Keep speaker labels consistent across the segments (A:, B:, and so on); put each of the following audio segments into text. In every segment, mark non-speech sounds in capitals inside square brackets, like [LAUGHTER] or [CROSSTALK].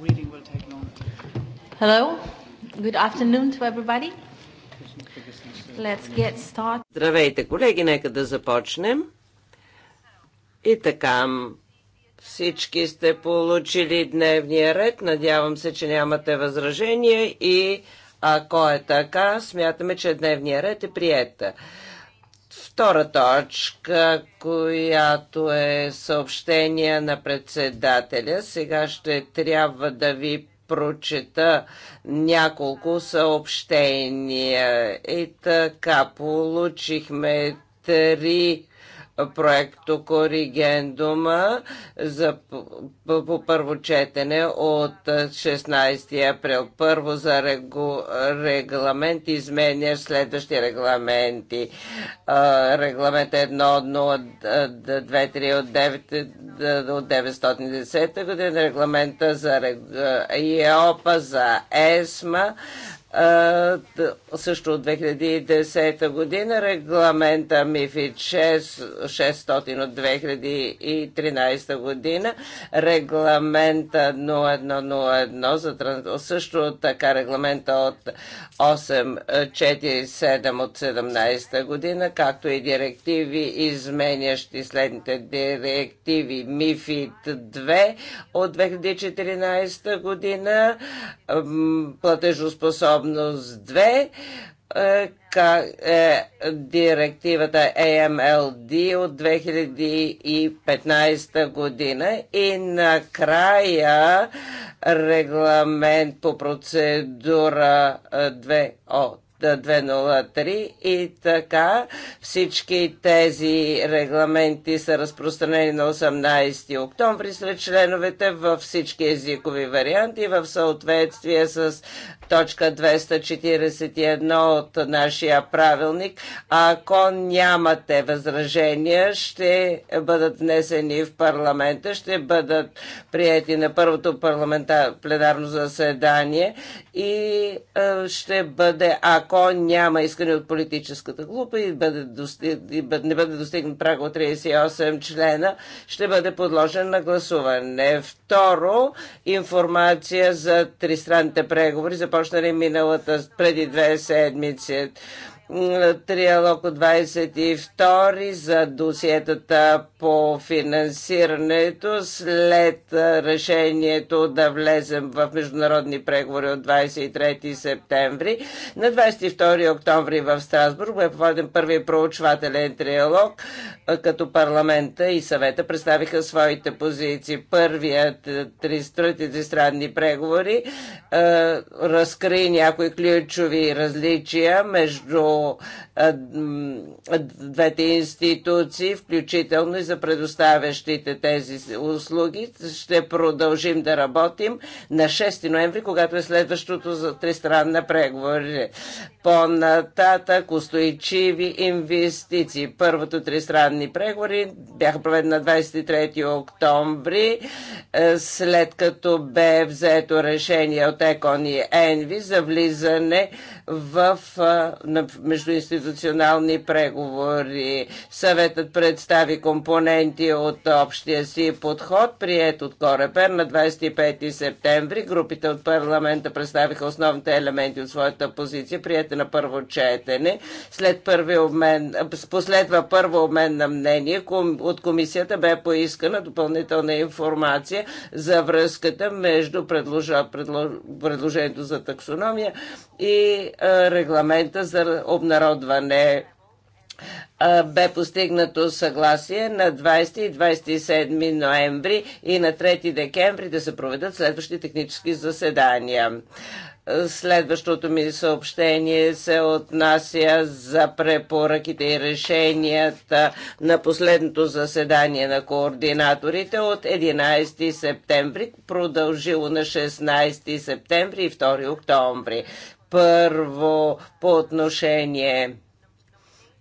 A: reading will take long.
B: Hello. Good afternoon to everybody. Let's get started.
C: Здравейте, колеги, нека да започнем. И така, всички сте получили дневния ред. Надявам се, че нямате възражения и ако е така, смятаме, че дневния ред е приятен. Втора точка, която е съобщение на председателя. Сега ще трябва да ви прочета няколко съобщения. И така, получихме три проекто коригендума за, по, по първо четене от 16 април. Първо за регу, регламент изменя следващи регламенти. А, регламент 1.0.2.3 от, 9, от 910 година, регламента за ЕОПА, за ЕСМА, също от 2010 година, регламента МИФИД 6, 600 от 2013 година, регламента 0101 за също така регламента от 847 от 17 година, както и директиви, изменящи следните директиви Мифид 2 от 2014 година, платежоспособност способност 2, е, е, директивата AMLD от 2015 година и накрая регламент по процедура 2 е, от 203 и така всички тези регламенти са разпространени на 18 октомври сред членовете във всички езикови варианти в съответствие с точка 241 от нашия правилник. Ако нямате възражения, ще бъдат внесени в парламента, ще бъдат прияти на първото пленарно заседание и е, ще бъде, ако няма искане от политическата група и, бъде достиг, и бъде, не бъде достигнат праг от 38 члена, ще бъде подложен на гласуване. Второ, информация за тристранните преговори за започнали миналата преди две седмици. Триалог от 22 за досиетата по финансирането след решението да влезем в международни преговори от 23 септември. На 22 октомври в Страсбург бе проведен първи проучвателен триалог, като парламента и съвета представиха своите позиции. Първият тристранни преговори разкри някои ключови различия между двете институции, включително и за предоставящите тези услуги. Ще продължим да работим на 6 ноември, когато е следващото за тристранна преговори. По-нататък устойчиви инвестиции. Първото тристранни преговори бяха проведени на 23 октомври, е, след като бе взето решение от ЕКОН и ЕНВИ за влизане в е, междуинституционални преговори. Съветът представи компоненти от общия си подход, прият от Корепер на 25 септември. Групите от парламента представиха основните елементи от своята позиция, прията на първо четене. След първи обмен, последва първо обмен на мнение. От комисията бе поискана допълнителна информация за връзката между предлож... предлож, предложението за таксономия и регламента за обнародване бе постигнато съгласие на 20 и 27 ноември и на 3 декември да се проведат следващи технически заседания. Следващото ми съобщение се отнася за препоръките и решенията на последното заседание на координаторите от 11 септември, продължило на 16 септември и 2 октомври. Първо по отношение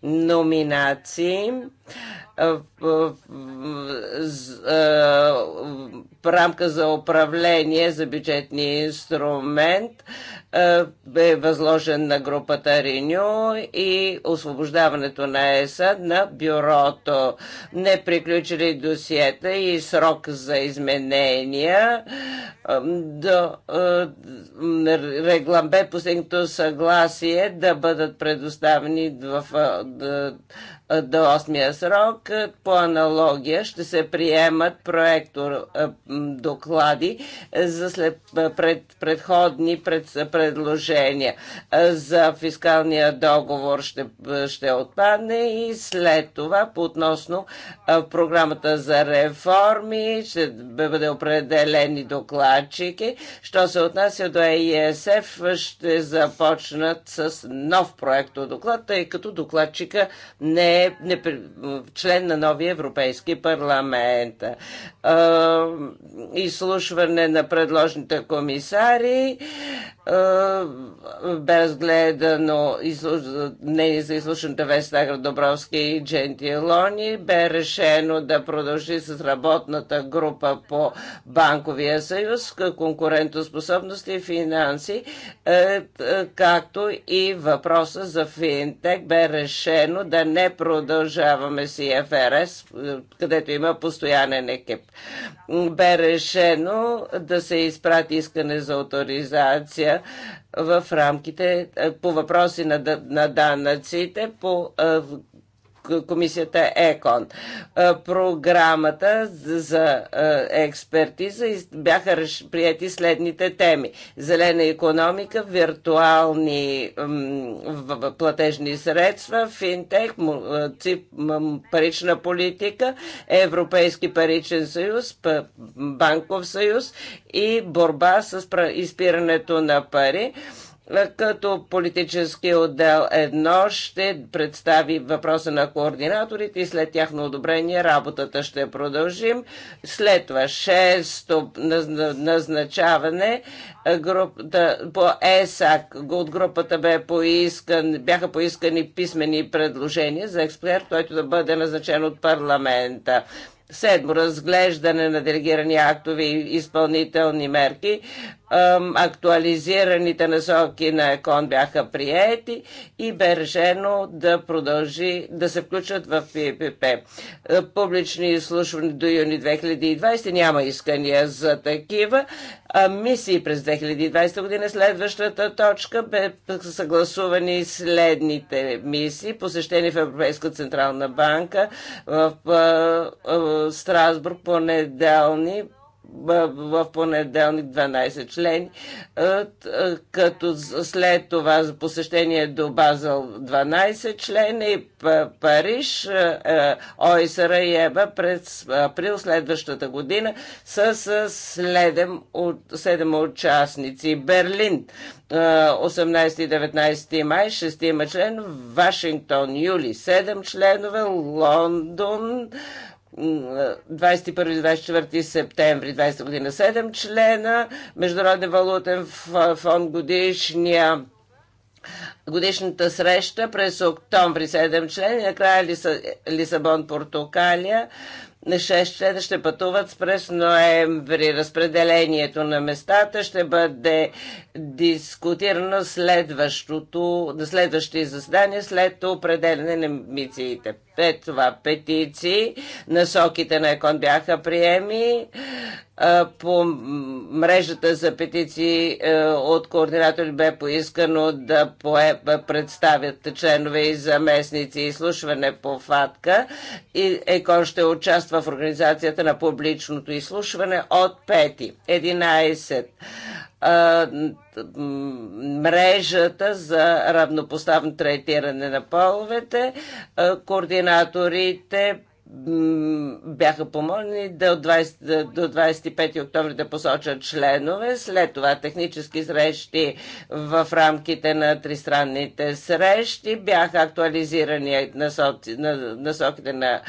C: номинации рамка за управление за бюджетния инструмент бе възложен на групата Риню и освобождаването на ЕСА на бюрото. Не приключили досиета и срок за изменения до регламент бе постигнато съгласие да бъдат предоставени в до 8-я срок по аналогия ще се приемат проектор е, доклади за след е, пред, предходни пред, предложения. Е, за фискалния договор ще, ще отпадне и след това по относно програмата за реформи ще бъде определени докладчики. Що се отнася до ЕИСФ, ще започнат с нов проектор доклад, тъй като докладчика не е е член на новия Европейски парламент. Изслушване на предложните комисари бе разгледано мнение за изслушната Вестагра Добровски и Дженти Лони. Бе решено да продължи с работната група по Банковия съюз, конкурентоспособност и финанси, е, е, както и въпроса за финтек. Бе решено да не продължаваме си ФРС, където има постоянен екип. Бе решено да се изпрати искане за авторизация в рамките е, по въпроси на, на данъците, по е, комисията ЕКОН. Програмата за експертиза бяха прияти следните теми. Зелена економика, виртуални платежни средства, финтех, парична политика, Европейски паричен съюз, банков съюз и борба с изпирането на пари като политически отдел едно ще представи въпроса на координаторите и след тяхно одобрение работата ще продължим. След това шесто назначаване групата, по ЕСАК от групата бе поискан, бяха поискани писмени предложения за експерт, който да бъде назначен от парламента. Седмо, разглеждане на делегирани актови и изпълнителни мерки актуализираните насоки на ЕКОН бяха приети и бе решено да продължи да се включат в ППП. Е, публични изслушвания до юни 2020 няма искания за такива. Мисии през 2020 година следващата точка бе съгласувани следните мисии. Посещени в Европейска централна банка в Страсбург понеделни в понеделник 12 члени, като след това за посещение до Базел 12 члена и Париж, ОСР и ЕБА през април следващата година с 7, 7 участници. Берлин 18 и 19 май 6 член, Вашингтон юли 7 членове, Лондон 21-24 септември 20 година 7 члена, Международен валутен фонд годишния годишната среща през октомври 7 члени, накрая Лисабон, Португалия. 6 члена ще пътуват през ноември. Разпределението на местата ще бъде дискутирано следващото, на следващите заседания след определене на мициите пет това петиции. Насоките на ЕКОН бяха приеми по мрежата за петиции е, от координатори бе поискано да представят членове и заместници изслушване по ФАТКА и ЕКОН ще участва в организацията на публичното изслушване от пети 11 мрежата за равнопоставно третиране на половете, координаторите бяха помолени до, 20, до 25 октомври да посочат членове, след това технически срещи в рамките на тристранните срещи, бяха актуализирани насоките на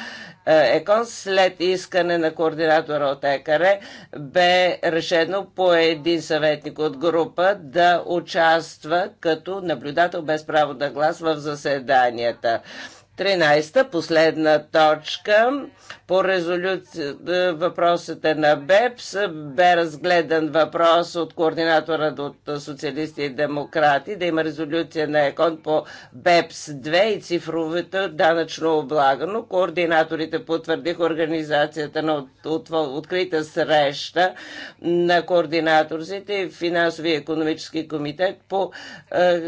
C: е, ЕКОН, след искане на координатора от ЕКАРЕ бе решено по един съветник от група да участва като наблюдател без право да глас в заседанията. Тринайста, та последна точка, по резолюция е, въпросите на БЕПС бе разгледан въпрос от координатора от социалисти и демократи да има резолюция на ЕКОН по БЕПС 2 и цифровите данъчно облагано. Координаторите потвърдиха организацията на от, от, открита среща на координаторите и финансови и економически комитет по е,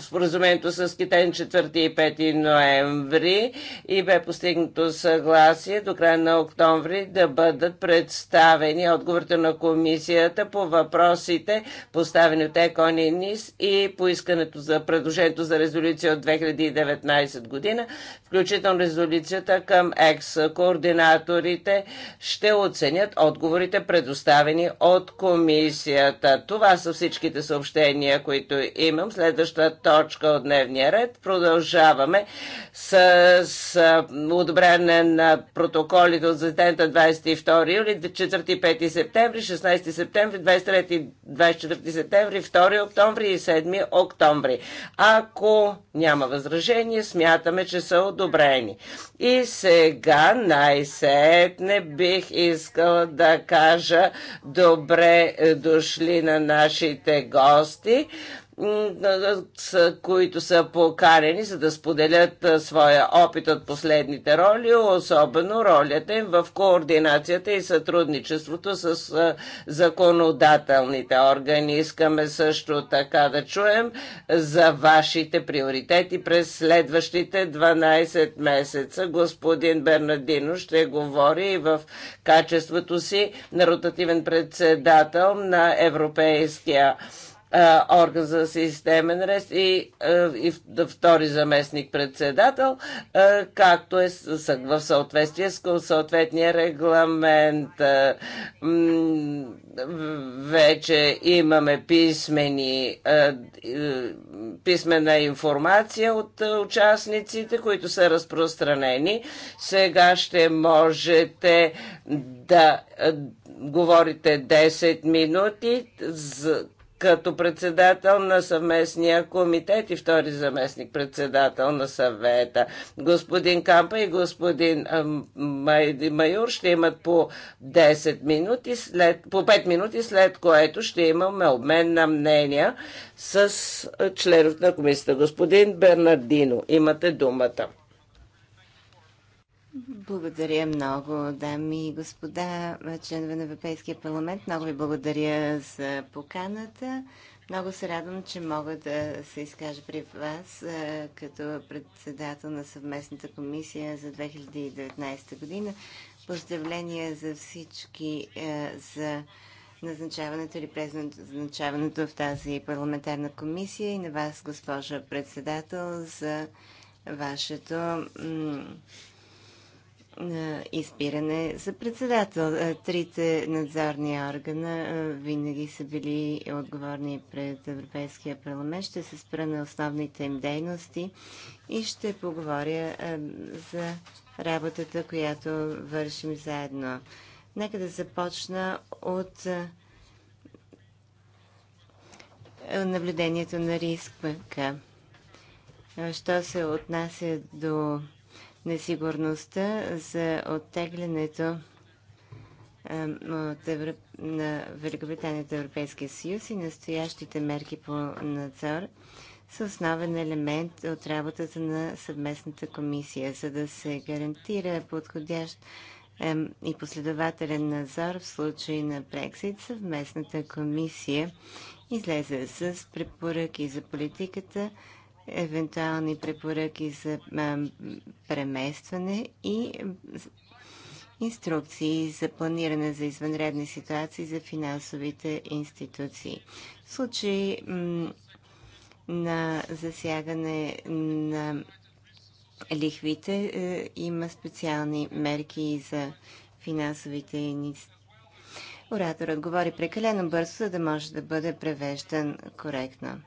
C: споразумението с Китай 4 и 5 ноември септември и бе постигнато съгласие до края на октомври да бъдат представени отговорите на комисията по въпросите, поставени от ЕКОН и НИС и поискането за предложението за резолюция от 2019 година, включително резолюцията към ЕКС. Координаторите ще оценят отговорите, предоставени от комисията. Това са всичките съобщения, които имам. Следваща точка от дневния ред. Продължаваме с, с одобряване на протоколите от заседанието 22 юли, 4 5 септември, 16 септември, 23 24 септември, 2 октомври и 7 октомври. Ако няма възражение, смятаме, че са одобрени. И сега най-сетне бих искала да кажа добре е, дошли на нашите гости които са покарени за да споделят своя опит от последните роли, особено ролята им в координацията и сътрудничеството с законодателните органи. Искаме също така да чуем за вашите приоритети през следващите 12 месеца. Господин Бернадино ще говори и в качеството си на ротативен председател на Европейския е, орган за системен рез и, е, и втори заместник председател, е, както е в съответствие с съответния регламент. Вече имаме писмени, писмена информация от участниците, които са разпространени. Сега ще можете да говорите 10 минути, като председател на съвместния комитет и втори заместник председател на съвета. Господин Кампа и господин Майор ще имат по 10 минути, след, по 5 минути, след което ще имаме обмен на мнения с членов на комисията. Господин Бернардино, имате думата.
B: Благодаря много, дами и господа, членове на Европейския парламент. Много ви благодаря за поканата. Много се радвам, че мога да се изкажа при вас като председател на съвместната комисия за 2019 година. Поздравления за всички за назначаването или презначаването в тази парламентарна комисия и на вас, госпожа председател, за вашето е, избиране за председател. Е, трите надзорни органа е, винаги са били отговорни пред Европейския парламент. Ще се спра на основните им дейности и ще поговоря за работата, която вършим заедно. Нека да започна от наблюдението на риска. Що се отнася до несигурността за оттеглянето от на Великобритания от Европейския съюз и настоящите мерки по надзор са основен елемент от работата на съвместната комисия, за да се гарантира подходящ и последователен надзор в случай на Брексит. Съвместната комисия излезе с препоръки за политиката евентуални препоръки за преместване и инструкции за планиране за извънредни ситуации за финансовите институции. В случай на засягане на лихвите е, има специални мерки за финансовите институции. Ораторът говори прекалено бързо, за да може да бъде превеждан коректно.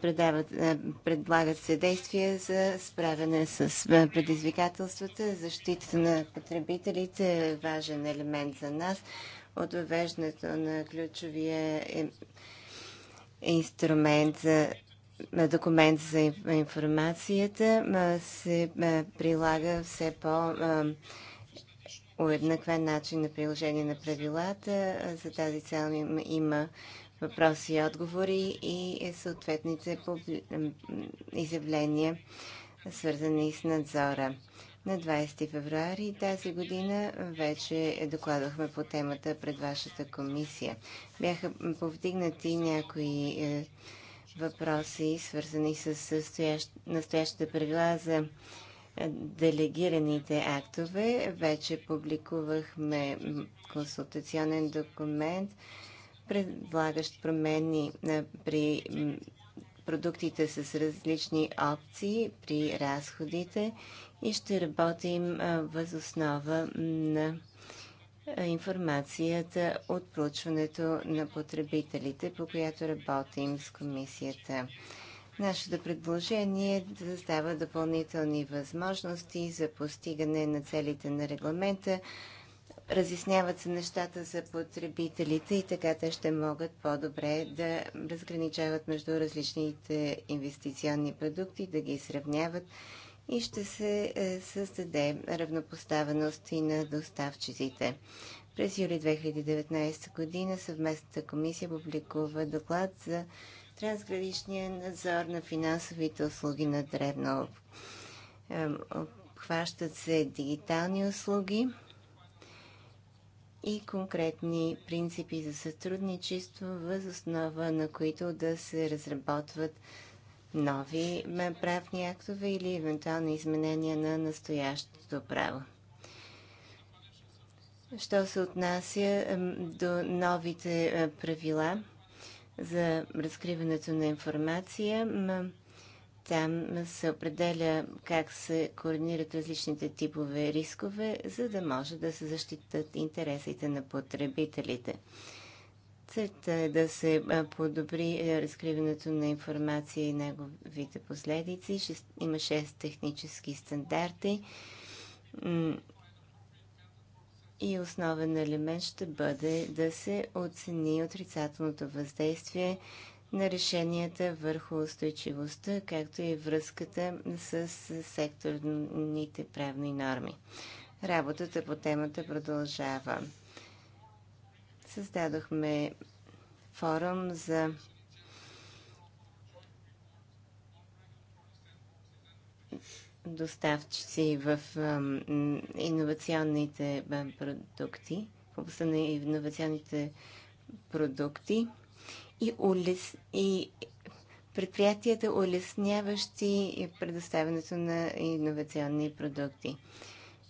B: предават, е, предлагат се действия за справяне с е, предизвикателствата. Защитата на потребителите е важен елемент за нас. От въвеждането на ключовия е, инструмент за документ за информацията се прилага все по- уеднаквен начин на приложение на правилата. За тази цел има въпроси и отговори и съответните изявления, свързани с надзора. На 20 февруари тази година вече докладвахме по темата пред вашата комисия. Бяха повдигнати някои е, въпроси, свързани с настоящите правила за е, делегираните актове. Вече публикувахме консултационен документ предлагащ промени при продуктите с различни опции, при разходите и ще работим въз основа на информацията от проучването на потребителите, по която работим с комисията. Нашето предложение е да създава допълнителни възможности за постигане на целите на регламента разясняват се нещата за потребителите и така те ще могат по-добре да разграничават между различните инвестиционни продукти, да ги сравняват и ще се е, създаде равнопоставеност и на доставчиците. През юли 2019 година съвместната комисия публикува доклад за трансграничния надзор на финансовите услуги на древно. Обхващат се дигитални услуги, и конкретни принципи за сътрудничество, въз основа на които да се разработват нови правни актове или евентуални изменения на настоящото право. Що се отнася до новите е, правила за разкриването на информация, там се определя как се координират различните типове рискове, за да може да се защитат интересите на потребителите. Целта е да се подобри разкриването на информация и неговите последици. Има 6 технически стандарти. И основен елемент ще бъде да се оцени отрицателното въздействие на решенията върху устойчивостта, както и връзката с секторните правни норми. Работата по темата продължава. Създадохме форум за доставчици в иновационните продукти, в областта на иновационните продукти и, улес... и предприятията, улесняващи предоставянето на иновационни продукти.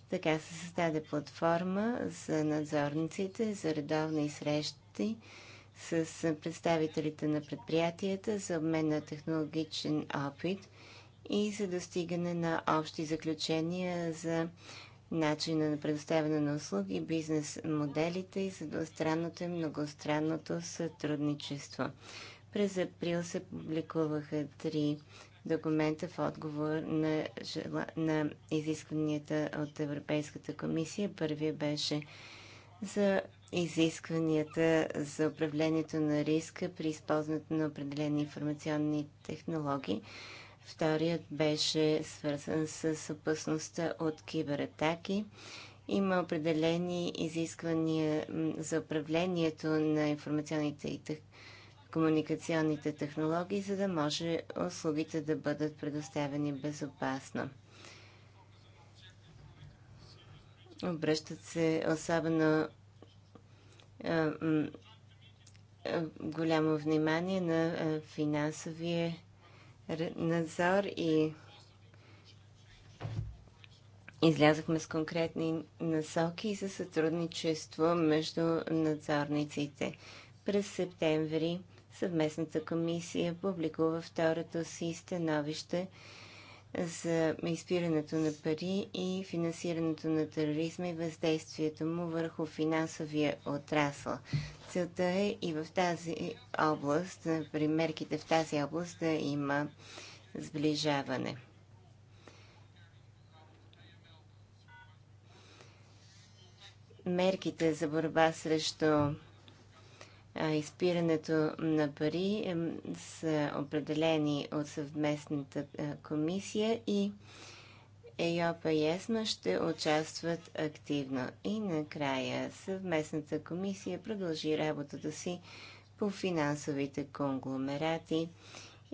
B: Така се създаде платформа за надзорниците, за редовни срещи с представителите на предприятията, за обмен на технологичен опит и за достигане на общи заключения за начина на предоставяне на услуги, бизнес моделите и за и многостранното сътрудничество. През април се публикуваха три документа в отговор на, жела... на изискванията от Европейската комисия. Първият беше за изискванията за управлението на риска при използването на определени информационни технологии. Вторият беше свързан с опасността от кибератаки. Има определени изисквания за управлението на информационните и тех... комуникационните технологии, за да може услугите да бъдат предоставени безопасно. Обръщат се особено голямо внимание на финансовия надзор и излязахме с конкретни насоки за сътрудничество между надзорниците. През септември съвместната комисия публикува второто си становище за изпирането на пари и финансирането на тероризма и въздействието му върху финансовия отрасъл. Целта е и в тази област, при мерките в тази област да има сближаване. Мерките за борба срещу изпирането на пари са определени от съвместната комисия и ЕЙОПА и ЕСМА ще участват активно. И накрая съвместната комисия продължи работата си по финансовите конгломерати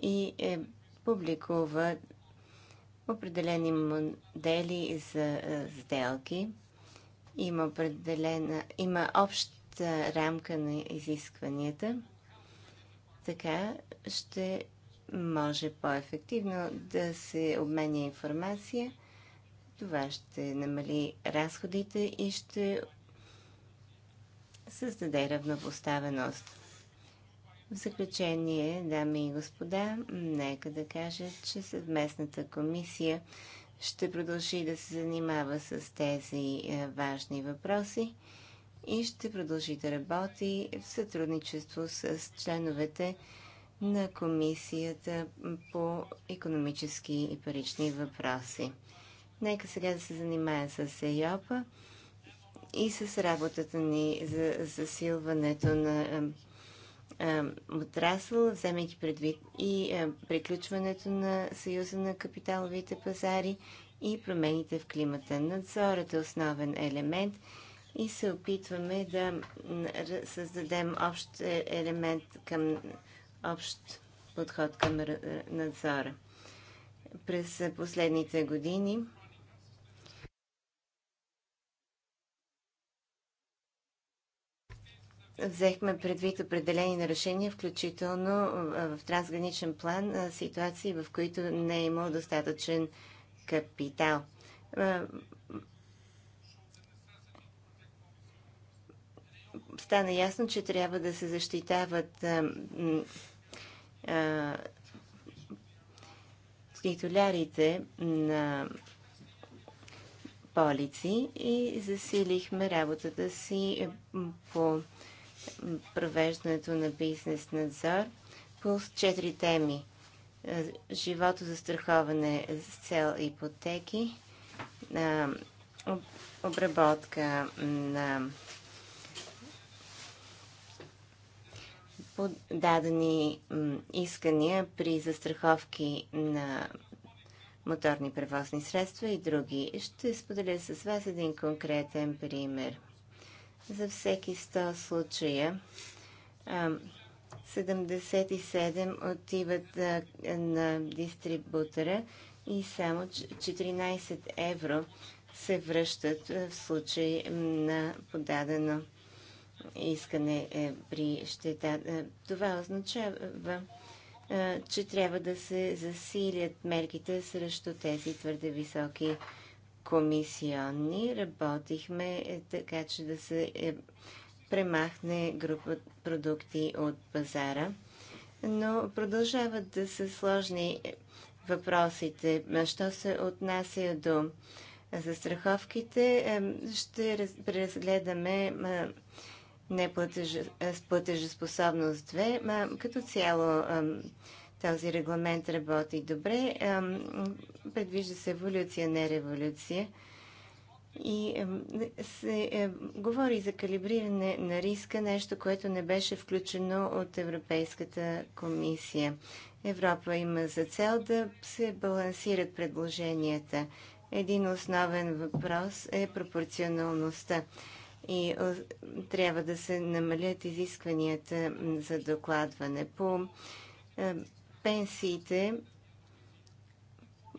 B: и е, публикува определени модели за сделки. Има, определена, има общ рамка на изискванията, така ще може по-ефективно да се обменя информация. Това ще намали разходите и ще създаде равнопоставеност. В заключение, дами и господа, нека да кажа, че съвместната комисия ще продължи да се занимава с тези важни въпроси и ще продължи да работи в сътрудничество с членовете на Комисията по економически и парични въпроси. Нека сега да се занимая с ЕЙОПА и с работата ни за засилването на е, е, отрасъл, вземайки предвид и е, приключването на Съюза на капиталовите пазари и промените в климата. Надзорът е основен елемент – и се опитваме да създадем общ е, елемент към общ подход към е, надзора. През последните години взехме предвид определени нарешения, включително в трансграничен план ситуации, в които не е имал достатъчен капитал. стана ясно, че трябва да се защитават титулярите на полици и засилихме работата си по провеждането на бизнес надзор по четири теми. Живото за страховане с цел ипотеки, обработка на подадени искания при застраховки на моторни превозни средства и други. Ще споделя с вас един конкретен пример. За всеки 100 случая 77 отиват на дистрибутора и само 14 евро се връщат в случай на подадено искане е, при щета. Е, това означава, е, че трябва да се засилят мерките срещу тези твърде високи комисионни. Работихме така, че да се премахне група продукти от пазара, но продължават да са сложни въпросите. Що се отнася до застраховките, ще преразгледаме не е, платежеспособност 2. Като цяло този регламент работи добре. Предвижда се еволюция, не революция. И се е, говори за калибриране на риска, нещо, което не беше включено от Европейската комисия. Европа има за цел да се балансират предложенията. Един основен въпрос е пропорционалността и трябва да се намалят изискванията за докладване. По пенсиите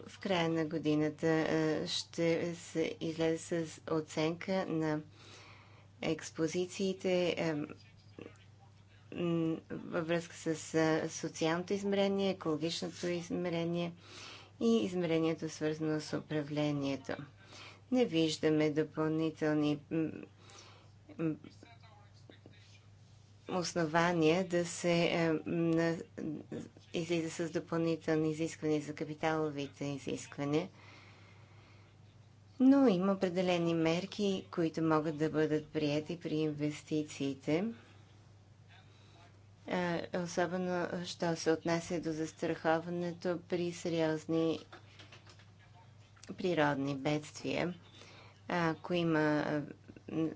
B: в края на годината ще се излезе с оценка на експозициите във връзка с социалното измерение, екологичното измерение и измерението свързано с управлението. Не виждаме допълнителни основания да се е, излиза с допълнителни изисквания за капиталовите изисквания. Но има определени мерки, които могат да бъдат прияти при инвестициите, е, особено що се отнася до застраховането при сериозни природни бедствия. Ако има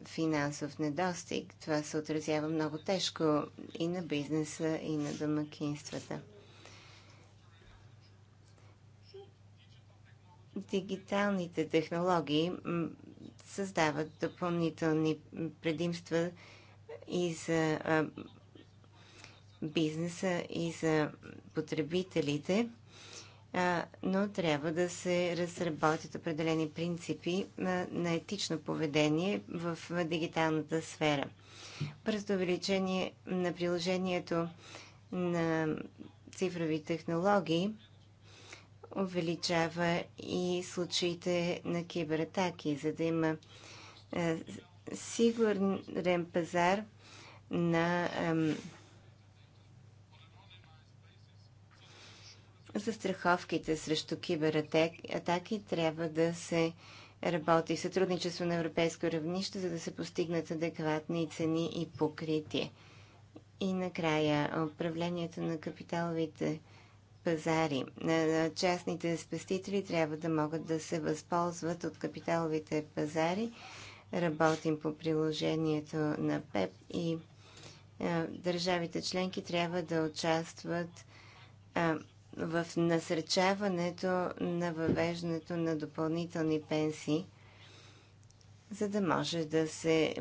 B: финансов недостиг. Това се отразява много тежко и на бизнеса, и на домакинствата. Дигиталните технологии създават допълнителни предимства и за бизнеса, и за потребителите но трябва да се разработят определени принципи на етично поведение в дигиталната сфера. Бързо увеличение на приложението на цифрови технологии увеличава и случаите на кибератаки, за да има сигурен пазар на застраховките срещу кибератаки трябва да се работи в сътрудничество на европейско равнище, за да се постигнат адекватни цени и покритие. И накрая, управлението на капиталовите пазари. Частните спестители трябва да могат да се възползват от капиталовите пазари. Работим по приложението на ПЕП и държавите членки трябва да участват в насречаването на въвеждането на допълнителни пенсии, за да може да се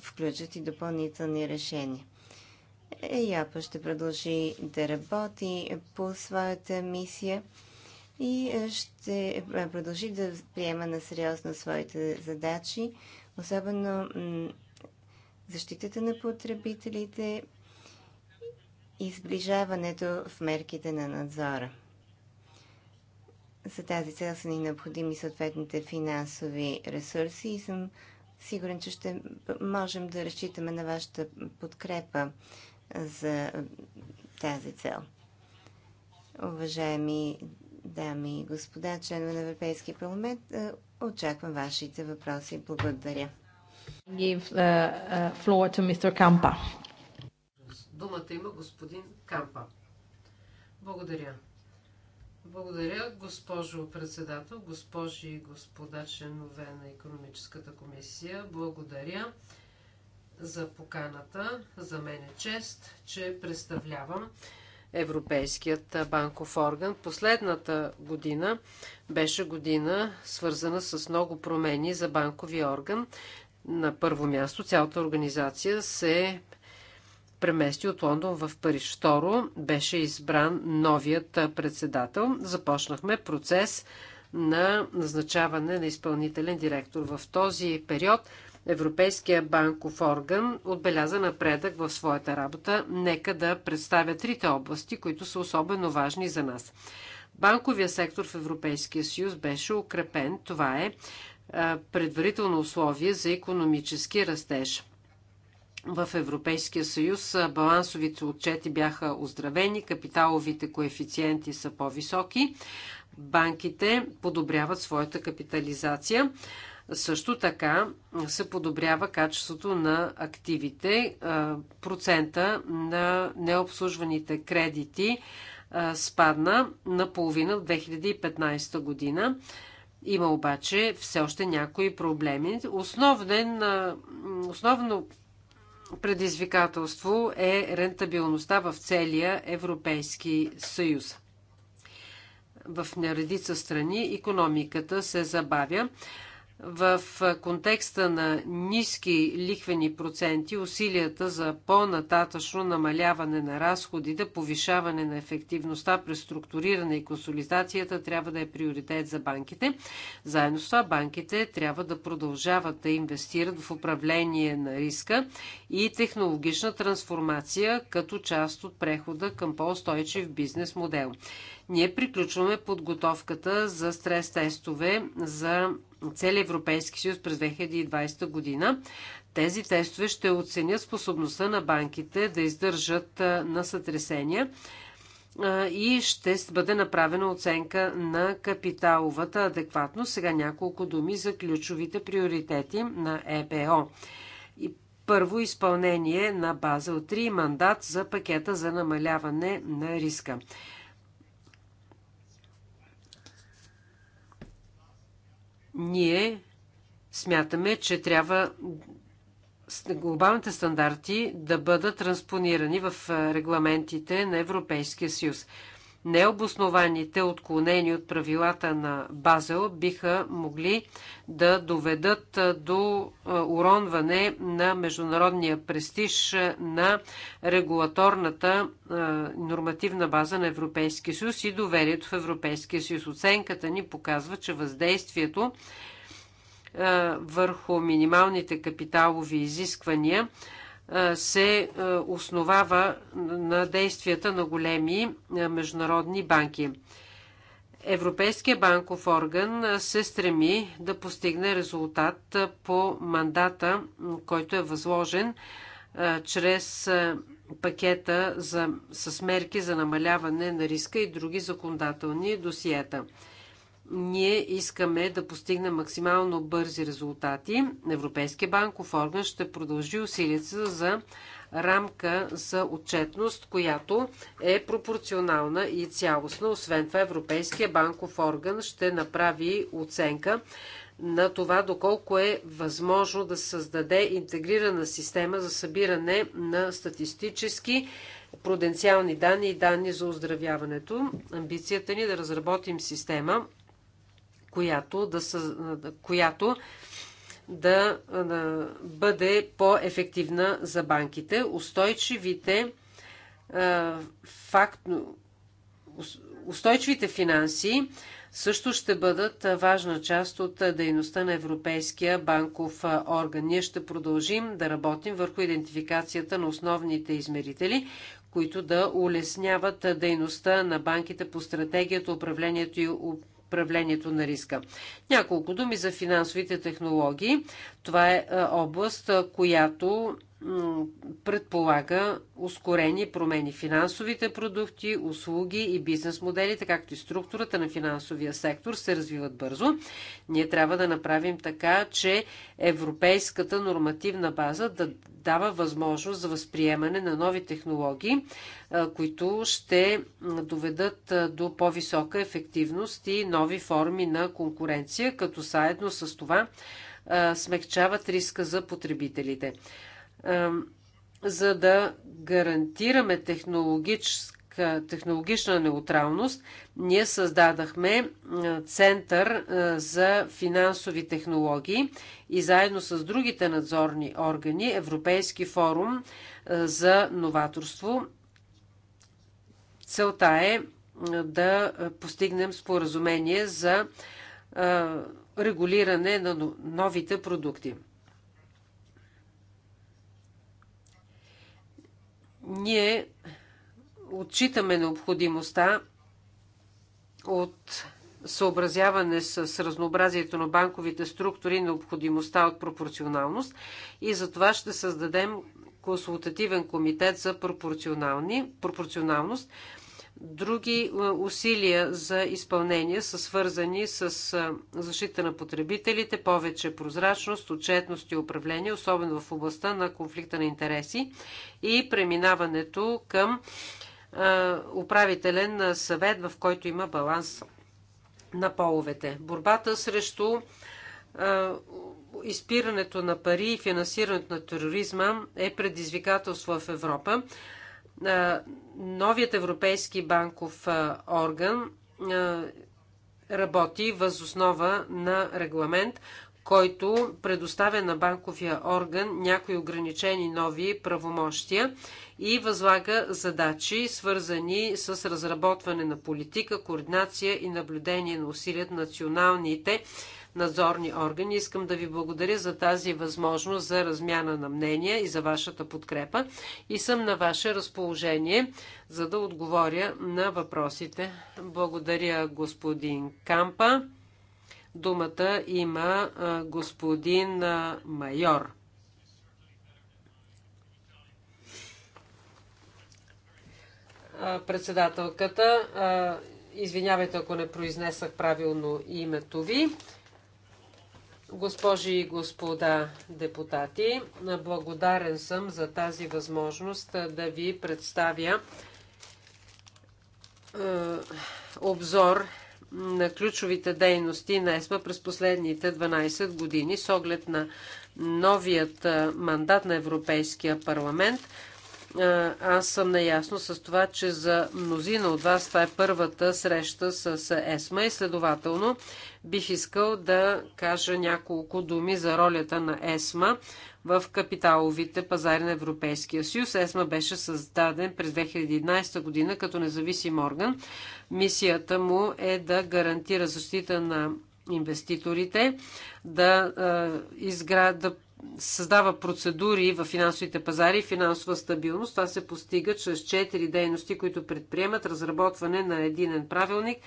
B: включат и допълнителни решения. ЕЯПА ще продължи да работи по своята мисия и е, ще е, продължи да приема на сериозно своите задачи, особено защитата на потребителите, и сближаването в мерките на надзора. За тази цел са ни необходими съответните финансови ресурси и съм сигурен, че ще можем да разчитаме на вашата подкрепа за тази цел. Уважаеми дами и господа, членове на Европейския парламент, е, очаквам вашите въпроси. Благодаря. Give the е, е, floor to Mr. Kampa.
D: Думата има господин Кампа. Благодаря. Благодаря, госпожо председател, госпожи и господа членове на економическата комисия. Благодаря за поканата. За мен е чест, че представлявам Европейският банков орган. Последната година беше година свързана с много промени за банковия орган. На първо място цялата организация се премести от Лондон в Париж. Второ, беше избран новият председател. Започнахме процес на назначаване на изпълнителен директор. В този период Европейския банков орган отбеляза напредък в своята работа. Нека да представя трите области, които са особено важни за нас. Банковия сектор в Европейския съюз беше укрепен. Това е предварително условие за економически растеж в Европейския съюз. Балансовите отчети бяха оздравени, капиталовите коефициенти са по-високи, банките подобряват своята капитализация. Също така се подобрява качеството на активите. Процента на необслужваните кредити спадна на половина в 2015 година. Има обаче все още някои проблеми. основно предизвикателство е рентабилността в целия Европейски съюз. В нередица страни економиката се забавя. В контекста на ниски лихвени проценти, усилията за по-нататъчно намаляване на разходите, повишаване на ефективността, преструктуриране и консолидацията трябва да е приоритет за банките. Заедно с това банките трябва да продължават да инвестират в управление на риска и технологична трансформация като част от прехода към по-устойчив бизнес модел. Ние приключваме подготовката за стрес-тестове за целия Европейски съюз през 2020 година. Тези тестове ще оценят способността на банките да издържат на сътресения и ще бъде направена оценка на капиталовата адекватност. Сега няколко думи за ключовите приоритети на ЕБО. И първо изпълнение на база от 3 мандат за пакета за намаляване на риска. Ние смятаме, че трябва глобалните стандарти да бъдат транспонирани в регламентите на Европейския съюз. Необоснованите отклонени от правилата на Базел биха могли да доведат до уронване на международния престиж на регулаторната нормативна база на Европейския съюз и доверието в Европейския съюз. Оценката ни показва, че въздействието върху минималните капиталови изисквания – се основава на действията на големи международни банки. Европейския банков орган се стреми да постигне резултат по мандата, който е възложен чрез пакета за, с мерки за намаляване на риска и други законодателни досиета. Ние искаме да постигнем максимално бързи резултати. Европейския банков орган ще продължи усилията за рамка за отчетност, която е пропорционална и цялостна. Освен това, Европейския банков орган ще направи оценка на това доколко е възможно да създаде интегрирана система за събиране на статистически пруденциални данни и данни за оздравяването. Амбицията ни е да разработим система, която да, която да, да бъде по-ефективна за банките. Устойчивите, факт, устойчивите финанси също ще бъдат важна част от дейността на Европейския банков орган. Ние ще продължим да работим върху идентификацията на основните измерители, които да улесняват дейността на банките по стратегията, управлението и управлението на риска. Няколко думи за финансовите технологии. Това е област, която предполага ускорени промени финансовите продукти, услуги и бизнес моделите, както и структурата на финансовия сектор се развиват бързо. Ние трябва да направим така, че европейската нормативна база да дава възможност за възприемане на нови технологии, които ще доведат до по-висока ефективност и нови форми на конкуренция, като заедно с това смягчават риска за потребителите. За да гарантираме технологическа технологична неутралност, ние създадахме Център за финансови технологии и заедно с другите надзорни органи Европейски форум за новаторство. Целта е да постигнем споразумение за регулиране на новите продукти. Ние отчитаме необходимостта от съобразяване с разнообразието на банковите структури, необходимостта от пропорционалност и за това ще създадем консултативен комитет за пропорционалност. Други е, усилия за изпълнение са свързани с е, защита на потребителите, повече прозрачност, отчетност и управление, особено в областта на конфликта на интереси и преминаването към управителен съвет, в който има баланс на половете. Борбата срещу изпирането на пари и финансирането на тероризма е предизвикателство в Европа. Новият Европейски банков орган работи възоснова на регламент, който предоставя на банковия орган някои ограничени нови правомощия и възлага задачи, свързани с разработване на политика, координация и наблюдение на усилият националните надзорни органи. Искам да ви благодаря за тази възможност за размяна на мнения и за вашата подкрепа и съм на ваше разположение, за да отговоря на въпросите. Благодаря господин Кампа. Думата има господин майор. Председателката, извинявайте ако не произнесах правилно името ви. Госпожи и господа депутати, благодарен съм за тази възможност да ви представя обзор на ключовите дейности на ЕСПА през последните 12 години с оглед на новият мандат на Европейския парламент аз съм наясно с това, че за мнозина от вас това е първата среща с ЕСМА и следователно бих искал да кажа няколко думи за ролята на ЕСМА в капиталовите пазари на Европейския съюз. ЕСМА беше създаден през 2011 година като независим орган. Мисията му е да гарантира защита на инвеститорите, да, изград, да създава процедури в финансовите пазари и финансова стабилност. Това се постига чрез четири дейности, които предприемат разработване на единен правилник,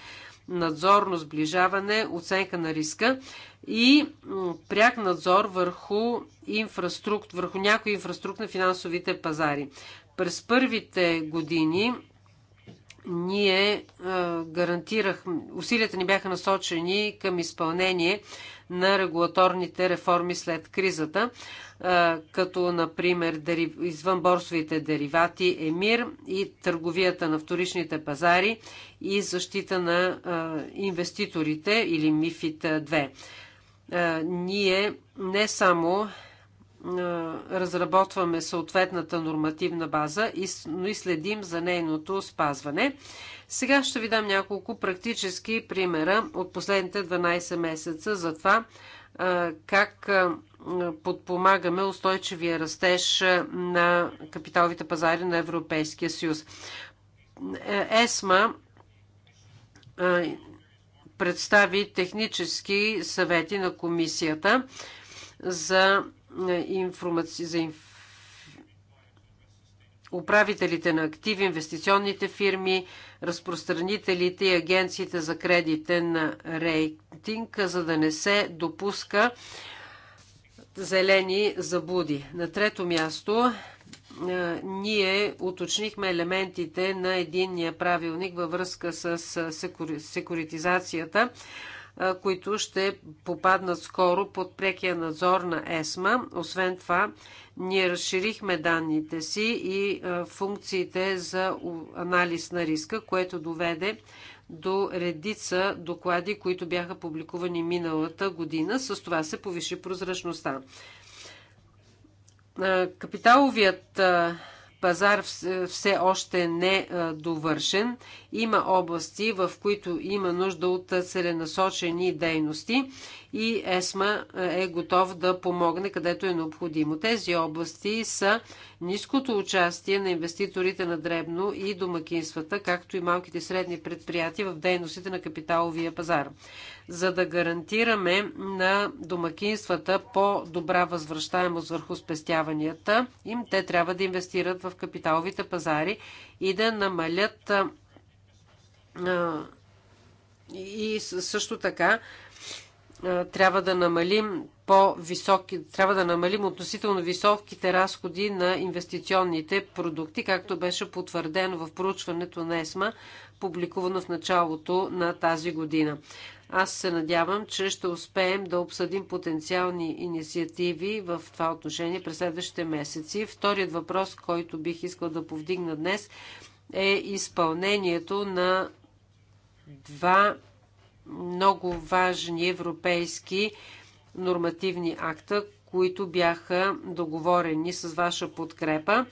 D: надзорно сближаване, оценка на риска и пряк надзор върху, инфраструк... върху някои инфраструк на финансовите пазари. През първите години ние гарантирахме, усилията ни бяха насочени към изпълнение на регулаторните реформи след кризата, като например извънборсовите деривати ЕМИР и търговията на вторичните пазари и защита на инвеститорите или МИФИТ 2. Ние не само разработваме съответната нормативна база, но и следим за нейното спазване. Сега ще ви дам няколко практически примера от последните 12 месеца за това как подпомагаме устойчивия растеж на капиталовите пазари на Европейския съюз. Е, ЕСМА представи технически съвети на комисията за информация за инф... управителите на активи, инвестиционните фирми, разпространителите и агенциите за кредитен рейтинг, за да не се допуска зелени забуди. На трето място е, ние уточнихме елементите на единния правилник във връзка с е, секуритизацията които ще попаднат скоро под прекия надзор на ЕСМА. Освен това, ние разширихме данните си и функциите за анализ на риска, което доведе до редица доклади, които бяха публикувани миналата година. С това се повиши прозрачността. Капиталовият пазар все още не довършен. Има области, в които има нужда от целенасочени дейности и ЕСМА е, е готов да помогне където е необходимо. Тези области са ниското участие на инвеститорите на дребно и домакинствата, както и малките и средни предприятия в дейностите на капиталовия пазар. За да гарантираме на домакинствата по-добра възвръщаемост върху спестяванията им, те трябва да инвестират в капиталовите пазари и да намалят и също така трябва да намалим по-високи, трябва да намалим относително високите разходи на инвестиционните продукти, както беше потвърдено в проучването на ЕСМА, публикувано в началото на тази година. Аз се надявам, че ще успеем да обсъдим потенциални инициативи в това отношение през следващите месеци. Вторият въпрос, който бих искал да повдигна днес, е изпълнението на два много важни европейски нормативни акта, които бяха договорени с ваша подкрепа.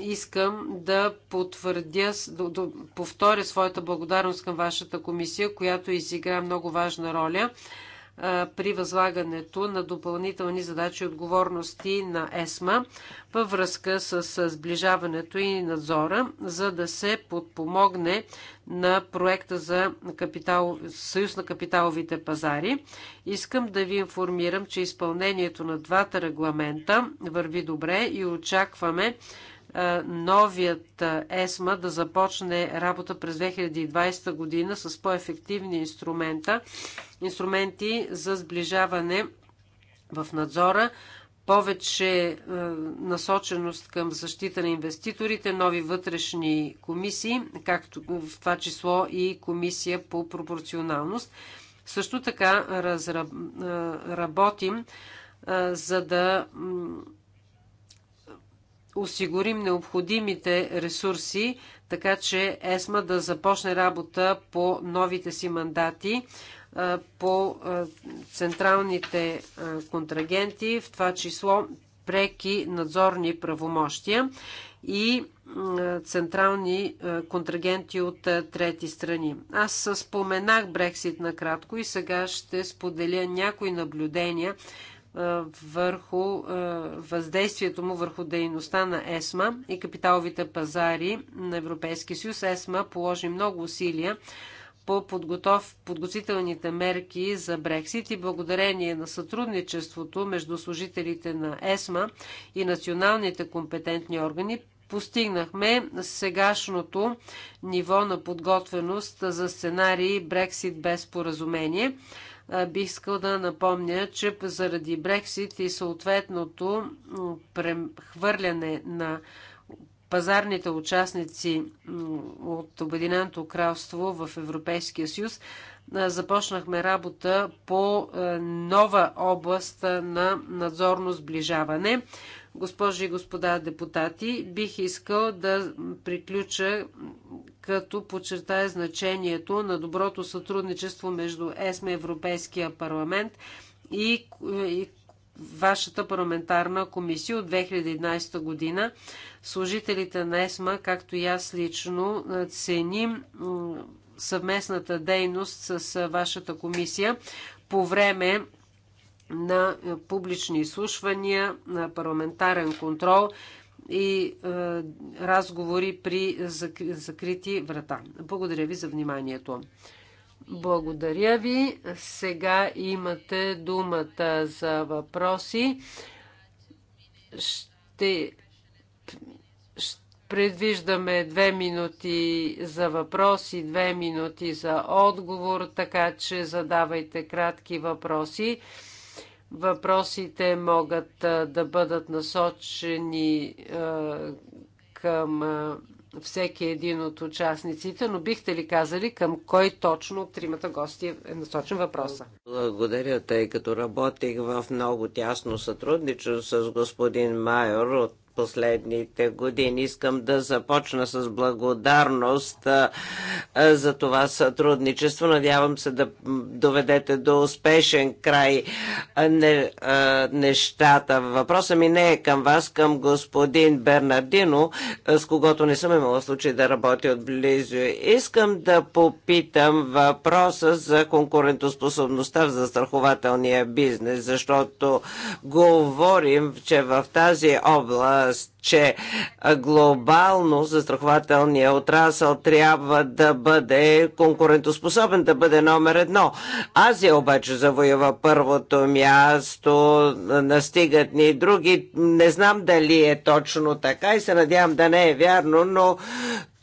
D: Искам да потвърдя, да, повторя своята благодарност към вашата комисия, която изигра много важна роля при възлагането на допълнителни задачи и отговорности на ЕСМА във връзка с сближаването и надзора, за да се подпомогне на проекта за капитал, Съюз на капиталовите пазари. Искам да ви информирам, че изпълнението на двата регламента върви добре и очакваме новият ЕСМА да започне работа през 2020 година с по-ефективни инструмента инструменти за сближаване в надзора, повече е, насоченост към защита на инвеститорите, нови вътрешни комисии, както в това число и комисия по пропорционалност. Също така разра... Е, работим е, за да осигурим необходимите ресурси, така че ЕСМА да започне работа по новите си мандати по централните контрагенти, в това число преки надзорни правомощия и централни контрагенти от трети страни. Аз споменах Брексит накратко и сега ще споделя някои наблюдения върху въздействието му върху дейността на ЕСМА и капиталовите пазари на Европейския съюз. ЕСМА положи много усилия по подготов, подготвителните мерки за Брексит и благодарение на сътрудничеството между служителите на ЕСМА и националните компетентни органи постигнахме сегашното ниво на подготвеност за сценарий Брексит без поразумение. Бих искал да напомня, че заради Брексит и съответното прехвърляне на пазарните участници от Обединеното кралство в Европейския съюз, започнахме работа по е, нова област на надзорно сближаване. Госпожи и господа депутати, бих искал да приключа като подчертая значението на доброто сътрудничество между ЕСМЕ Европейския парламент и е, вашата парламентарна комисия от 2011 година. Служителите на ЕСМА, както и аз лично, ценим съвместната дейност с вашата комисия по време на публични изслушвания, на парламентарен контрол и разговори при закрити врата. Благодаря ви за вниманието. Благодаря ви. Сега имате думата за въпроси. Ще предвиждаме две минути за въпроси, две минути за отговор, така че задавайте кратки въпроси. Въпросите могат да бъдат насочени към всеки един от участниците, но бихте ли казали към кой точно от тримата гости е насочен въпроса?
C: Благодаря, тъй като работих в много тясно сътрудничество с господин Майор от последните години. Искам да започна с благодарност за това сътрудничество. Надявам се да доведете до успешен край не, нещата. Въпросът ми не е към вас, към господин Бернардино, с когото не съм имала случай да работя отблизо. Искам да попитам въпроса за конкурентоспособността в застрахователния бизнес, защото говорим, че в тази област че глобално застрахователният отрасъл трябва да бъде конкурентоспособен, да бъде номер едно. Азия обаче завоюва първото място, настигат ни други. Не знам дали е точно така и се надявам да не е вярно, но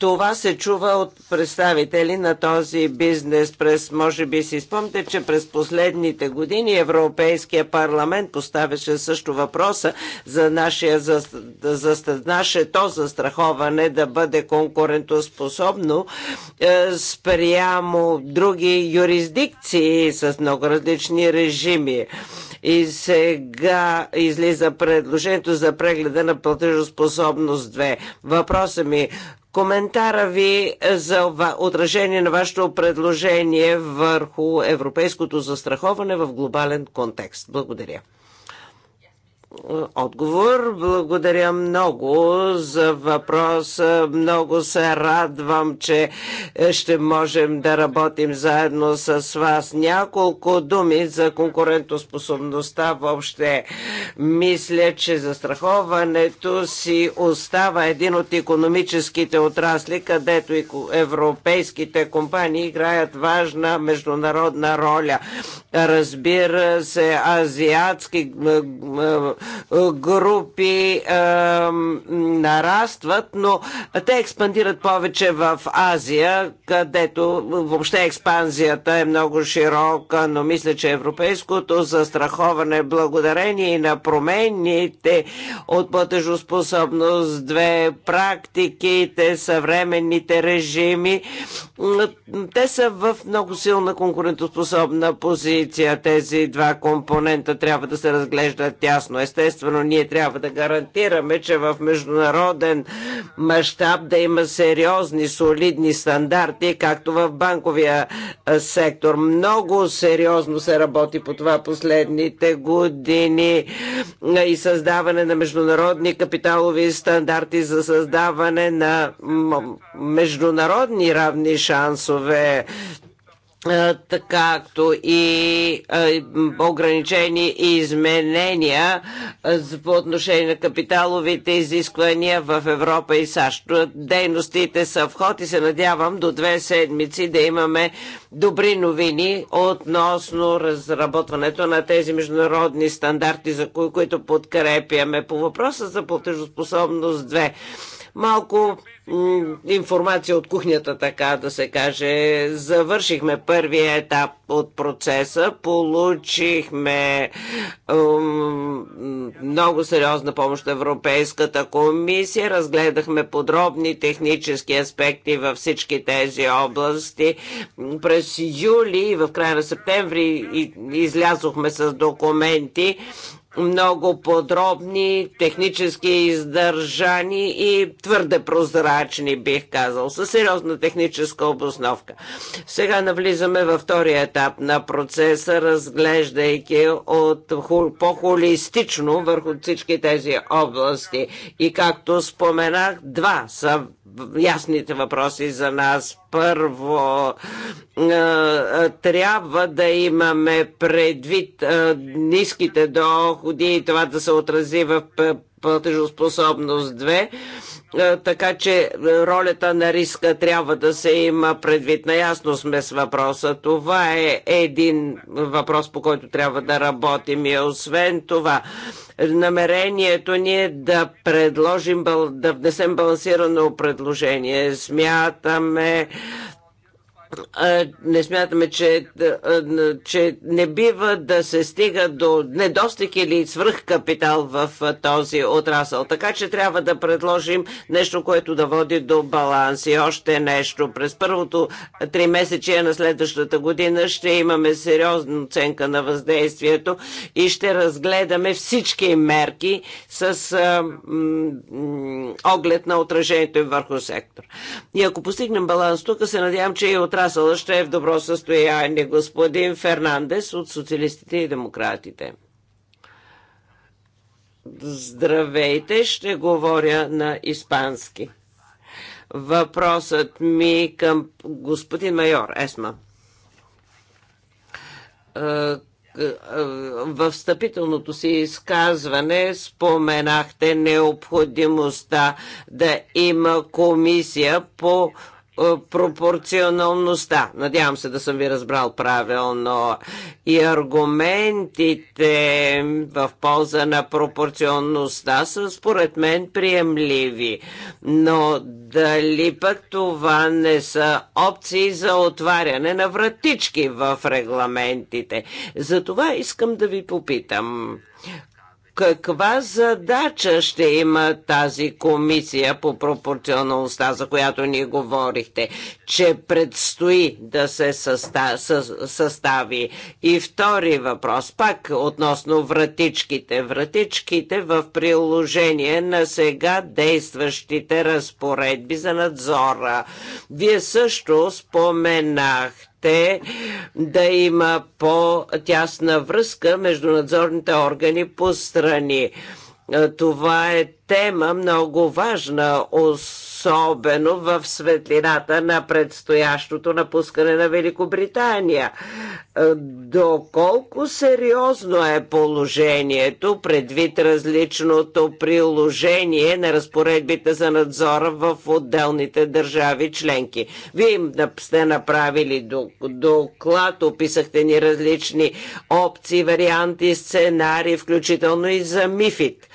C: това се чува от представители на този бизнес през, може би си спомните, че през последните години Европейския парламент поставяше също въпроса за, нашия, за, за нашето застраховане да бъде конкурентоспособно е, спрямо други юрисдикции с много различни режими. И сега излиза предложението за прегледа на платежоспособност 2. Въпросът ми коментара ви за отражение на вашето предложение върху европейското застраховане в глобален контекст. Благодаря отговор. Благодаря много за въпроса. Много се радвам, че е, ще можем да работим заедно с вас. Няколко думи за конкурентоспособността въобще. Мисля, че застраховането си остава един от економическите отрасли, където и европейските компании играят важна международна роля. Разбира се, азиатски групи е, нарастват, но те експандират повече в Азия, където въобще експанзията е много широка, но мисля, че европейското застраховане благодарение на промените от платежоспособност, две практиките, съвременните режими, те са в много силна конкурентоспособна позиция. Тези два компонента трябва да се разглеждат тясно. Е Естествено, ние трябва да гарантираме, че в международен мащаб да има сериозни, солидни стандарти, както в банковия сектор. Много сериозно се работи по това последните години и създаване на международни капиталови стандарти за създаване на международни равни шансове е, както и е, ограничени изменения е, по отношение на капиталовите изисквания в Европа и САЩ. Дейностите са в ход и се надявам до две седмици да имаме добри новини относно разработването на тези международни стандарти, за които подкрепяме. По въпроса за платежоспособност 2 Малко информация от кухнята, така да се каже. Завършихме първия етап от процеса, получихме много сериозна помощ от Европейската комисия, разгледахме подробни технически аспекти във всички тези области. През юли и в края на септември излязохме с документи, много подробни, технически издържани и твърде прозрачни, бих казал, със сериозна техническа обосновка. Сега навлизаме във втория етап на процеса, разглеждайки от по-холистично върху всички тези области. И както споменах, два са ясните въпроси за нас. Първо, е, е, трябва да имаме предвид е, ниските доходи, доходи и това да се отрази в платежоспособност 2 е, така че е, ролята на риска трябва да се има предвид. Наясно сме с въпроса. Това е един въпрос, по който трябва да работим. И освен това, намерението ни е да предложим, да внесем балансирано предложение. Смятаме, не смятаме, че, че не бива да се стига до недостиг или капитал в този отрасъл. Така че трябва да предложим нещо, което да води до баланс и още нещо. През първото три месече на следващата година ще имаме сериозна оценка на въздействието и ще разгледаме всички мерки с а, оглед на отражението им върху сектор. И ако постигнем баланс тук, се надявам, че и отрасъл отрасълът ще е в добро състояние. Господин Фернандес от Социалистите и Демократите. Здравейте, ще говоря на испански. Въпросът ми към господин майор Есма е, е, в встъпителното си изказване споменахте необходимостта да има комисия по е, пропорционалността. Надявам се да съм ви разбрал правилно. И аргументите в полза на пропорционалността са според мен приемливи. Но дали пък това не са опции за отваряне на вратички в регламентите? За това искам да ви попитам каква задача ще има тази комисия по пропорционалността, за която ни говорихте, че предстои да се състави. И втори въпрос, пак относно вратичките. Вратичките в приложение на сега действащите разпоредби за надзора. Вие също споменахте, те да има по-тясна връзка между надзорните органи по страни. Е, това е тема много важна, особено особено в светлината на предстоящото напускане на Великобритания. Е, доколко сериозно е положението предвид различното приложение на разпоредбите за надзора в отделните държави членки? Вие им сте направили доклад, описахте ни различни опции, варианти, сценари, включително и за МИФИТ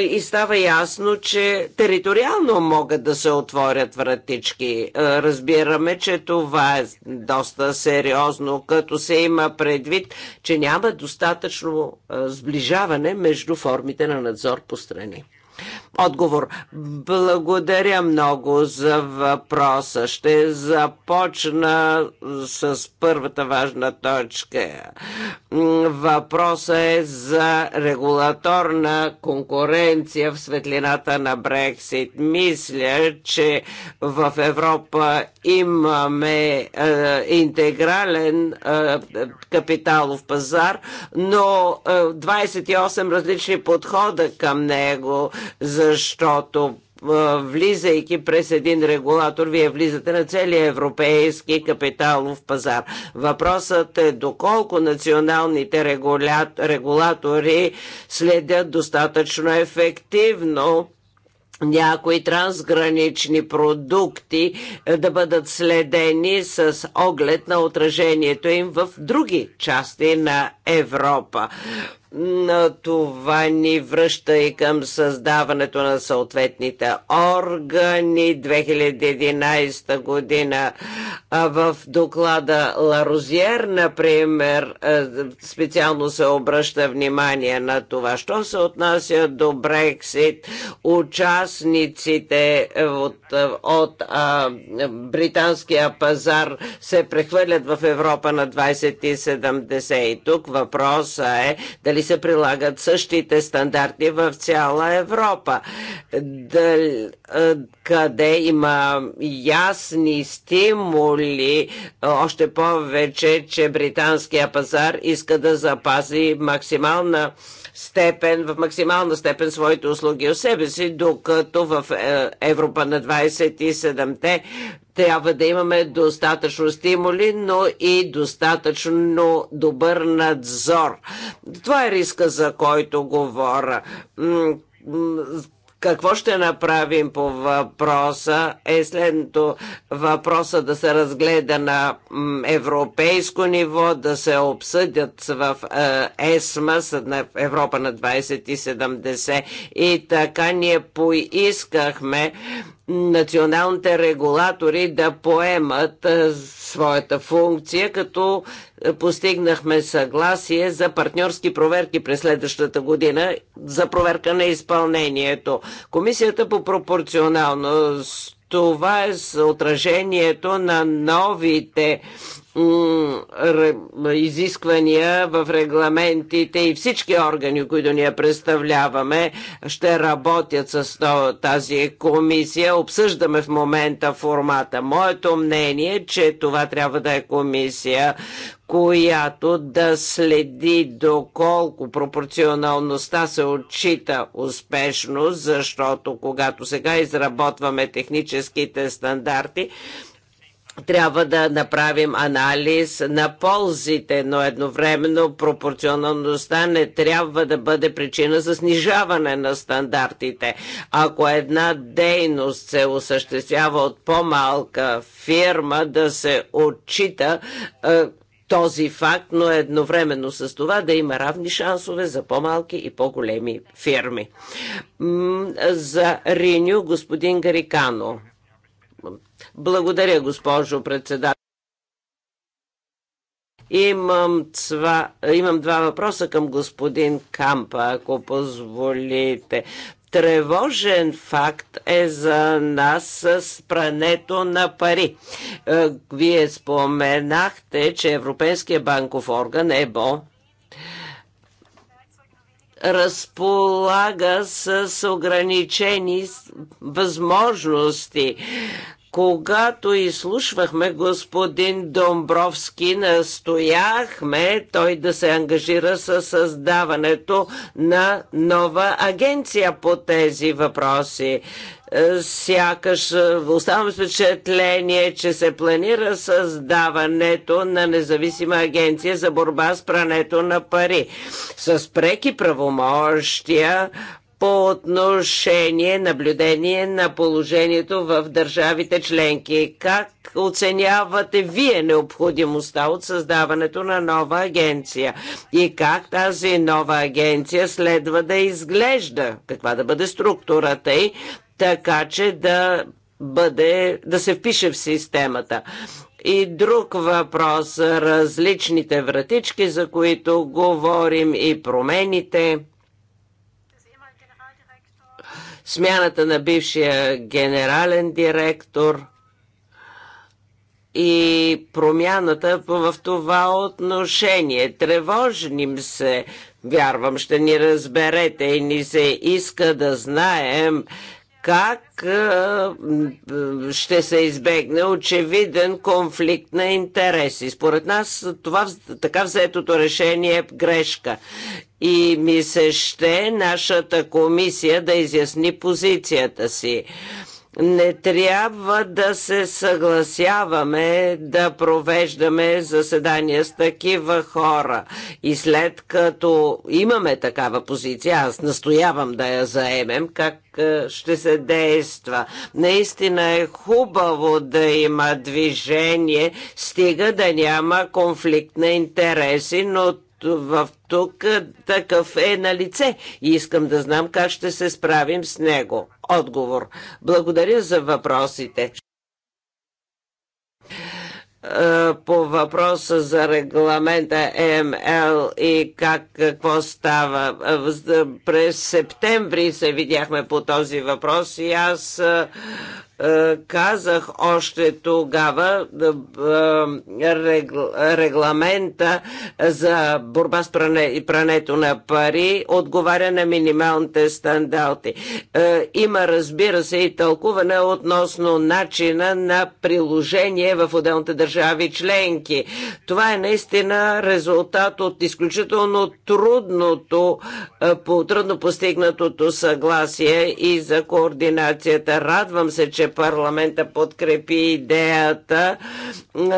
C: и става ясно, че териториално могат да се отворят вратички. Е, разбираме, че това е доста сериозно, като се има предвид, че няма достатъчно е, сближаване между формите на надзор по страни отговор. Благодаря много за въпроса. Ще започна с първата важна точка. Въпросът е за регулаторна конкуренция в светлината на Брексит. Мисля, че в Европа имаме е, интегрален е, капиталов пазар, но е, 28 различни подхода към него за защото влизайки през един регулатор, вие влизате на целия европейски капиталов пазар. Въпросът е доколко националните регулатори следят достатъчно ефективно някои трансгранични продукти е, да бъдат следени с оглед на отражението им в други части на Европа на това ни връща и към създаването на съответните органи 2011 година. В доклада Ларозиер, например, специално се обръща внимание на това. Що се отнася до Брексит, участниците от, от а, британския пазар се прехвърлят в Европа на 2070. И тук въпросът е дали дали се прилагат същите стандарти в цяла Европа, дали, къде има ясни стимули, още повече, че британския пазар иска да запази максимална степен, в максимална степен своите услуги от себе си, докато в е, Европа на 27-те трябва да имаме достатъчно стимули, но и достатъчно добър надзор. Това е риска, за който говоря какво ще направим по въпроса е следното въпроса да се разгледа на европейско ниво, да се обсъдят в е, ЕСМА, Европа на 2070 и така ние поискахме националните регулатори да поемат е, своята функция, като е, постигнахме съгласие за партньорски проверки през следващата година за проверка на изпълнението. Комисията по пропорционалност това е отражението на новите изисквания в регламентите и всички органи, които ние представляваме, ще работят с тази комисия. Обсъждаме в момента формата. Моето мнение е, че това трябва да е комисия, която да следи доколко пропорционалността се отчита успешно, защото когато сега изработваме техническите стандарти, трябва да направим анализ на ползите, но едновременно пропорционалността не трябва да бъде причина за снижаване на стандартите. Ако една дейност се осъществява от по-малка фирма, да се отчита е, този факт, но едновременно с това да има равни шансове за по-малки и по-големи фирми. за Риню господин Гарикано. Благодаря, госпожо председател. Имам, цва, имам два въпроса към господин Кампа, ако позволите. Тревожен факт е за нас с прането на пари. Е, вие споменахте, че Европейския банков орган ЕБО разполага с ограничени възможности когато изслушвахме господин Домбровски, настояхме той да се ангажира с създаването на нова агенция по тези въпроси е, сякаш е, оставам с впечатление, че се планира създаването на независима агенция за борба с прането на пари. С преки правомощия по отношение наблюдение на положението в държавите членки. Как оценявате вие необходимостта от създаването на нова агенция? И как тази нова агенция следва да изглежда? Каква да бъде структурата й, така че да бъде, да се впише в системата. И друг въпрос, различните вратички, за които говорим и промените – смяната на бившия генерален директор и промяната в това отношение. Тревожним се, вярвам, ще ни разберете и ни се иска да знаем как ще се избегне очевиден конфликт на интереси. Според нас това, така взетото решение е грешка. И ми се ще нашата комисия да изясни позицията си не трябва да се съгласяваме да провеждаме заседания с такива хора. И след като имаме такава позиция, аз настоявам да я заемем, как е, ще се действа. Наистина е хубаво да има движение, стига да няма конфликт на интереси, но в тук такъв е на лице и искам да знам как ще се справим с него отговор. Благодаря за въпросите. Е, по въпроса за регламента ЕМЛ и как, какво става. Е, през септември се видяхме по този въпрос и аз е, е, казах още тогава е, е, регламента за борба с пране и прането на пари отговаря на минималните стандарти. Има, разбира се, и тълкуване относно начина на приложение в отделните държави членки. Това е наистина резултат от изключително трудното, по, трудно постигнатото съгласие и за координацията. Радвам се, че парламента подкрепи идеята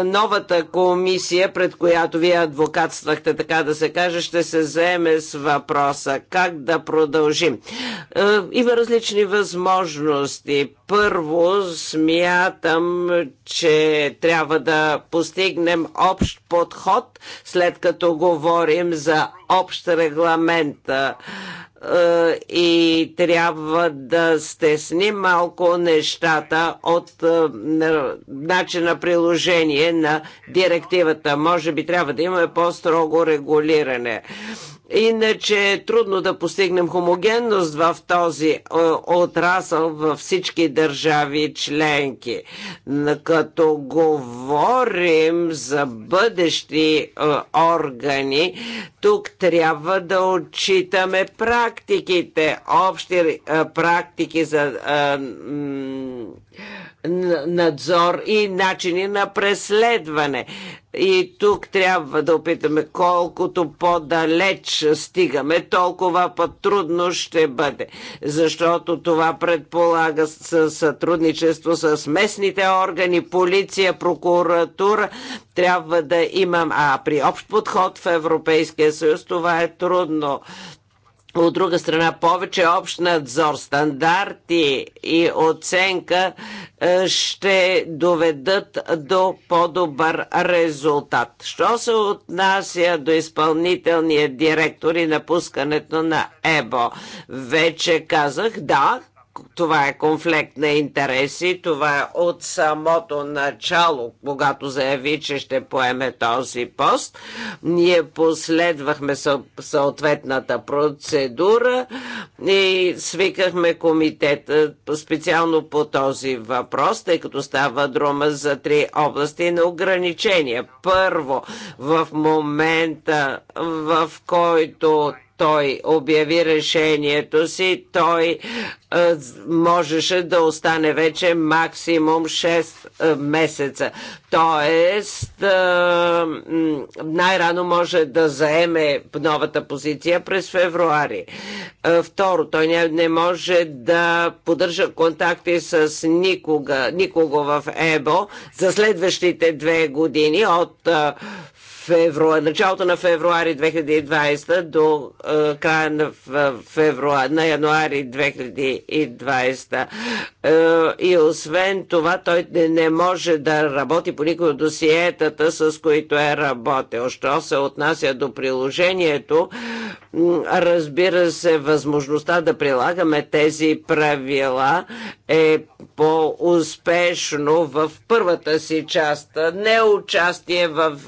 C: новата комисия, пред която вие адвокатствахте, така да се каже, ще се заеме с въпроса как да продължим. Е, има различни възможности. Първо, смятам, че трябва да постигнем общ подход, след като говорим за общ регламент е, е, и трябва да стесни малко нещата от е, начина приложение на директивата. Може би трябва да имаме по-строго регулиране. Иначе е трудно да постигнем хомогенност в този отрасъл във всички държави членки. Като говорим за бъдещи органи, тук трябва да отчитаме практиките, общи практики за надзор и начини на преследване. И тук трябва да опитаме колкото по-далеч стигаме, толкова по-трудно ще бъде. Защото това предполага сътрудничество с местните органи, полиция, прокуратура. Трябва да имам, а при общ подход в Европейския съюз това е трудно от друга страна повече общ надзор, стандарти и оценка е, ще доведат до по-добър резултат. Що се отнася до изпълнителния директор и напускането на ЕБО? Вече казах, да, това е конфликт на интереси, това е от самото начало, когато заяви, че ще поеме този пост. Ние последвахме съответната процедура и свикахме комитета специално по този въпрос, тъй като става дрома за три области на ограничения. Първо, в момента, в който той обяви решението си, той е, можеше да остане вече максимум 6 е, месеца. Тоест, е, най-рано може да заеме новата позиция през февруари. Е, второ, той не, не може да поддържа контакти с никога, никого в ЕБО за следващите две години от е, февруари, началото на февруари 2020 до е, края на, е, февруари, на януари 2020. Е, и освен това, той не, не може да работи по никой от досиетата, с които е работил. Що се отнася до приложението, разбира се, възможността да прилагаме тези правила е по-успешно в първата си част. Не участие в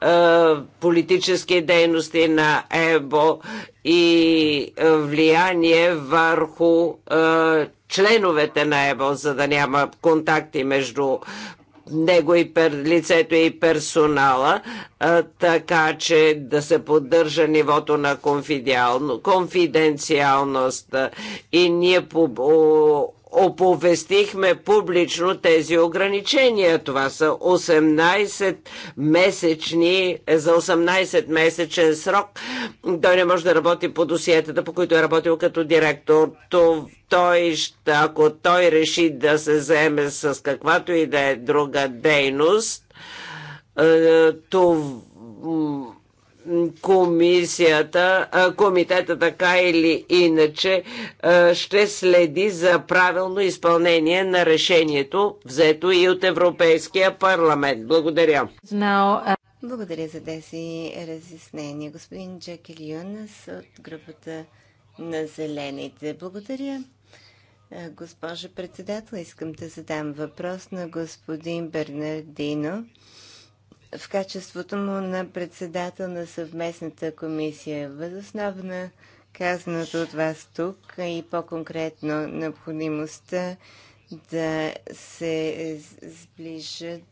C: а, политически дейности на ЕБО и влияние върху а, членовете на ЕБО, за да няма контакти между него и пер, лицето и персонала, а, така че да се поддържа нивото на конфиденциалност. И ние по, о, оповестихме публично тези ограничения. Това са 18 месечни, е, за 18 месечен срок. Той не може да работи по досиетата, по които е работил като директор. Той, ако той реши да се заеме с каквато и да е друга дейност, е, то комисията, комитета така или иначе ще следи за правилно изпълнение на решението, взето и от Европейския парламент. Благодаря.
B: Uh, Благодаря за тези разяснения. Господин Джекил Юнес от групата на Зелените. Благодаря. Госпожа председател, искам да задам въпрос на господин Бернардино в качеството му на председател на съвместната комисия. Възоснова на казаното от вас тук и по-конкретно необходимостта да се сближат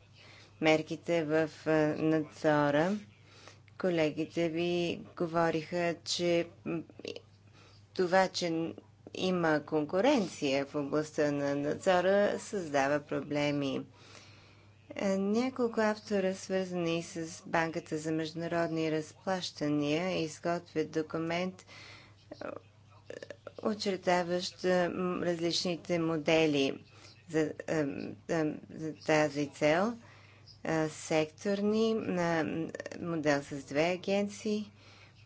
B: мерките в надзора. Колегите ви говориха, че това, че има конкуренция в областта на надзора, създава проблеми е, няколко автора, свързани с Банката за международни разплащания, изготвят документ, е, очертаващ е, различните модели за, за тази цел. Секторни, модел с две агенции,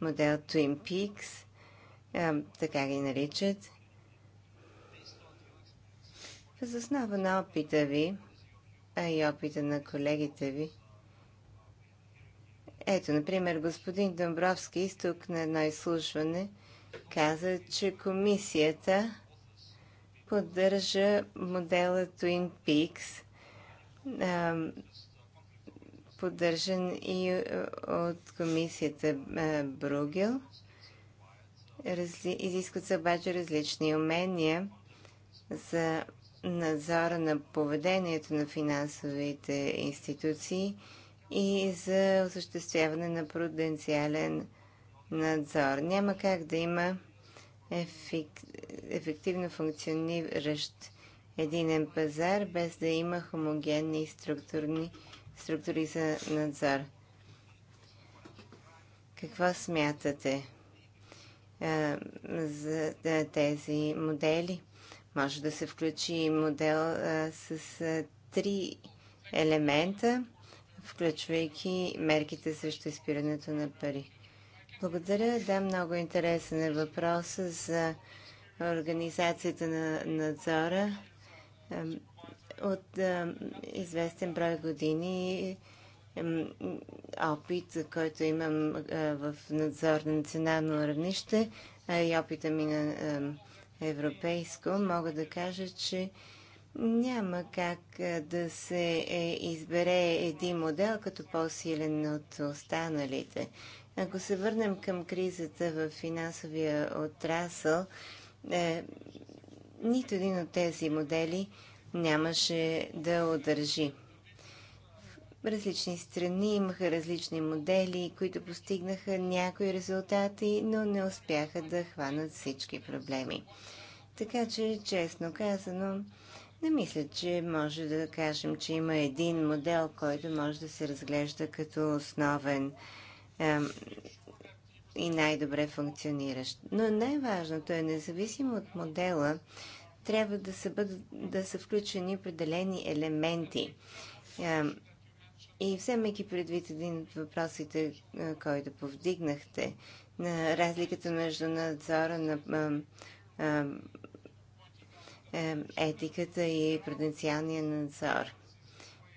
B: модел Twin Peaks, така ги наричат. Въз основа на опита ви, а и опита на колегите ви. Ето, например, господин Домбровски изток на едно изслушване каза, че комисията поддържа модела Twin Peaks, поддържан и от комисията Бругел. Изискват се обаче различни умения за надзора на поведението на финансовите институции и за осъществяване на пруденциален надзор. Няма как да има ефик... ефективно функциониращ единен пазар, без да има хомогенни структурни структури за надзор. Какво смятате а, за да, тези модели? Може да се включи модел а, с а, три елемента, включвайки мерките срещу изпирането на пари. Благодаря. Да, много интересен е въпросът за организацията на надзора. От а, известен брой години опит, който имам а, в надзор на национално равнище а, и опита ми на европейско, мога да кажа, че няма как да се е, избере един модел като по-силен от останалите. Ако се върнем към кризата в финансовия отрасъл, е, нито един от тези модели нямаше да удържи. Различни страни имаха различни модели, които постигнаха някои резултати, но не успяха да хванат всички проблеми. Така че, честно казано, не мисля, че може да кажем, че има един модел, който може да се разглежда като основен ем, и най-добре функциониращ. Но най-важното е, независимо от модела, трябва да са, бъд, да са включени определени елементи. Ем, и вземайки предвид един от въпросите, е, който повдигнахте, на разликата между надзора на етиката и пруденциалния надзор.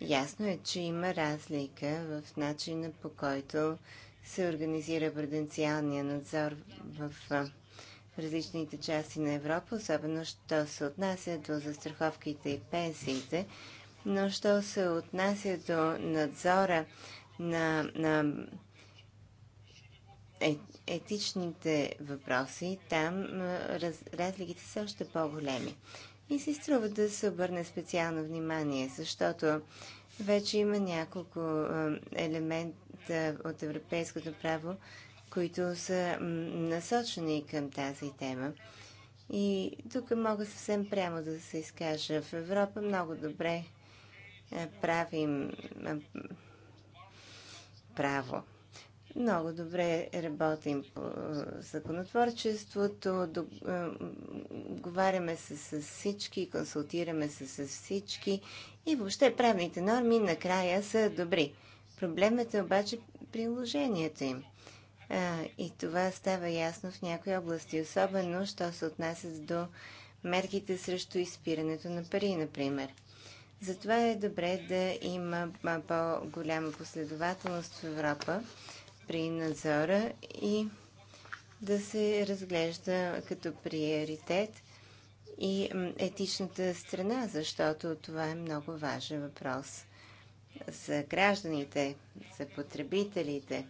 B: Ясно е, че има разлика в начина по който се организира пруденциалния надзор в различните части на Европа, особено що се отнася до застраховките и пенсиите, но що се отнася до надзора на, на е, етичните въпроси, там раз, разликите са още по-големи. И се струва да се обърне специално внимание, защото вече има няколко елемента от европейското право, които са насочени към тази тема. И тук мога съвсем прямо да се изкажа. В Европа много добре е, правим е, право. Много добре работим по е, законотворчеството, говаряме се с всички, консултираме се с всички и въобще правните норми накрая са добри. Проблемът е обаче приложението им. И това става ясно в някои области, особено що се отнасят до мерките срещу изпирането на пари, например. Затова е добре да има по-голяма последователност в Европа при надзора и да се разглежда като приоритет и етичната страна, защото това е много важен въпрос за гражданите, за потребителите.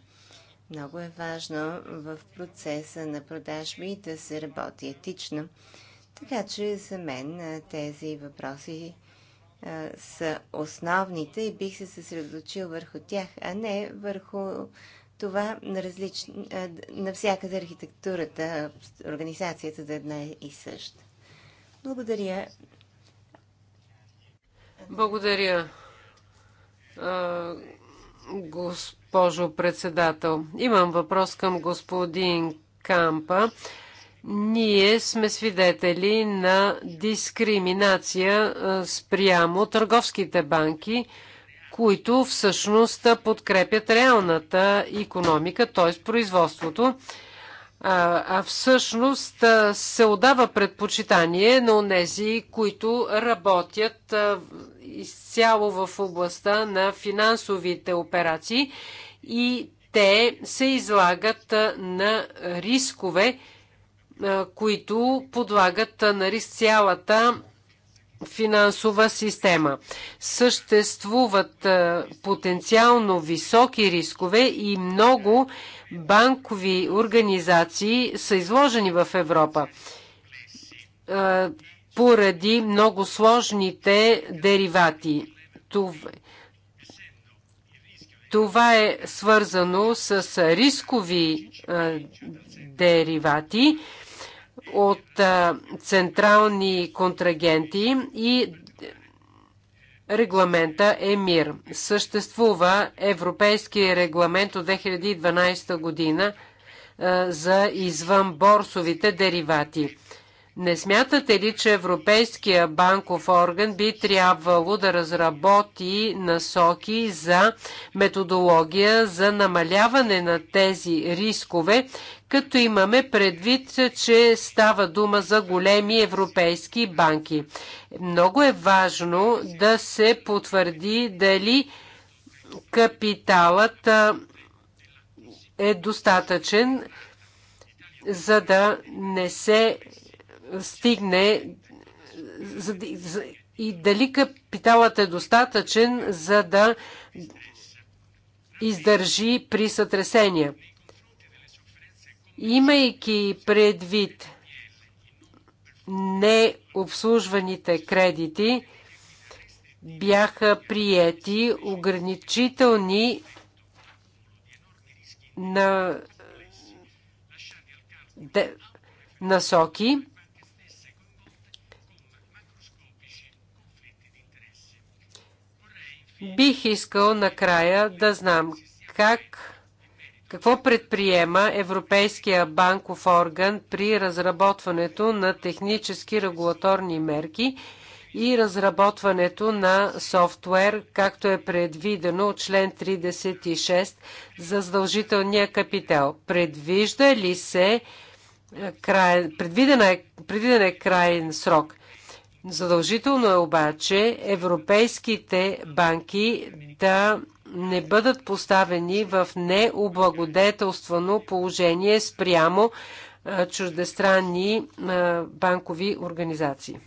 B: Много е важно в процеса на продажби да се работи етично. Така че за мен тези въпроси са основните и бих се съсредоточил върху тях, а не върху това на различни, навсякъде архитектурата, организацията да е една и съща. Благодаря.
D: Благодаря, госпожо председател. Имам въпрос към господин Кампа ние сме свидетели на дискриминация спрямо търговските банки, които всъщност подкрепят реалната економика, т.е. производството, а всъщност се отдава предпочитание на тези, които работят изцяло в областта на финансовите операции и те се излагат на рискове, които подлагат на нали, риск цялата финансова система. Съществуват потенциално високи рискове и много банкови организации са изложени в Европа поради много сложните деривати. Това е свързано с рискови деривати, от централни контрагенти и регламента ЕМИР. Съществува европейски регламент от 2012 година за извънборсовите деривати. Не смятате ли, че Европейския банков орган би трябвало да разработи насоки за методология за намаляване на тези рискове, като имаме предвид, че става дума за големи европейски банки. Много е важно да се потвърди дали капиталът е достатъчен, за да не се стигне и дали капиталът е достатъчен, за да издържи при сътресения. Имайки предвид необслужваните кредити, бяха приети ограничителни на насоки, бих искал накрая да знам как какво предприема Европейския банков орган при разработването на технически регулаторни мерки и разработването на софтуер, както е предвидено от член 36 за задължителния капитал? Предвижда ли се е, предвиден е, предвиден е крайен срок – Задължително е обаче европейските банки да не бъдат поставени в необлагодетелствано положение спрямо чуждестранни банкови организации.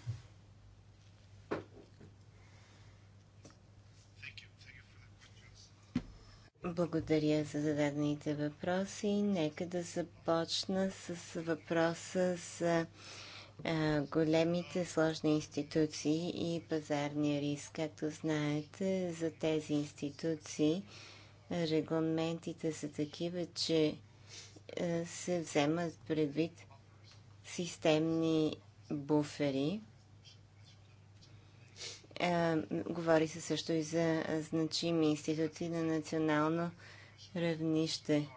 B: Благодаря за зададените въпроси. Нека да започна с въпроса за е, големите сложни институции и пазарния риск. Както знаете, за тези институции регламентите са такива, че е, се вземат предвид системни буфери. Е, говори се също и за значими институции на национално равнище.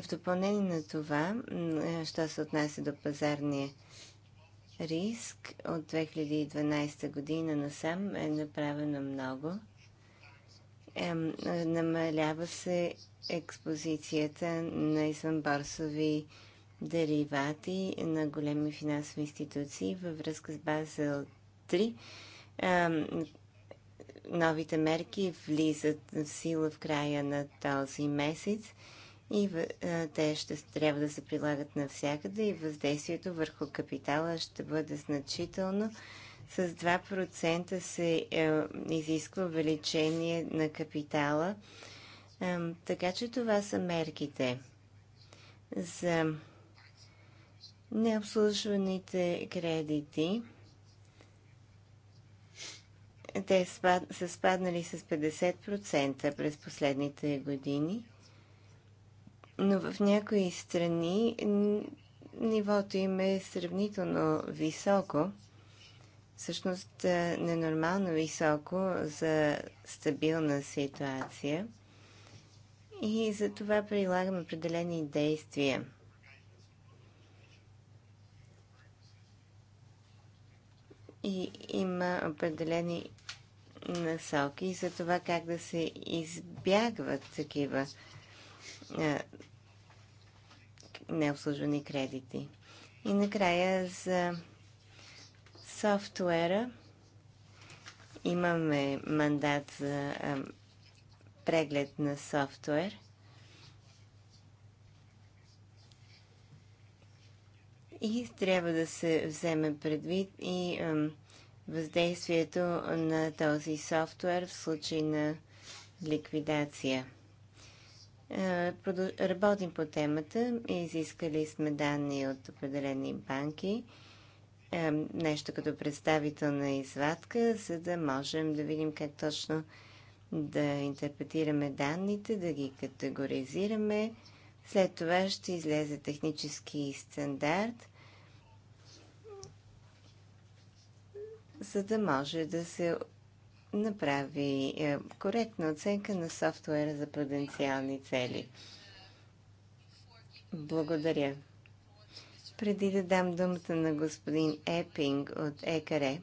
B: В допълнение на това, е, що се отнася до пазарния риск, от 2012 година насам е направено много. Е, намалява се експозицията на извънборсови деривати на големи финансови институции във връзка с Базел 3. Е, новите мерки влизат в сила в края на този месец и е, те ще трябва да се прилагат навсякъде и въздействието върху капитала ще бъде значително. С 2% се е, изисква увеличение на капитала. Е, така че това са мерките за необслужваните кредити. Те са спаднали с 50% през последните години но в някои страни нивото им е сравнително високо, всъщност е, ненормално високо за стабилна ситуация и за това прилагам определени действия. И има определени насоки за това как да се избягват такива е, необслужвани кредити. И накрая за софтуера имаме мандат за е, преглед на софтуер. И трябва да се вземе предвид и е, въздействието на този софтуер в случай на ликвидация. Е, работим по темата, изискали сме данни от определени банки, е, нещо като представителна извадка, за да можем да видим как точно да интерпретираме данните, да ги категоризираме. След това ще излезе технически стандарт, за да може да се направи е, коректна оценка на софтуера за пруденциални цели. Благодаря. Преди да дам думата на господин Епинг от ЕКАРЕ,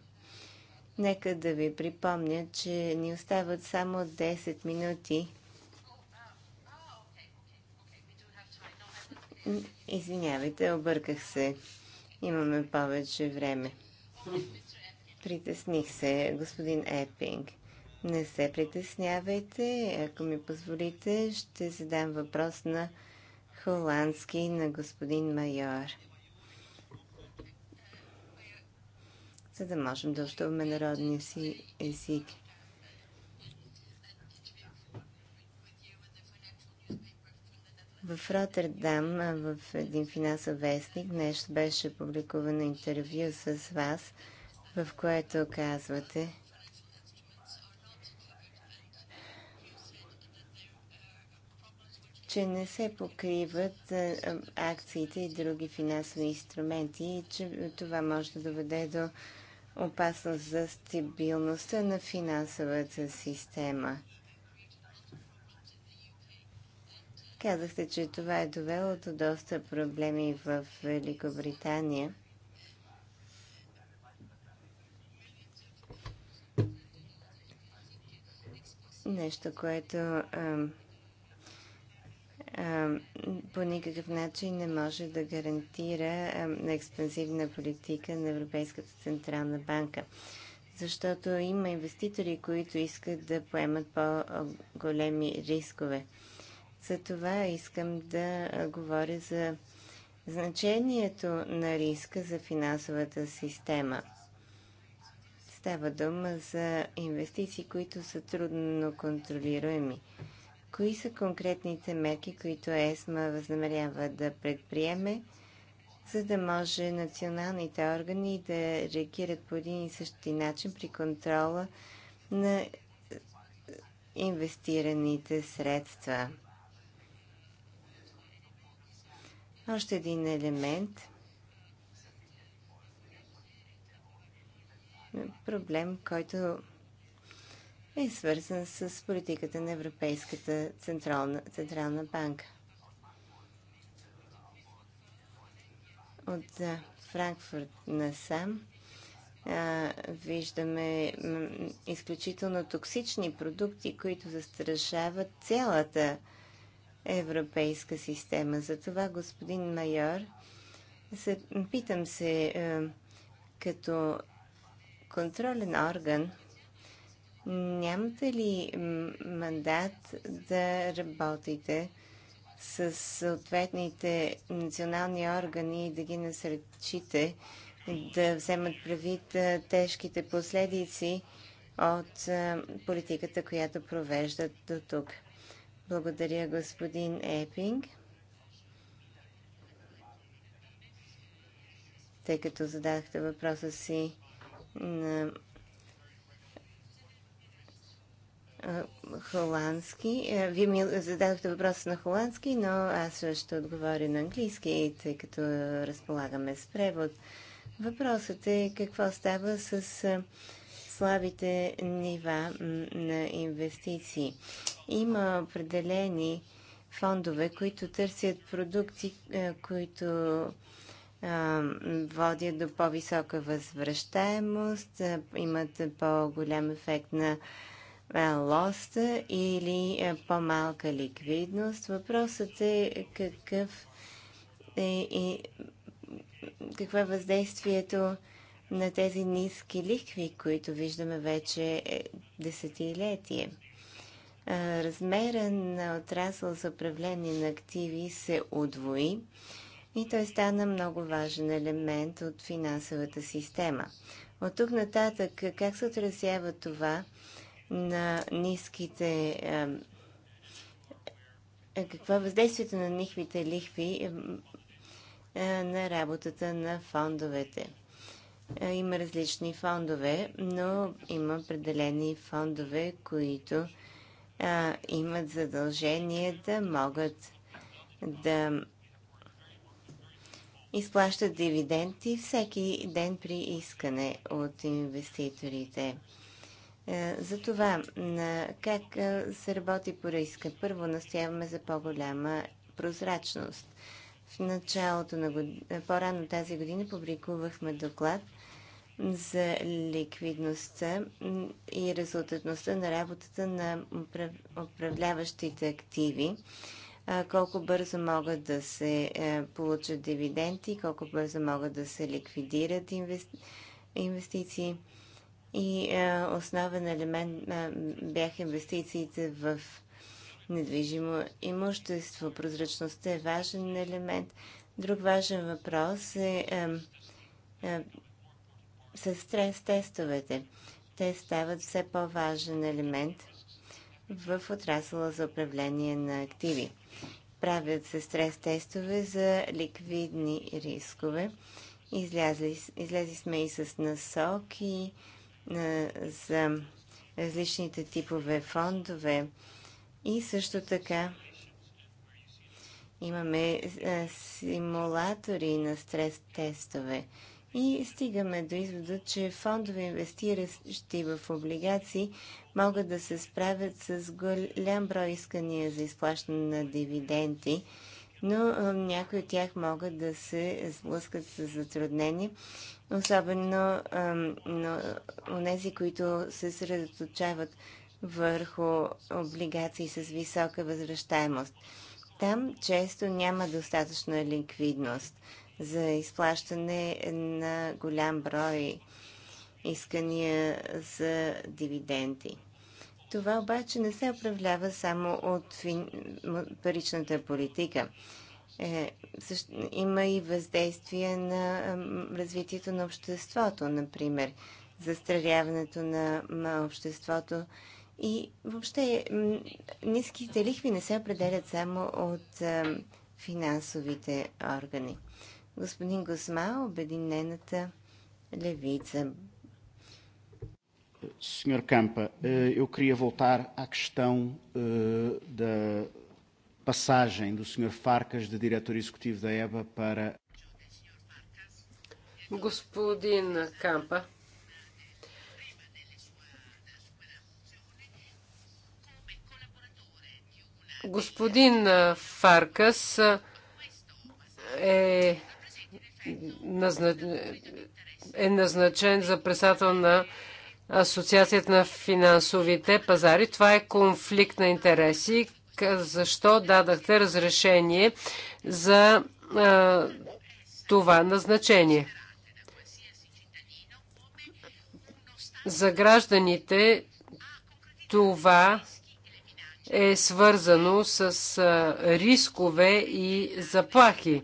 B: нека да ви припомня, че ни остават само 10 минути. Извинявайте, обърках се. Имаме повече време. Притесних се, господин Епинг. Не се притеснявайте. Ако ми позволите, ще задам въпрос на холандски на господин майор. За да можем да общуваме народния си език. В Роттердам, в един финансов вестник, днес беше публикувано интервю с вас – в което казвате, че не се покриват акциите и други финансови инструменти и че това може да доведе до опасност за стабилността на финансовата система. Казахте, че това е довело до доста проблеми в Великобритания. Нещо, което а, а, по никакъв начин не може да гарантира а, експансивна политика на Европейската Централна банка. Защото има инвеститори, които искат да поемат по-големи рискове. За това искам да говоря за значението на риска за финансовата система – Става дума за инвестиции, които са трудно контролируеми. Кои са конкретните мерки, които ЕСМА възнамерява да предприеме, за да може националните органи да реагират по един и същи начин при контрола на инвестираните средства? Още един елемент – проблем, който е свързан с политиката на Европейската централна, централна банка. От Франкфурт насам виждаме изключително токсични продукти, които застрашават цялата европейска система. Затова, господин майор, се, питам се, като контролен орган, нямате ли мандат да работите с съответните национални органи и да ги насречите да вземат правит тежките последици от политиката, която провеждат до тук? Благодаря, господин Епинг. Тъй като задахте въпроса си холандски. Вие ми зададохте въпроса на холандски, но аз ще отговоря на английски, тъй като разполагаме с превод. Въпросът е какво става с слабите нива на инвестиции. Има определени фондове, които търсят продукти, които водят до по-висока възвръщаемост, имат по-голям ефект на лоста или по-малка ликвидност. Въпросът е какъв е и какво е въздействието на тези ниски ликви, които виждаме вече е, десетилетие. Размера на отрасъл за управление на активи се удвои и той стана много важен елемент от финансовата система. От тук нататък, как се отразява това на ниските. Е, какво е въздействието на нихвите лихви е, на работата на фондовете? Е, има различни фондове, но има определени фондове, които имат задължение да могат да изплащат дивиденти всеки ден при искане от инвеститорите. Е, за това, как е, се работи по риска? Първо настояваме за по-голяма прозрачност. В началото на год... по-рано тази година публикувахме доклад за ликвидността и резултатността на работата на управляващите активи колко бързо могат да се е, получат дивиденти, колко бързо могат да се ликвидират инвестиции. И е, основен елемент е, бях инвестициите в недвижимо имущество. Прозрачността е важен елемент. Друг важен въпрос е, е с стрес тестовете. Те стават все по-важен елемент – в отрасъла за управление на активи. Правят се стрес тестове за ликвидни рискове. Излязли, излезли сме и с насоки а, за различните типове фондове и също така имаме а, симулатори на стрес тестове и стигаме до извода, че фондове инвестиращи в облигации могат да се справят с голям брой искания за изплащане на дивиденти, но някои от тях могат да се сблъскат с затруднени, особено нези, които се средоточават върху облигации с висока възвръщаемост. Там често няма достатъчна ликвидност за изплащане на голям брой искания за дивиденти. Това обаче не се управлява само от паричната политика. Е, има и въздействие на развитието на обществото, например, застаряването на, обществото. И въобще ниските лихви не се определят само от финансовите органи господин Госма, Обединената левица.
A: Senhor Campa, eu queria voltar à questão da passagem do Sr. Farkas, de diretor executivo da EBA para.
D: Господин Кампа, господин Фаркас е е назначен за председател на Асоциацията на финансовите пазари. Това е конфликт на интереси. Защо дадахте разрешение за а, това назначение? За гражданите това е свързано с рискове и заплахи.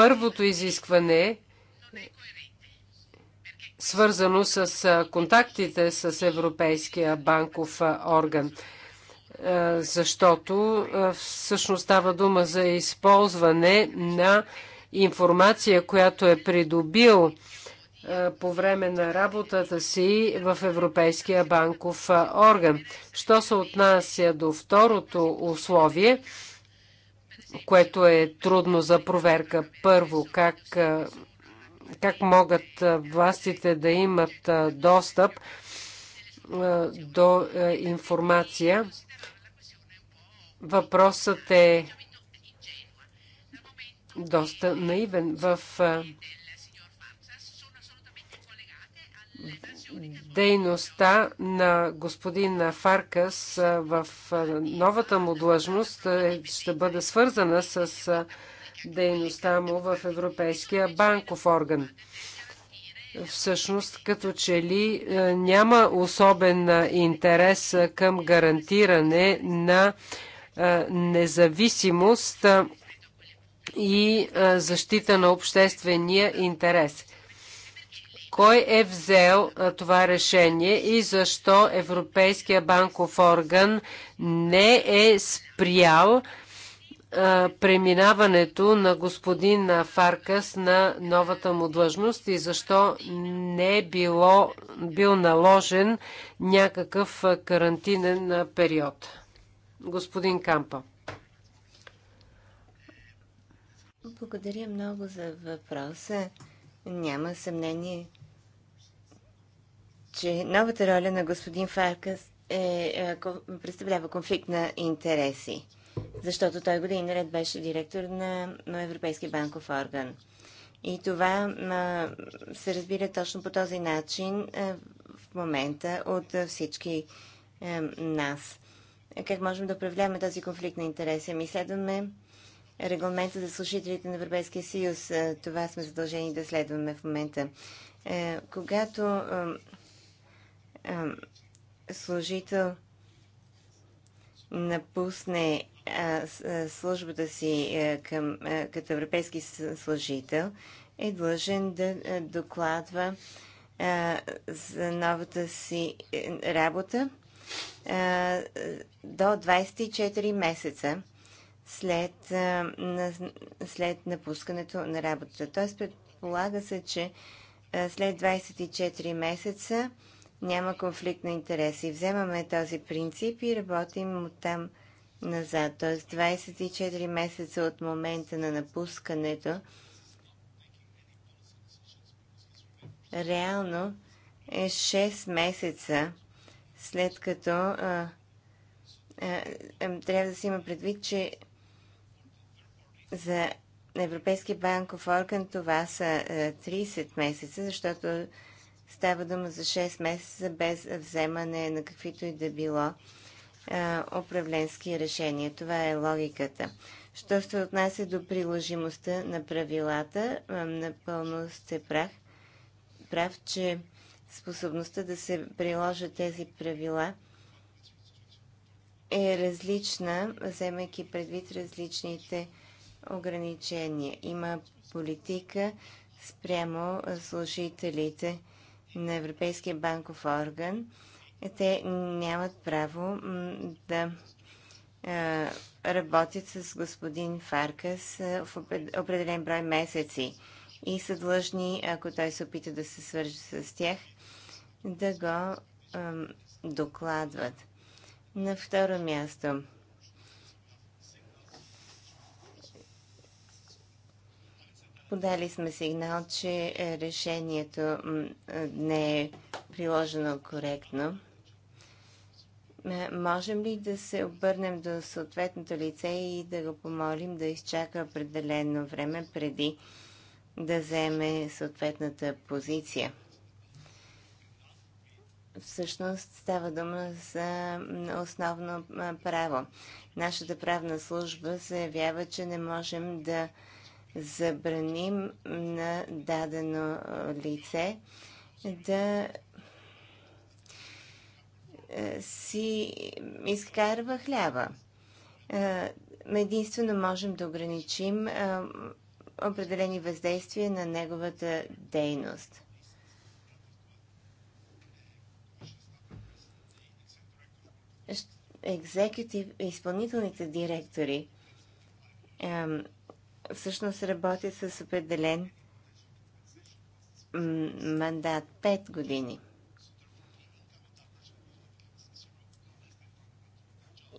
D: Първото изискване свързано с контактите с Европейския банков орган, защото всъщност става дума за използване на информация, която е придобил по време на работата си в Европейския банков орган. Що се отнася до второто условие, което е трудно за проверка. Първо, как, как могат властите да имат достъп до информация. Въпросът е доста наивен. В дейността на господин Фаркас в новата му длъжност е, ще бъде свързана с дейността му в Европейския банков орган. Всъщност, като че ли няма особен интерес към гарантиране на независимост и защита на обществения интерес. Кой е взел това решение и защо Европейския банков орган не е спрял преминаването на господин Фаркас на новата му длъжност и защо не е било, бил наложен някакъв карантинен период. Господин Кампа.
B: Благодаря много за въпроса. Няма съмнение, че новата роля на господин Фаркас е, е, представлява конфликт на интереси, защото той години наред беше директор на, на Европейския банков орган. И това а, се разбира точно по този начин а, е, в момента от а, всички а, е, нас. Как можем да управляваме този конфликт на интереси? Ами следваме регламента за слушателите на Европейския съюз. А, е, това сме задължени да следваме в момента. А, когато а, служител напусне службата си към, като европейски служител, е длъжен да докладва за новата си е, работа до 24 месеца след, след напускането на работата. Тоест, предполага се, че след 24 месеца няма конфликт на интереси. Вземаме този принцип и работим от там назад, т.е. 24 месеца от момента на напускането. Реално е 6 месеца след като а, а, а, трябва да се има предвид, че за Европейския банков орган това са 30 месеца, защото Става дума за 6 месеца без вземане на каквито и да било управленски решения. Това е логиката. Що се отнася до приложимостта на правилата, напълно сте прав, прав че способността да се приложат тези правила е различна, вземайки предвид различните ограничения. Има политика спрямо служителите на Европейския банков орган, те нямат право да работят с господин Фаркас в определен брой месеци и са длъжни, ако той се опита да се свържи с тях, да го докладват. На второ място – Подали сме сигнал, че е, решението е, не е приложено коректно. Е, можем ли да се обърнем до съответното лице и да го помолим да изчака определено време преди да вземе съответната позиция? Всъщност става дума за основно право. Нашата правна служба заявява, че не можем да забраним на дадено лице да е, си изкарва хляба. Е, единствено можем да ограничим е, определени въздействия на неговата дейност. Екзекутив, изпълнителните директори всъщност работи с определен мандат 5 години.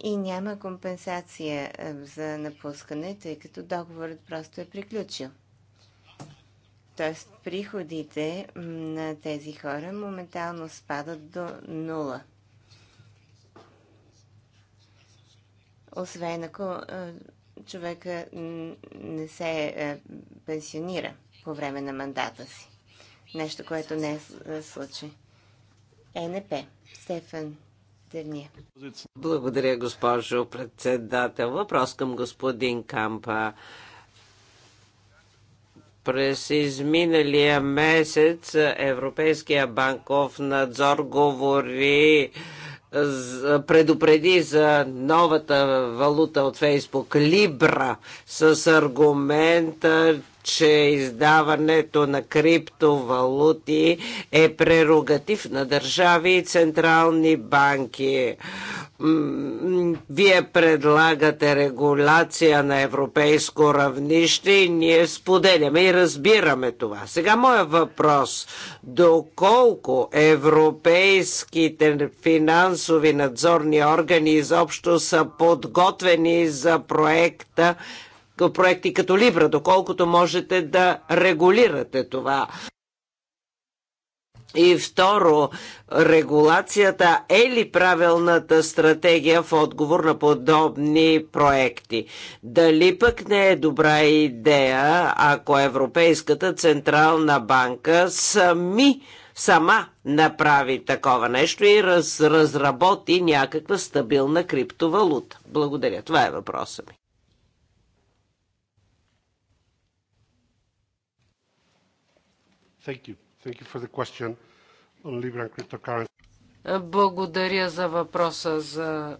B: И няма компенсация е, за напускане, тъй като договорът просто е приключил. Тоест приходите на тези хора моментално спадат до нула. Освен ако е, човека не се е, пенсионира по време на мандата си. Нещо, което не е, е случай. НП. Стефан Терния.
C: Благодаря, госпожо председател. Въпрос към господин Кампа. През изминалия месец Европейския банков надзор говори предупреди за новата валута от Фейсбук Либра с аргумента, че издаването на криптовалути е прерогатив на държави и централни банки вие предлагате регулация на европейско равнище и ние споделяме и разбираме това. Сега моя въпрос. Доколко европейските финансови надзорни органи изобщо са подготвени за проекта проекти като Либра, доколкото можете да регулирате това. И второ, регулацията е ли правилната стратегия в отговор на подобни проекти? Дали пък не е добра идея, ако Европейската Централна банка сами сама направи такова нещо и раз, разработи някаква стабилна криптовалута? Благодаря. Това е въпросът ми.
D: Thank you. Thank you for the question on Libra and cryptocurrency. Благодаря за въпроса за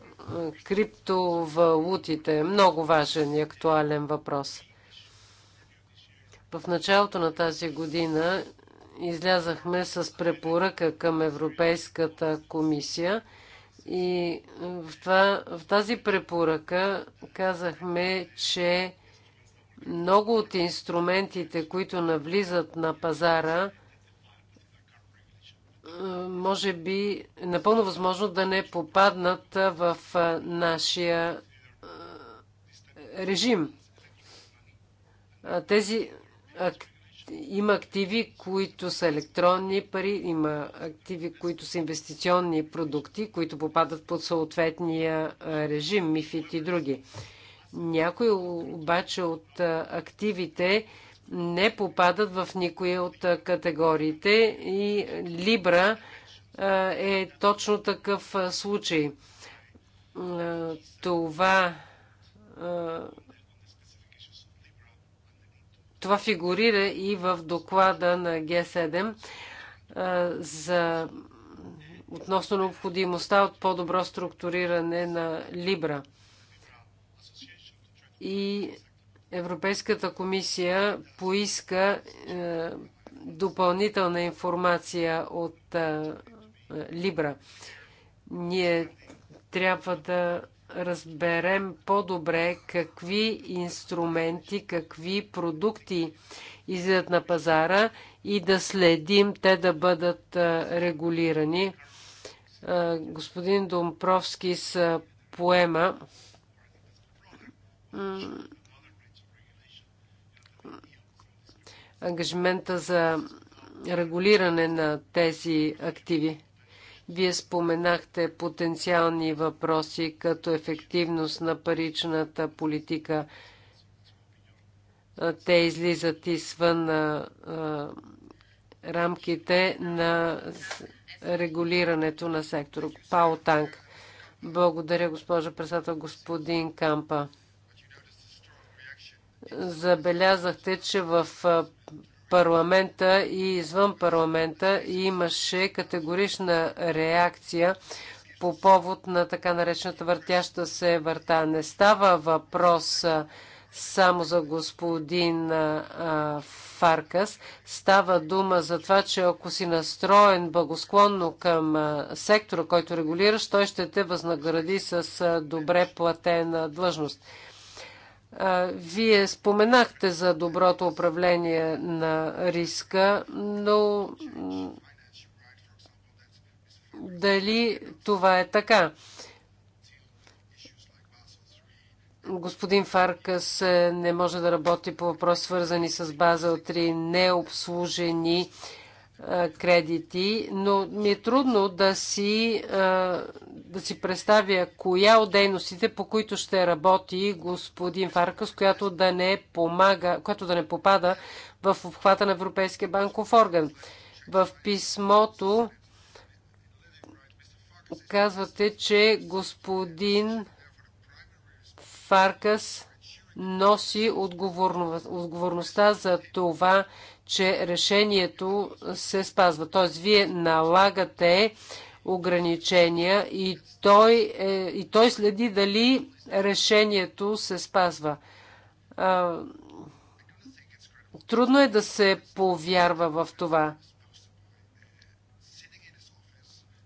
D: криптовалутите. Много важен и актуален въпрос. В началото на тази година излязахме с препоръка към Европейската комисия и в, това, в тази препоръка казахме, че много от инструментите, които навлизат на пазара, може би е напълно възможно да не попаднат в нашия режим. Тези има активи, които са електронни пари, има активи, които са инвестиционни продукти, които попадат под съответния режим, мифит и други. Някои обаче от активите не попадат в никоя от категориите и Либра е точно такъв случай. Това това фигурира и в доклада на Г7 за относно необходимостта от по-добро структуриране на Либра. И Европейската комисия поиска е, допълнителна информация от е, Либра. Ние трябва да разберем по-добре какви инструменти, какви продукти излизат на пазара и да следим те да бъдат е, регулирани. Е, господин Домпровски с поема ангажимента за регулиране на тези активи. Вие споменахте потенциални въпроси като ефективност на паричната политика. Те излизат извън рамките на регулирането на сектора. Пао Танк. Благодаря, госпожа председател, господин Кампа. Забелязахте, че в парламента и извън парламента имаше категорична реакция по повод на така наречената въртяща се върта. Не става въпрос само за господин Фаркас. Става дума за това, че ако си настроен благосклонно към сектора, който регулираш, той ще те възнагради с добре платена длъжност. Вие споменахте за доброто управление на риска, но дали това е така? Господин Фаркас е, не може да работи по въпрос, свързани с база 3, необслужени кредити, но ми е трудно да си, да си представя коя от дейностите, по които ще работи господин Фаркас, която да не, помага, която да не попада в обхвата на Европейския банков орган. В писмото казвате, че господин Фаркас носи отговорността за това, че решението се спазва. Т.е. вие налагате ограничения и той, е, и той следи дали решението се спазва. А, трудно е да се повярва в това.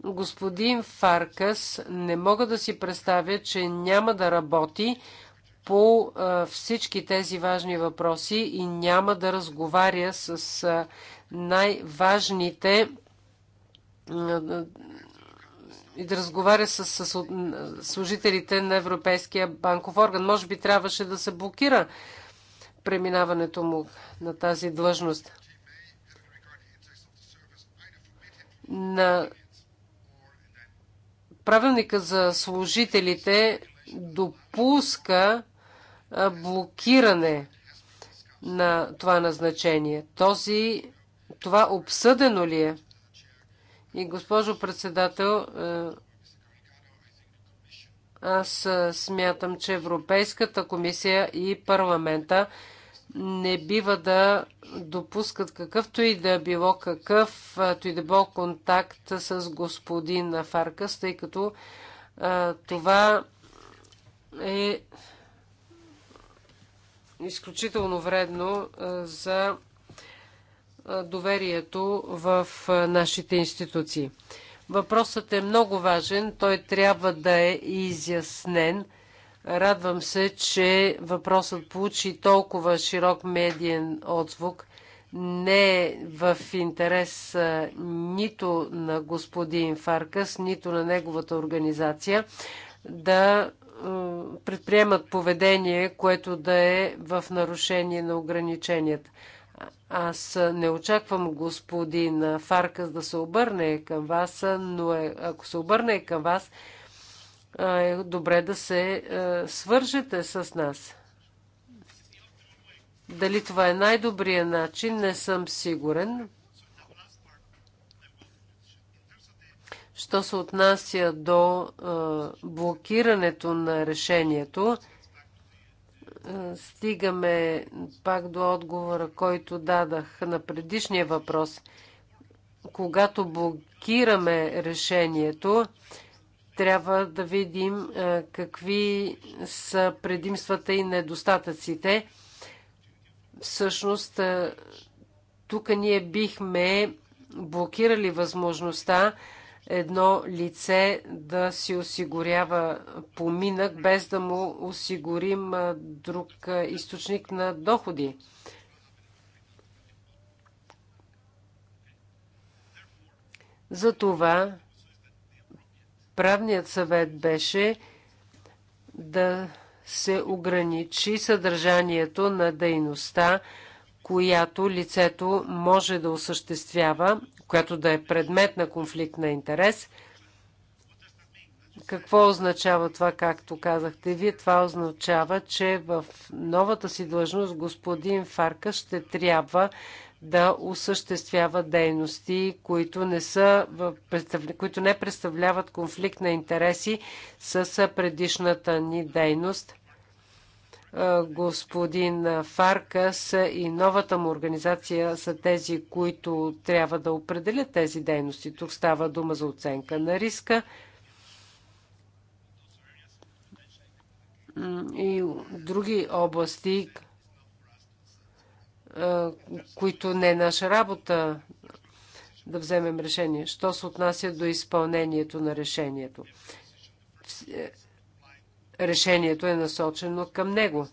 D: Господин Фаркас, не мога да си представя, че няма да работи по всички тези важни въпроси и няма да разговаря с най-важните и да разговаря с, с служителите на Европейския банков орган. Може би трябваше да се блокира преминаването му на тази длъжност. На правилника за служителите допуска блокиране на това назначение. Този, това обсъдено ли е? И госпожо председател, аз смятам, че Европейската комисия и парламента не бива да допускат какъвто и да било какъвто и да било контакт с господин Фаркас, тъй като а, това е изключително вредно е, за е, доверието в е, нашите институции. Въпросът е много важен, той трябва да е изяснен. Радвам се, че въпросът получи толкова широк медиен отзвук. Не е в интерес нито на господин Фаркас, нито на неговата организация да предприемат поведение, което да е в нарушение на ограниченията. Аз не очаквам господин Фаркас да се обърне към вас, но е, ако се обърне към вас, е добре да се е, свържете с нас. Дали това е най-добрият начин, не съм сигурен. Що се отнася до блокирането на решението, стигаме пак до отговора, който дадах на предишния въпрос. Когато блокираме решението, трябва да видим какви са предимствата и недостатъците. Всъщност, тук ние бихме блокирали възможността едно лице да си осигурява поминък, без да му осигурим друг източник на доходи. Затова правният съвет беше да се ограничи съдържанието на дейността, която лицето може да осъществява, която да е предмет на конфликт на интерес. Какво означава това, както казахте вие? Това означава, че в новата си длъжност господин Фарка ще трябва да осъществява дейности, които не, са, които не представляват конфликт на интереси с предишната ни дейност господин Фаркас и новата му организация са тези, които трябва да определят тези дейности. Тук става дума за оценка на риска и други области, които не е наша работа да вземем решение. Що се отнася до изпълнението на решението? Е, решението е насочено към него.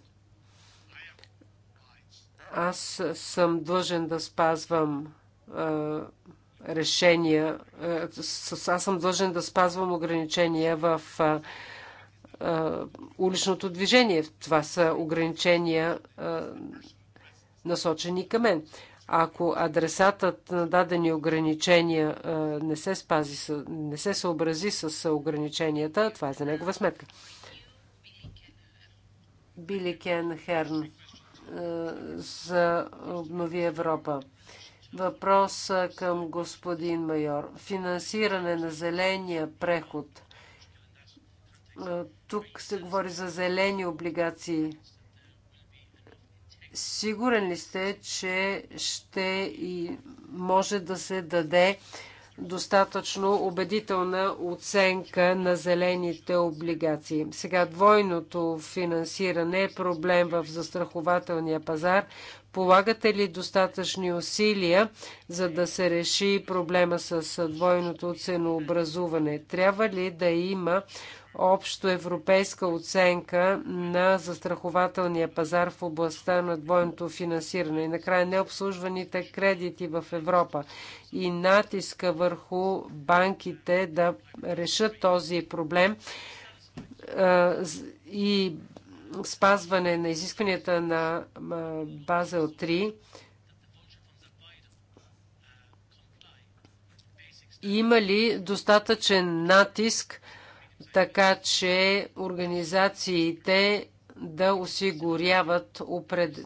D: Аз съм длъжен да спазвам а, решения. А, с, аз съм длъжен да спазвам ограничения в а, а, уличното движение. Това са ограничения а, насочени към мен. Ако адресатът на дадени ограничения не се, спази, не се съобрази с ограниченията, това е за негова сметка. Биликен Херн е, за Обнови Европа. Въпрос към господин майор. Финансиране на зеления преход. Е, тук се говори за зелени облигации. Сигурен ли сте, че ще и може да се даде достатъчно убедителна оценка на зелените облигации. Сега двойното финансиране е проблем в застрахователния пазар. Полагате ли достатъчни усилия, за да се реши проблема с двойното ценообразуване? Трябва ли да има общо европейска оценка на застрахователния пазар в областта на двойното финансиране и накрая необслужваните кредити в Европа и натиска върху банките да решат този проблем и спазване на изискванията на Базел 3 има ли достатъчен натиск така че организациите да осигуряват опред...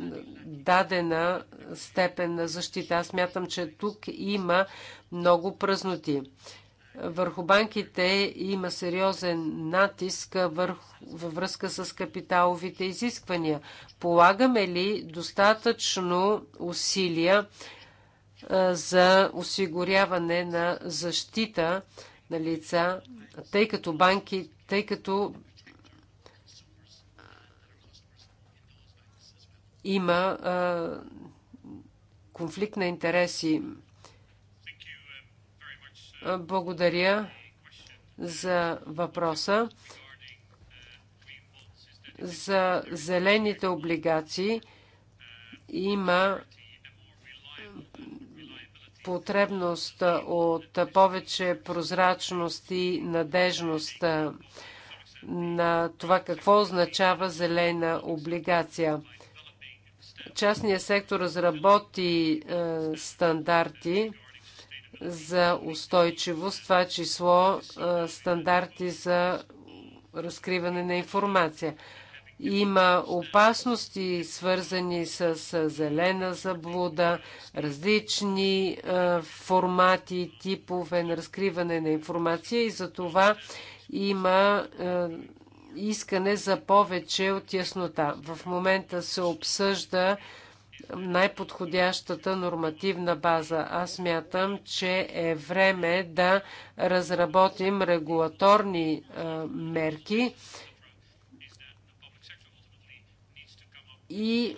D: дадена степен на защита. Аз мятам, че тук има много празноти. Върху банките има сериозен натиск във връзка с капиталовите изисквания. Полагаме ли достатъчно усилия за осигуряване на защита на лица, тъй като банки, тъй като има конфликт на интереси. Благодаря за въпроса. За зелените облигации има потребност от повече прозрачност и надежност на това какво означава зелена облигация. Частният сектор разработи е, стандарти за устойчивост, това число е, стандарти за разкриване на информация. Има опасности, свързани с зелена заблуда, различни формати, типове на разкриване на информация и за това има искане за повече от яснота. В момента се обсъжда най-подходящата нормативна база. Аз мятам, че е време да разработим регулаторни мерки, и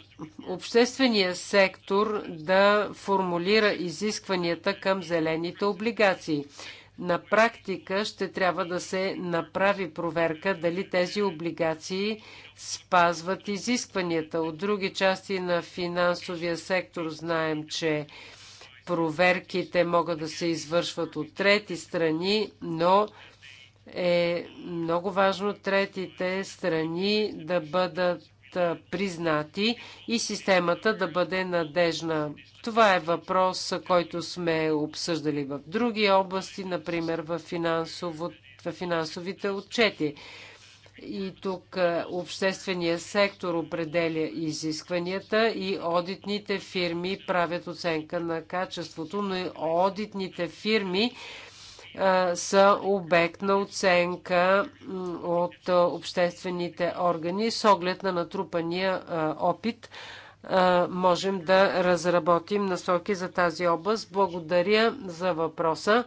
D: обществения сектор да формулира изискванията към зелените облигации. На практика ще трябва да се направи проверка дали тези облигации спазват изискванията. От други части на финансовия сектор знаем, че проверките могат да се извършват от трети страни, но е много важно третите страни да бъдат признати и системата да бъде надежна. Това е въпрос, който сме обсъждали в други области, например в, финансово, в финансовите отчети. И тук е, обществения сектор определя изискванията и одитните фирми правят оценка на качеството, но и одитните фирми са обект на оценка от обществените органи. С оглед на натрупания опит можем да разработим насоки за тази област. Благодаря за въпроса.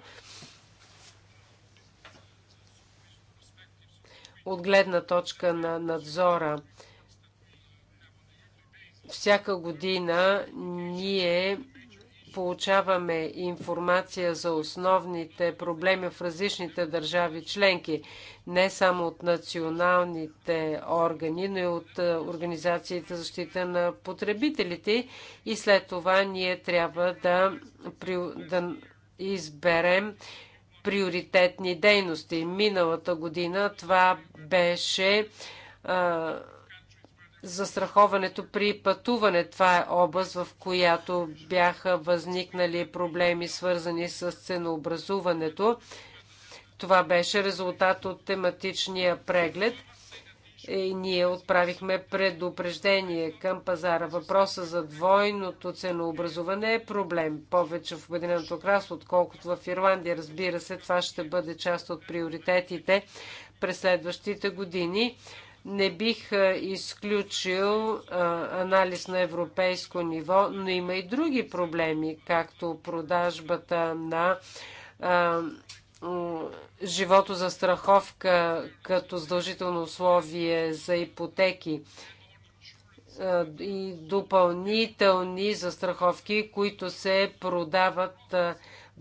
D: От гледна точка на надзора, всяка година ние получаваме информация за основните проблеми в различните държави членки, не само от националните органи, но и от е, Организацията за защита на потребителите. И след това ние трябва да, да изберем приоритетни дейности. Миналата година това беше а, е, застраховането при пътуване. Това е област, в която бяха възникнали проблеми, свързани с ценообразуването. Това беше резултат от тематичния преглед. И ние отправихме предупреждение към пазара. Въпроса за двойното ценообразуване е проблем. Повече в Обединеното кралство, отколкото в Ирландия. Разбира се, това ще бъде част от приоритетите през следващите години. Не бих изключил анализ на европейско ниво, но има и други проблеми, както продажбата на живото за страховка като задължително условие за ипотеки и допълнителни застраховки, които се продават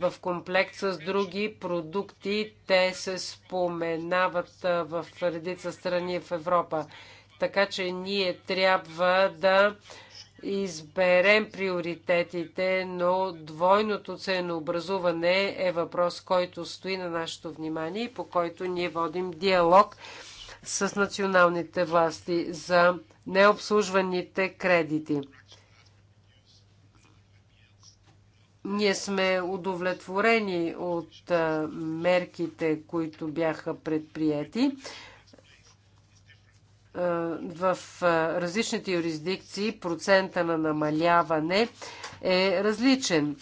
D: в комплект с други продукти. Те се споменават в редица страни в Европа. Така че ние трябва да изберем приоритетите, но двойното ценообразуване е въпрос, който стои на нашето внимание и по който ние водим диалог с националните власти за необслужваните кредити. Ние сме удовлетворени от мерките, които бяха предприяти в различните юрисдикции процента на намаляване е различен.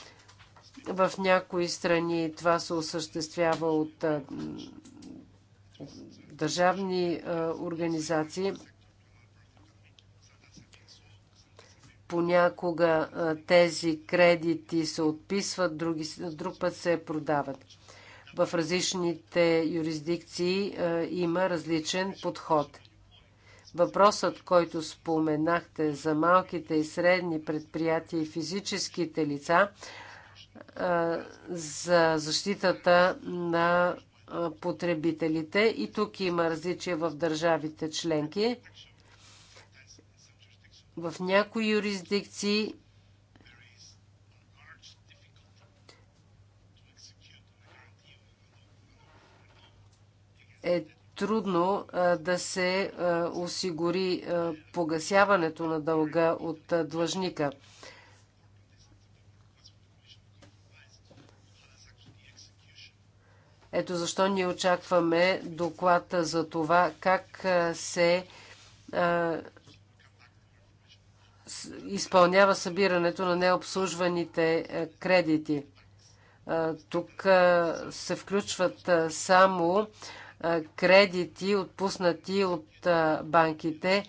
D: В някои страни това се осъществява от държавни организации. Понякога тези кредити се отписват, други, друг път се продават. В различните юрисдикции има различен подход. Въпросът, който споменахте за малките и средни предприятия и физическите лица, за защитата на потребителите. И тук има различия в държавите членки. В някои юрисдикции е трудно да се осигури погасяването на дълга от длъжника. Ето защо ние очакваме доклада за това как се а, изпълнява събирането на необслужваните е, кредити. Е, тук е, се включват само кредити, отпуснати от банките,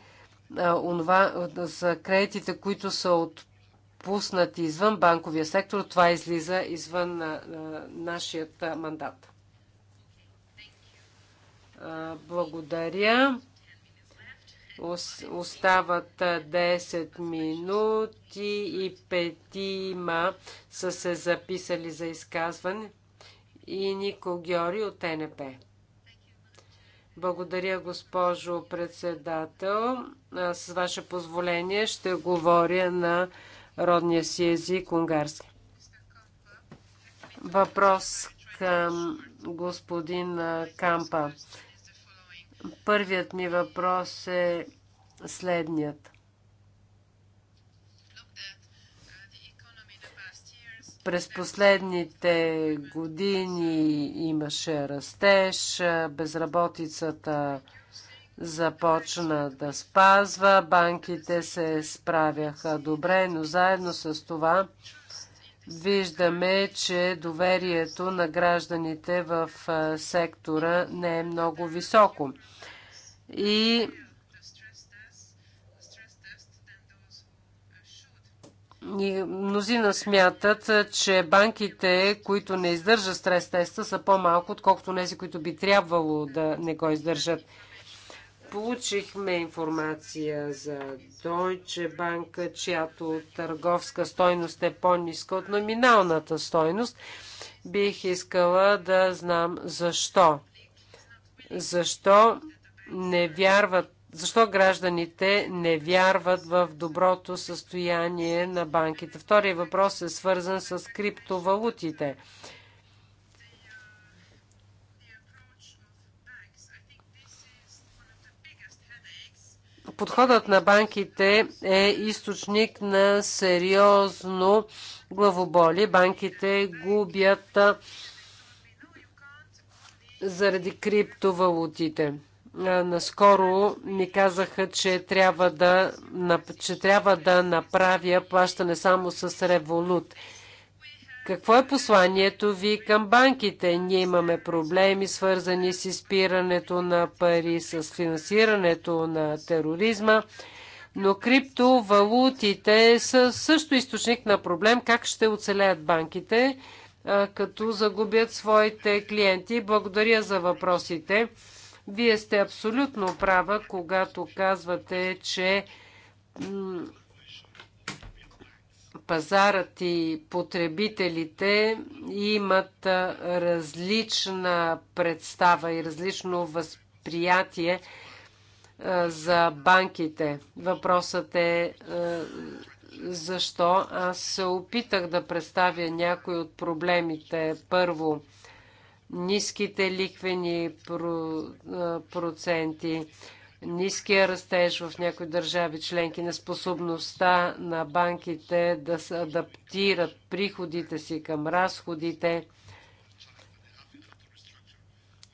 D: за кредитите, които са отпуснати извън банковия сектор, това излиза извън нашият мандат. Благодаря. Остават 10 минути и петима са се записали за изказване. И Нико Георги от НП. Благодаря, госпожо председател. С ваше позволение ще говоря на родния си език унгарски. Въпрос към господин Кампа. Първият ми въпрос е следният. През последните години имаше растеж, безработицата започна да спазва, банките се справяха добре, но заедно с това Виждаме, че доверието на гражданите в сектора не е много високо. И И мнозина смятат, че банките, които не издържат стрес теста, са по-малко, отколкото тези, които би трябвало да не го издържат. Получихме информация за Deutsche Bank, чиято търговска стойност е по-ниска от номиналната стойност. Бих искала да знам защо. Защо не вярват защо гражданите не вярват в доброто състояние на банките? Втория въпрос е свързан с криптовалутите. Подходът на банките е източник на сериозно главоболи. Банките губят заради криптовалутите. Наскоро ми казаха, че трябва да, че трябва да направя плащане само с револют. Какво е посланието ви към банките? Ние имаме проблеми, свързани с изпирането на пари, с финансирането на тероризма, но криптовалутите са също източник на проблем. Как ще оцелеят банките, като загубят своите клиенти? Благодаря за въпросите. Вие сте абсолютно права, когато казвате, че пазарът и потребителите имат различна представа и различно възприятие за банките. Въпросът е защо. Аз се опитах да представя някои от проблемите. Първо, ниските ликвени проценти ниския растеж в някои държави членки, неспособността на банките да се адаптират приходите си към разходите.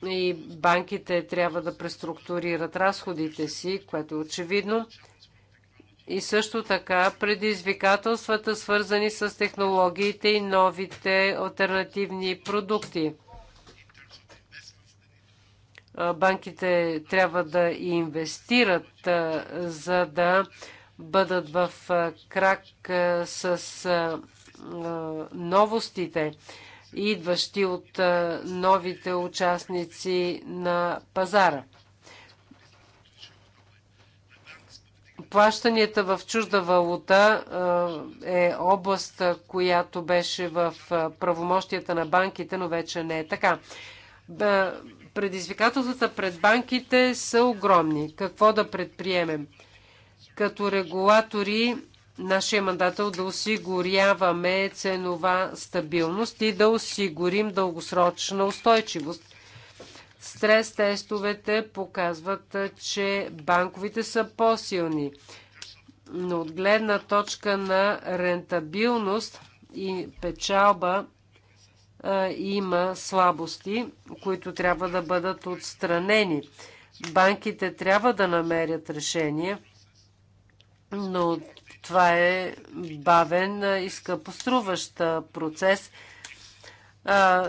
D: И банките трябва да преструктурират разходите си, което е очевидно. И също така предизвикателствата, свързани с технологиите и новите альтернативни продукти – банките трябва да инвестират, за да бъдат в крак с новостите, идващи от новите участници на пазара. Плащанията в чужда валута е област, която беше в правомощията на банките, но вече не е така Предизвикателствата пред банките са огромни. Какво да предприемем? Като регулатори, нашия мандат е да осигуряваме ценова стабилност и да осигурим дългосрочна устойчивост. Стрес тестовете показват, че банковите са по-силни. Но от гледна точка на рентабилност и печалба има слабости, които трябва да бъдат отстранени. Банките трябва да намерят решение, но това е бавен и скъпоструващ процес.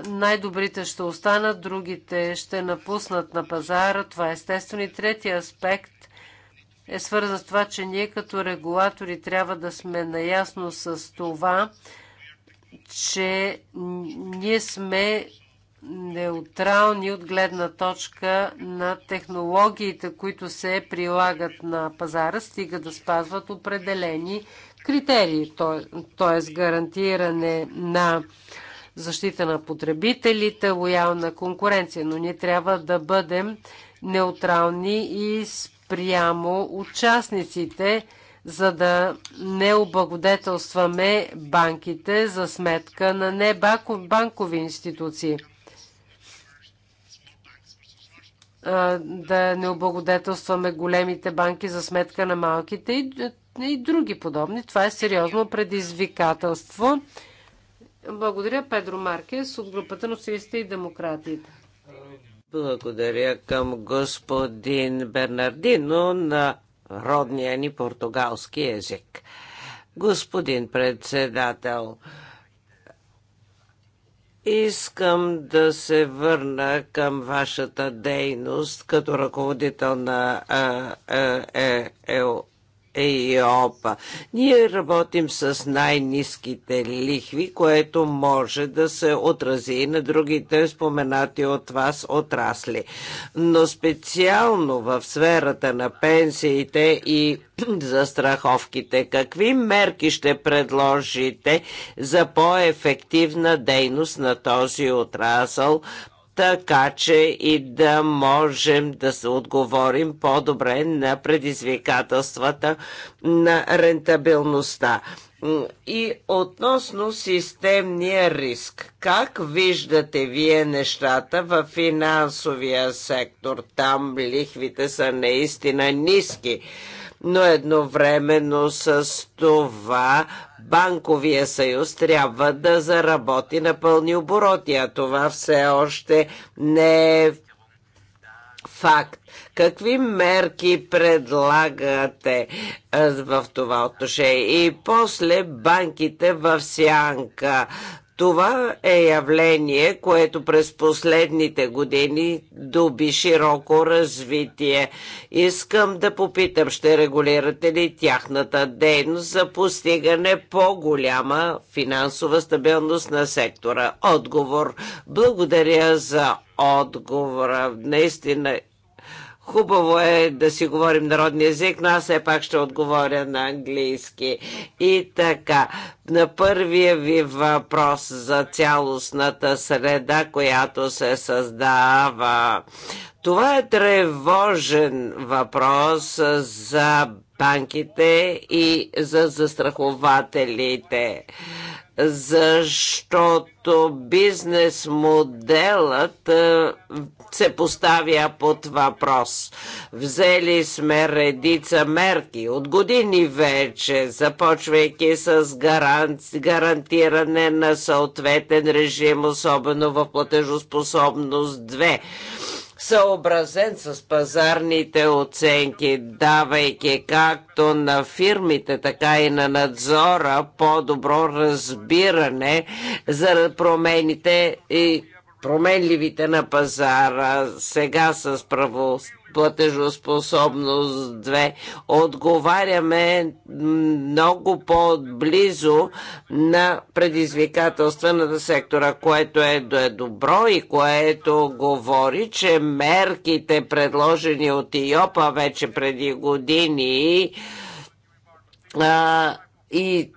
D: Най-добрите ще останат, другите ще напуснат на пазара. Това е естествено. И третия аспект е свързан с това, че ние като регулатори трябва да сме наясно с това, че ние сме неутрални от гледна точка на технологиите, които се прилагат на пазара, стига да спазват определени критерии, т.е. гарантиране на защита на потребителите, лоялна конкуренция, но ние трябва да бъдем неутрални и спрямо участниците, за да не облагодетелстваме банките за сметка на небанкови институции. Да не облагодетелстваме големите банки за сметка на малките и, и други подобни. Това е сериозно предизвикателство. Благодаря, Педро Маркес от групата на Сирийста и демократите.
C: Благодаря към господин Бернардино на родния ни португалски език. Господин председател, Искам да се върна към вашата дейност като ръководител на е, е, е, ЕИОПа. Ние работим с най-низките лихви, което може да се отрази и на другите споменати от вас отрасли. Но специално в сферата на пенсиите и [CLEARS THROAT] за страховките, какви мерки ще предложите за по-ефективна дейност на този отрасъл, така че и да можем да се отговорим по-добре на предизвикателствата на рентабилността. И относно системния риск, как виждате вие нещата в финансовия сектор? Там лихвите са наистина ниски но едновременно с това банковия съюз трябва да заработи на пълни обороти, а това все още не е факт. Какви мерки предлагате в това отношение? И после банките в сянка. Това е явление, което през последните години доби широко развитие. Искам да попитам, ще регулирате ли тяхната дейност за постигане по-голяма финансова стабилност на сектора? Отговор. Благодаря за отговора. Наистина Хубаво е да си говорим народни език, но аз все пак ще отговоря на английски. И така, на първия ви въпрос за цялостната среда, която се създава. Това е тревожен въпрос за банките и за застрахователите защото бизнес моделът се поставя под въпрос. Взели сме редица мерки от години вече, започвайки с гарантиране на съответен режим, особено в платежоспособност 2 съобразен с пазарните оценки, давайки както на фирмите, така и на надзора по-добро разбиране за промените и променливите на пазара, сега с право платежоспособност 2, отговаряме много по-близо на предизвикателства на сектора, което е, е добро и което говори, че мерките предложени от ИОПА вече преди години а, и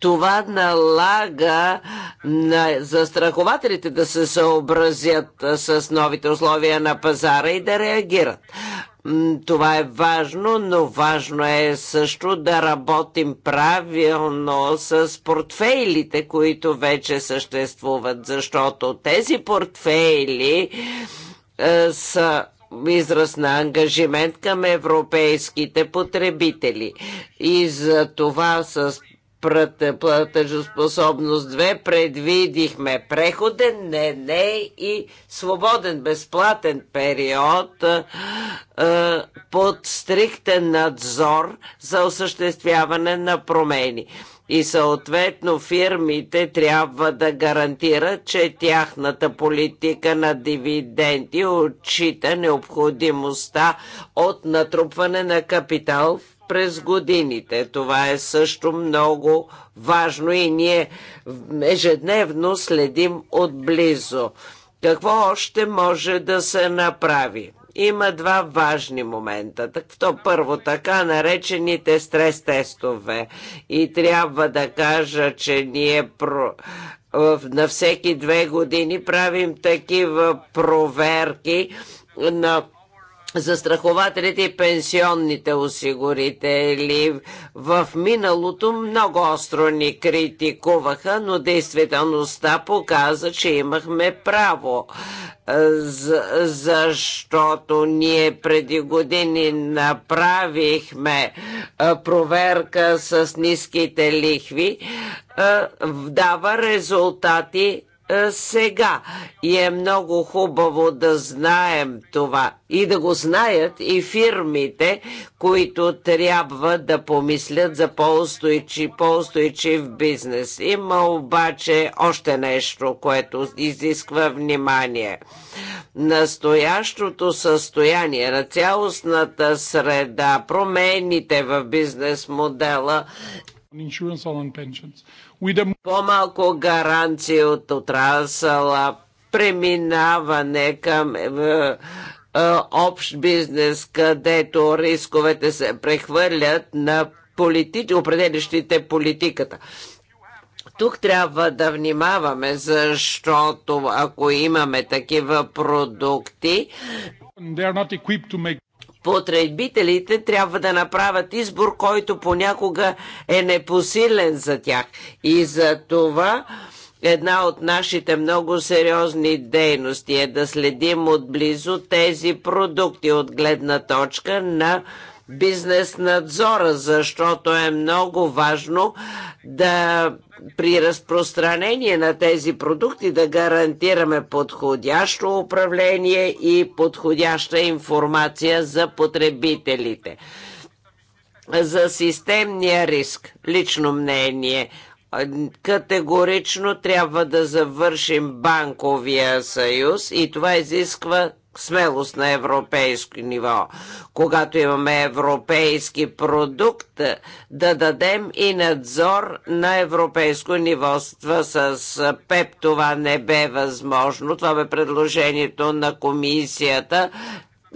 C: това налага на застрахователите да се съобразят с новите условия на пазара и да реагират. Това е важно, но важно е също да работим правилно с портфейлите, които вече съществуват, защото тези портфейли е, са израз на ангажимент към европейските потребители. И за това с е, платежоспособност 2 предвидихме преходен, не, не и свободен, безплатен период е, под стриктен надзор за осъществяване на промени. И съответно фирмите трябва да гарантират, че тяхната политика на дивиденти отчита необходимостта от натрупване на капитал в през годините. Това е също много важно и ние ежедневно следим отблизо. Какво още може да се направи? Има два важни момента. То първо така наречените стрес тестове. И трябва да кажа, че ние про... на всеки две години правим такива проверки на застрахователите и пенсионните осигурители. В миналото много остро ни критикуваха, но действителността показа, че имахме право, е, защото ние преди години направихме е, проверка с ниските лихви, е, дава резултати сега. И е много хубаво да знаем това и да го знаят и фирмите, които трябва да помислят за по-устойчив, по-устойчив бизнес. Има обаче още нещо, което изисква внимание. Настоящото състояние на цялостната среда, промените в бизнес модела по-малко гаранции от отрасъла, преминаване към е, е, е, общ бизнес, където рисковете се прехвърлят на определящите политиката. Тук трябва да внимаваме, защото ако имаме такива продукти, потребителите трябва да направят избор, който понякога е непосилен за тях. И за това една от нашите много сериозни дейности е да следим отблизо тези продукти от гледна точка на бизнес надзора, защото е много важно да при разпространение на тези продукти да гарантираме подходящо управление и подходяща информация за потребителите. За системния риск, лично мнение, категорично трябва да завършим банковия съюз и това изисква смелост на европейско ниво. Когато имаме европейски продукт, да дадем и надзор на европейско ниво. С ПЕП това не бе възможно. Това бе предложението на комисията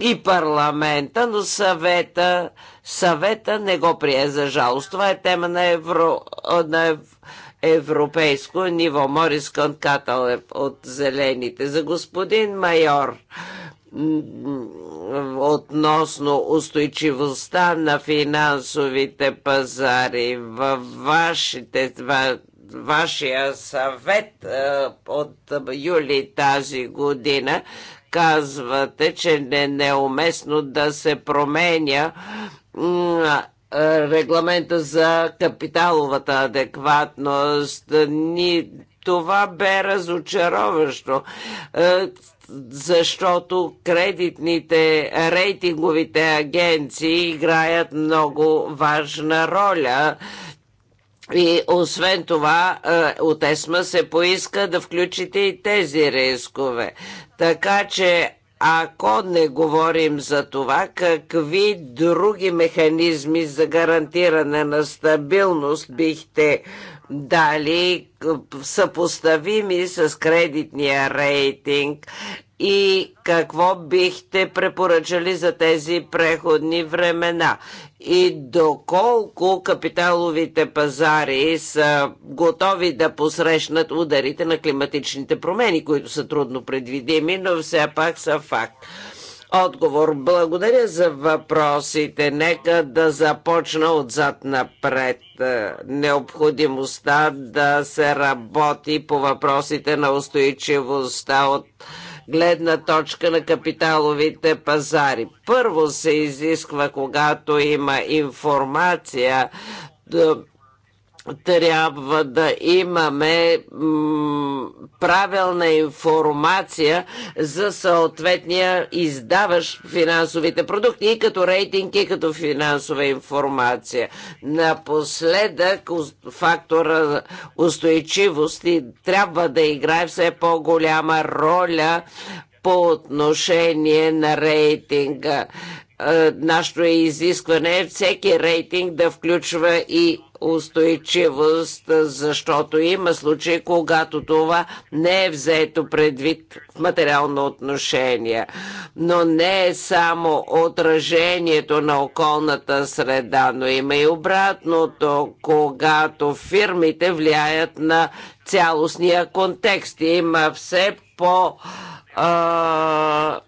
C: и парламента, но съвета, съвета не го прие за жалост. Това е тема на, евро, на ев, европейско ниво. Морис Конкатал е от Зелените. За господин майор относно устойчивостта на финансовите пазари. Във вашите, вашия съвет е, от юли тази година казвате, че не е неуместно да се променя регламента за капиталовата адекватност. Ни, това бе разочароващо. Е, защото кредитните рейтинговите агенции играят много важна роля. И освен това, е, от ЕСМА се поиска да включите и тези рискове. Така че ако не говорим за това, какви други механизми за гарантиране на стабилност бихте дали съпоставими с кредитния рейтинг и какво бихте препоръчали за тези преходни времена и доколко капиталовите пазари са готови да посрещнат ударите на климатичните промени, които са трудно предвидими, но все пак са факт отговор. Благодаря за въпросите. Нека да започна отзад напред. Е, необходимостта да се работи по въпросите на устойчивостта от гледна точка на капиталовите пазари. Първо се изисква, когато има информация, трябва да имаме правилна информация за съответния издаващ финансовите продукти и като рейтинг, и като финансова информация. Напоследък фактора устойчивост трябва да играе все по-голяма роля по отношение на рейтинга. Е, нашето изискване е всеки рейтинг да включва и устойчивост, защото има случаи, когато това не е взето предвид в материално отношение. Но не е само отражението на околната среда, но има и обратното, когато фирмите влияят на цялостния контекст. Има все по- а,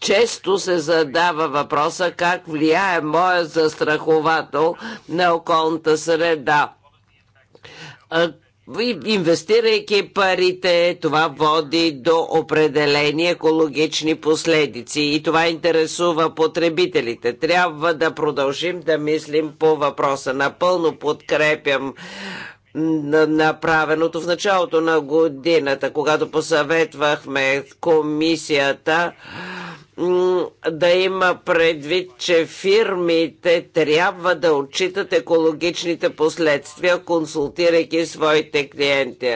C: често се задава въпроса как влияе моят застраховател на околната среда. Инвестирайки парите, това води до определени екологични последици и това интересува потребителите. Трябва да продължим да мислим по въпроса. Напълно подкрепям направеното в началото на годината, когато посъветвахме комисията да има предвид, че фирмите трябва да отчитат екологичните последствия, консултирайки своите клиенти.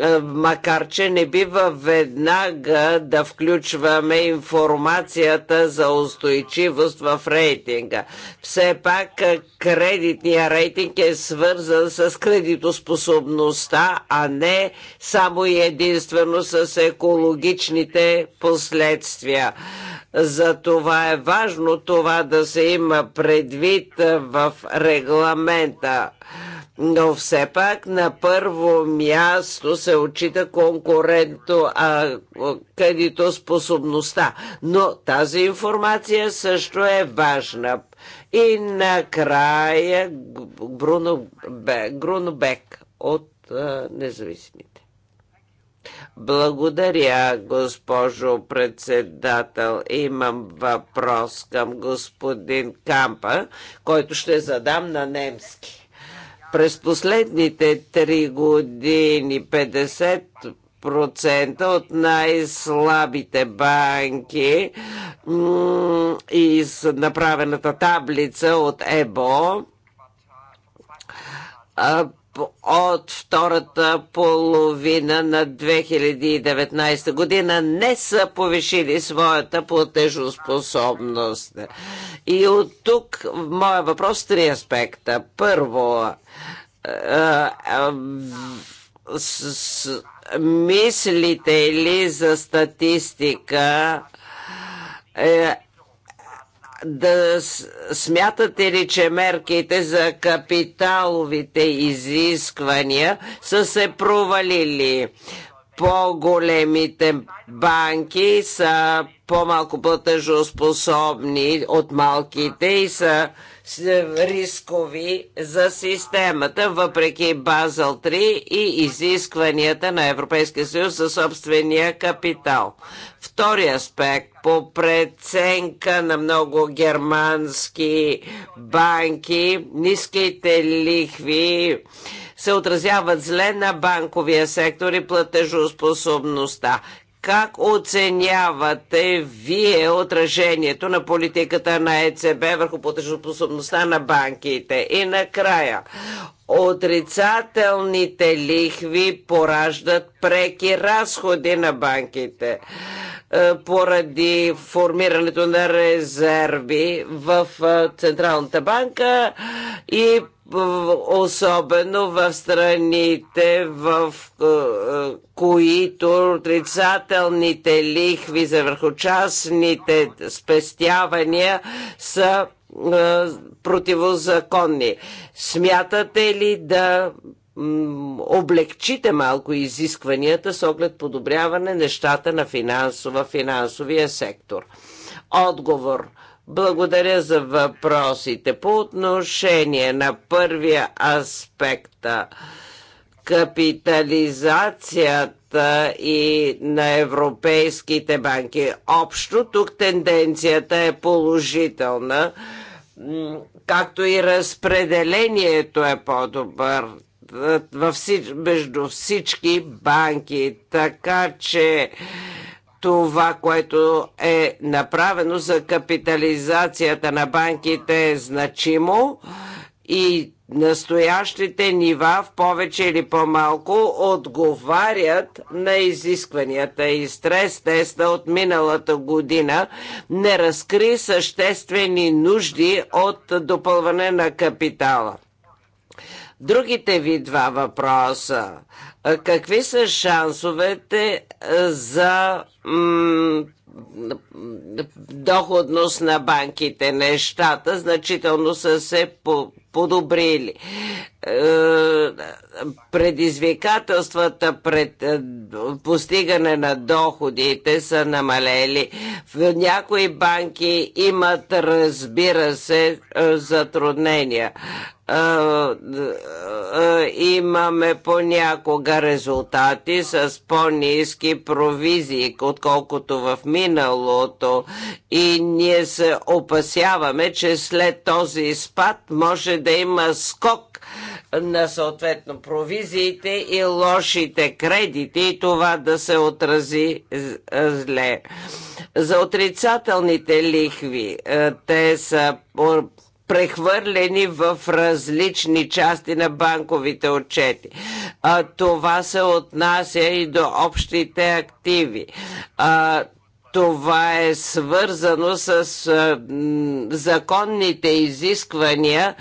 C: Е, макар че не бива веднага да включваме информацията за устойчивост в рейтинга. Все пак е, кредитния рейтинг е свързан с кредитоспособността, а не само и единствено с екологичните последствия. За това е важно това да се има предвид е, в регламента. Но все пак на първо място се отчита конкуренто, а, където способността. Но тази информация също е важна. И накрая Бруно, Бруно Бек от а, Независимите. Благодаря, госпожо председател. Имам въпрос към господин Кампа, който ще задам на немски. През последните три години 50 от най-слабите банки и с направената таблица от ЕБО от втората половина на 2019 година не са повишили своята платежоспособност. И от тук моя въпрос три аспекта. Първо, с, с, мислите ли за статистика е, да смятате ли, че мерките за капиталовите изисквания са се провалили? По-големите банки са по-малко платежоспособни от малките и са е, рискови за системата, въпреки Базъл 3 и изискванията на Европейския съюз за собствения капитал. Втори аспект по преценка на много германски банки, ниските лихви се отразяват зле на банковия сектор и платежоспособността. Как оценявате вие отражението на политиката на ЕЦБ върху платежоспособността на банките? И накрая, отрицателните лихви пораждат преки разходи на банките е, поради формирането на резерви в е, Централната банка и особено в страните, в е, е, които отрицателните лихви за върху частните спестявания са е, противозаконни. Смятате ли да облегчите малко изискванията с оглед подобряване нещата на финансова, финансовия сектор? Отговор – благодаря за въпросите. По отношение на първия аспект, капитализацията и на европейските банки. Общо тук тенденцията е положителна, както и разпределението е по-добър във всич, между всички банки. Така че това, което е направено за капитализацията на банките е значимо и настоящите нива в повече или по-малко отговарят на изискванията и стрес теста от миналата година не разкри съществени нужди от допълване на капитала. Другите ви два въпроса Какви са шансовете за доходност на банките? Нещата значително са се подобрили. Предизвикателствата пред постигане на доходите са намалели. В някои банки имат, разбира се, затруднения имаме понякога резултати с по-низки провизии, отколкото в миналото. И ние се опасяваме, че след този спад може да има скок на съответно провизиите и лошите кредити и това да се отрази зле. За отрицателните лихви те са прехвърлени в различни части на банковите отчети. А, това се отнася и до общите активи. А, това е свързано с а, законните изисквания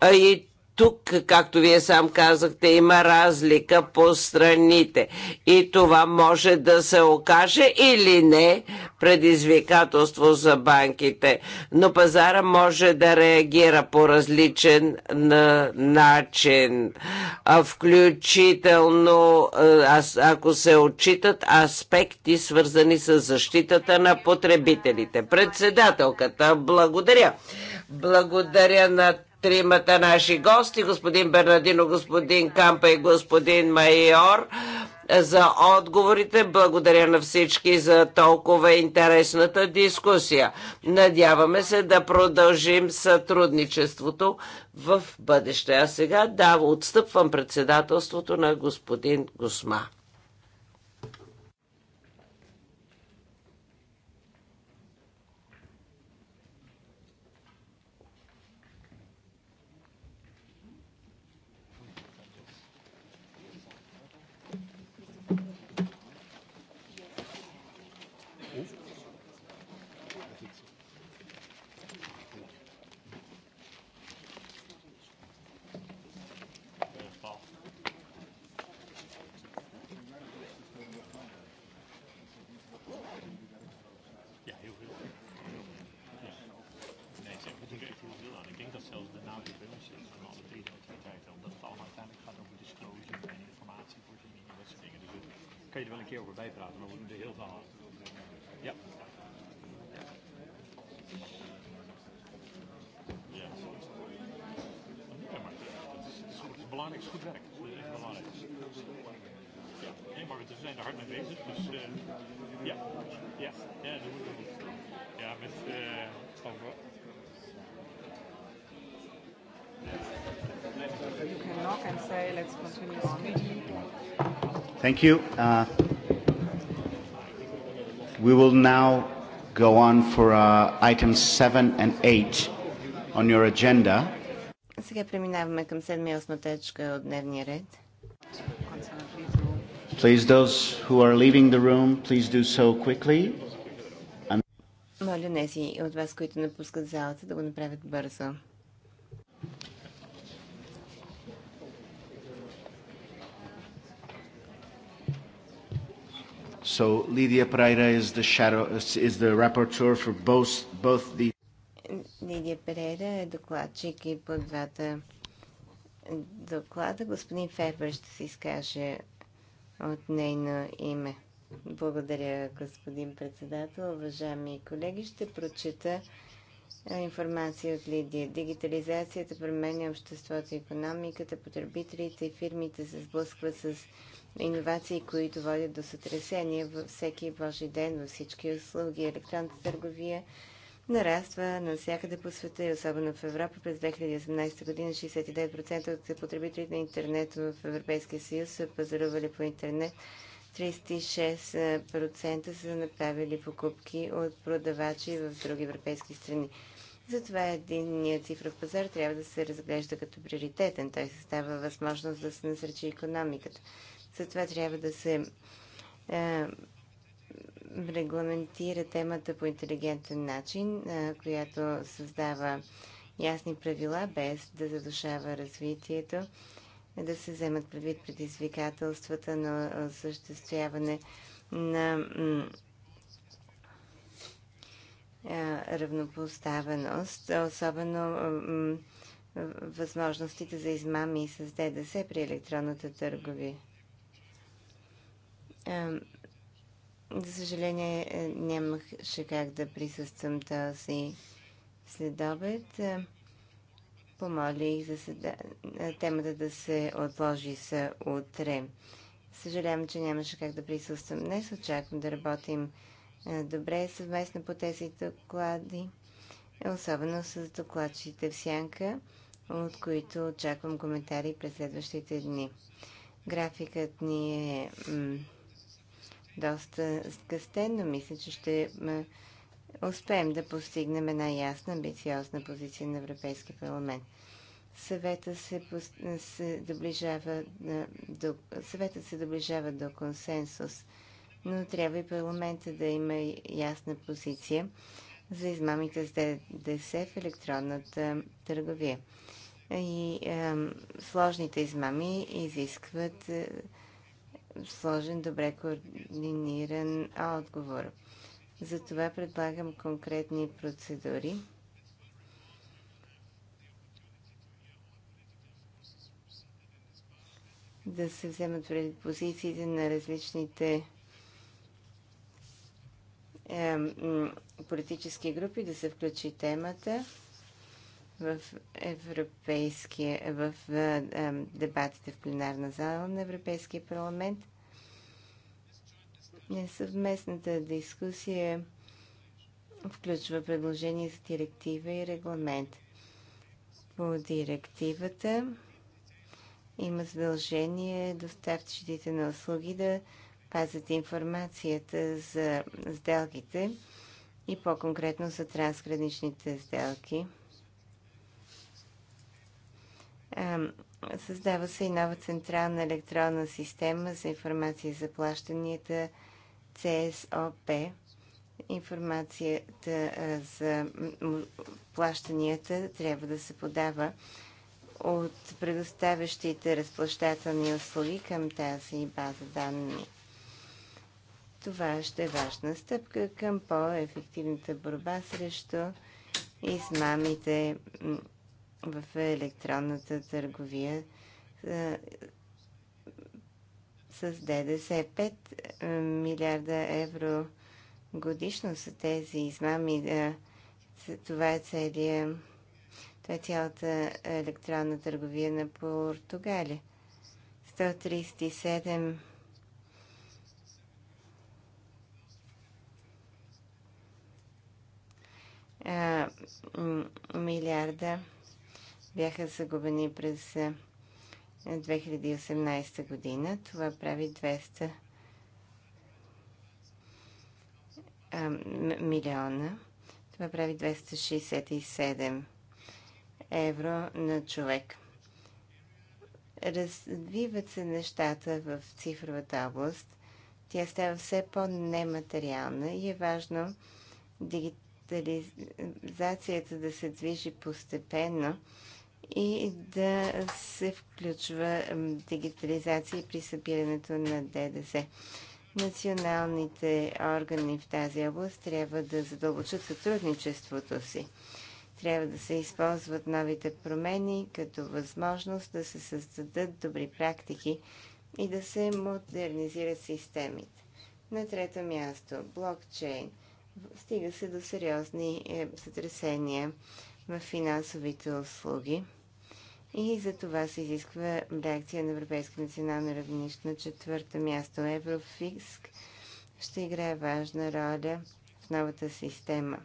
C: а, и тук, както вие сам казахте, има разлика по страните. И това може да се окаже или не предизвикателство за банките. Но пазара може да реагира по различен начин. Включително, ако се отчитат аспекти, свързани с защитата на потребителите. Председателката, благодаря. Благодаря на тримата наши гости, господин Бернадино, господин Кампа и господин Майор, за отговорите. Благодаря на всички за толкова интересната дискусия. Надяваме се да продължим сътрудничеството в бъдеще. А сега да, отстъпвам председателството на господин Гусма.
A: Thank you. Uh, we will now go on for uh, items 7 and 8 on your agenda.
B: Сега преминаваме към 7 и 8 точка от дневния ред.
A: Please those who are leaving the room, please do so quickly. And...
B: Моля нези от вас, които напускат залата, да го направят бързо.
A: So Lidia Pereira is the shadow is the rapporteur for both both the
B: Лидия Перейра е докладчик и по двата доклада. Господин Фербер ще се изкаже от нейно име. Благодаря, господин председател. Уважаеми колеги, ще прочета информация от Лидия. Дигитализацията променя обществото, економиката, потребителите и фирмите се сблъскват с иновации, които водят до сътресения във всеки Божи ден, във всички услуги. Електронната търговия
A: нараства
B: навсякъде по света и особено в Европа. През 2018 година 69% от потребителите на интернет в Европейския съюз са пазарували по интернет. 36% са направили покупки от продавачи в други европейски страни. Затова единният цифров пазар трябва да се разглежда като приоритетен. Той се става възможност да се насречи економиката. Затова трябва да се е, регламентира темата по интелигентен начин, е, която създава ясни правила, без да задушава развитието, да се вземат предвид предизвикателствата на осъществяване на е, равнопоставеност, особено възможностите за измами и с ДДС при електронната търговия. За съжаление, е, нямаше как да присъствам този следобед. Е, помолих за седа... Е, темата да се отложи за утре. Съжалявам, че нямаше как да присъствам днес. Очаквам да работим добре съвместно по тези доклади, особено с докладчите в сянка, от които очаквам коментари през следващите дни. Графикът ни е доста скъстено. Мисля, че ще успеем да постигнем една ясна, амбициозна позиция на Европейския парламент. Съвета се, се, доближава, до, съвета се доближава до консенсус, но трябва и парламента да има ясна позиция за измамите с ДДС в електронната търговия. И е, сложните измами изискват е, сложен, добре координиран отговор. Затова предлагам конкретни процедури. Да се вземат пред позициите на различните политически групи, да се включи темата в европейския, в дебатите в пленарна зала на Европейския парламент. Съвместната дискусия включва предложение за директива и регламент. По директивата има задължение доставчиците на услуги да пазят информацията за сделките и по-конкретно за трансграничните сделки. Създава се и нова централна електронна система за информация за плащанията CSOP. Информацията за плащанията трябва да се подава от предоставящите разплащателни услуги към тази база данни. Това ще е важна стъпка към по-ефективната борба срещу измамите в електронната търговия с ДДС. 5 милиарда евро годишно са тези измами. това е целия. това е цялата електронна търговия на Португалия. 137 а, милиарда бяха загубени през 2018 е, година. Това прави 200 милиона. Това прави 267 евро на човек. Развиват се нещата в цифровата област. Тя става все по-нематериална и е важно дигитализацията да се движи постепенно и да се включва дигитализация при събирането на ДДС. Националните органи в тази област трябва да задълбочат сътрудничеството си. Трябва да се използват новите промени като възможност да се създадат добри практики и да се модернизират системите. На трето място блокчейн. Стига се до сериозни е, сътресения в финансовите услуги. И за това се изисква реакция на европейско национална равнище. На четвърто място Еврофиск ще играе важна роля в новата система.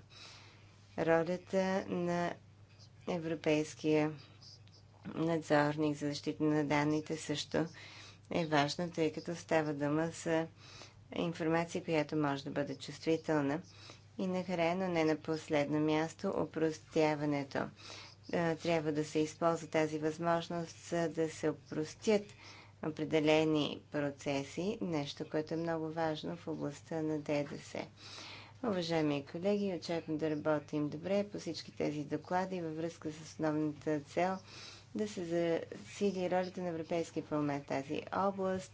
B: Ролята на Европейския надзорник за защита на данните също е важна, тъй като става дума за информация, която може да бъде чувствителна. И накрая, но не на последно място, опростяването трябва да се използва тази възможност, за да се опростят определени процеси, нещо, което е много важно в областта на ДДС. Уважаеми колеги, очаквам да работим добре по всички тези доклади във връзка с основната цел да се засили ролята на Европейския парламент в тази област.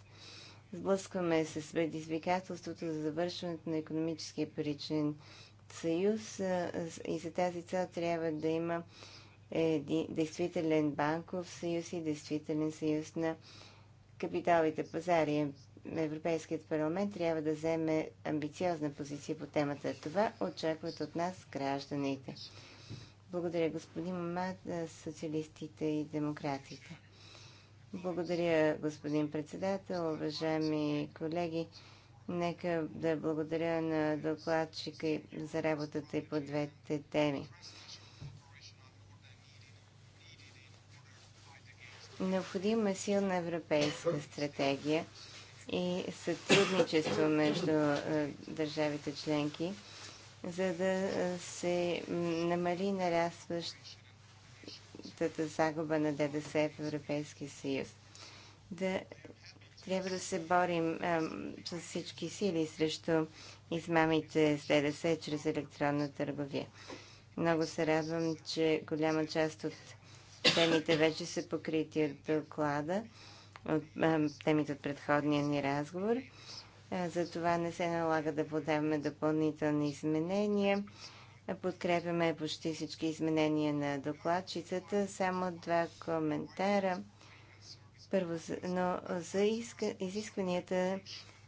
B: Сблъскваме се с предизвикателството за завършването на економическия паричен съюз и за тази цел трябва да има е действителен банков съюз и действителен съюз на капиталите пазари. Европейският парламент трябва да вземе амбициозна позиция по темата. Това очакват от нас гражданите. Благодаря, господин Мамад, социалистите и демократите. Благодаря, господин председател, уважаеми колеги. Нека да благодаря на докладчика за работата и по двете теми. Необходима е силна европейска стратегия и сътрудничество между е, държавите членки, за да е, се намали нарастващата загуба на ДДС в Европейския съюз. Да трябва да се борим а, е, с всички сили срещу измамите с ДДС чрез електронна търговия. Много се радвам, че голяма част от Темите вече са покрити от доклада, от темите от предходния ни разговор. Затова не се налага да подаваме допълнителни изменения. Подкрепяме почти всички изменения на докладчицата. Само два коментара. Първо, но за изискванията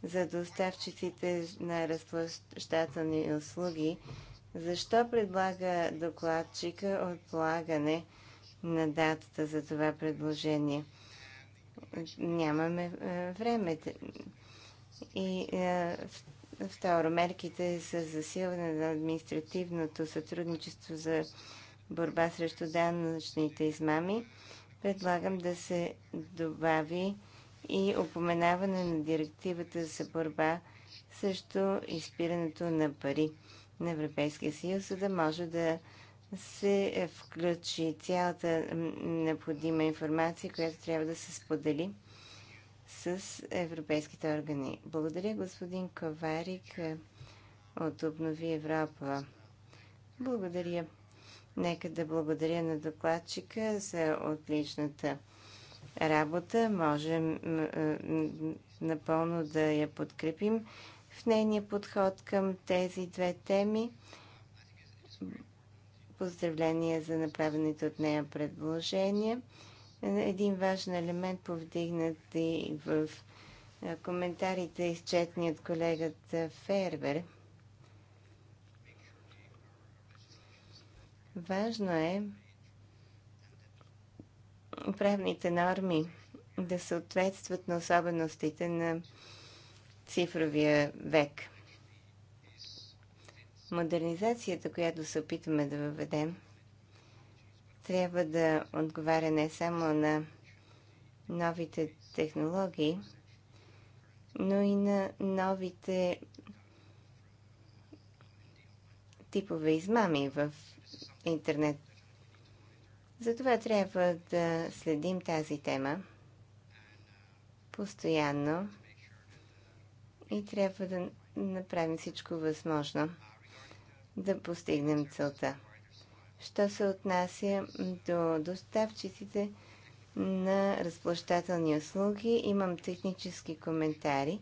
B: за доставчиците на разплащателни услуги, защо предлага докладчика отлагане на датата за това предложение. Нямаме е, време. И е, второ, мерките са засилване на административното сътрудничество за борба срещу данъчните измами, предлагам да се добави и упоменаване на директивата за борба срещу изпирането на пари на Европейския съюз, за да може да се включи цялата необходима информация, която трябва да се сподели с европейските органи. Благодаря, господин Коварик, от Обнови Европа. Благодаря. Нека да благодаря на докладчика за отличната работа. Можем напълно да я подкрепим в нейния подход към тези две теми. Поздравления за направените от нея предложения. Един важен елемент, повдигнат и в коментарите, изчетни от колегата Фербер. Важно е правните норми да съответстват на особеностите на цифровия век – Модернизацията, която се опитваме да въведем, трябва да отговаря не само на новите технологии, но и на новите типове измами в интернет. Затова трябва да следим тази тема постоянно и трябва да направим всичко възможно да постигнем целта. Що се отнася до доставчиците на разплащателни услуги, имам технически коментари.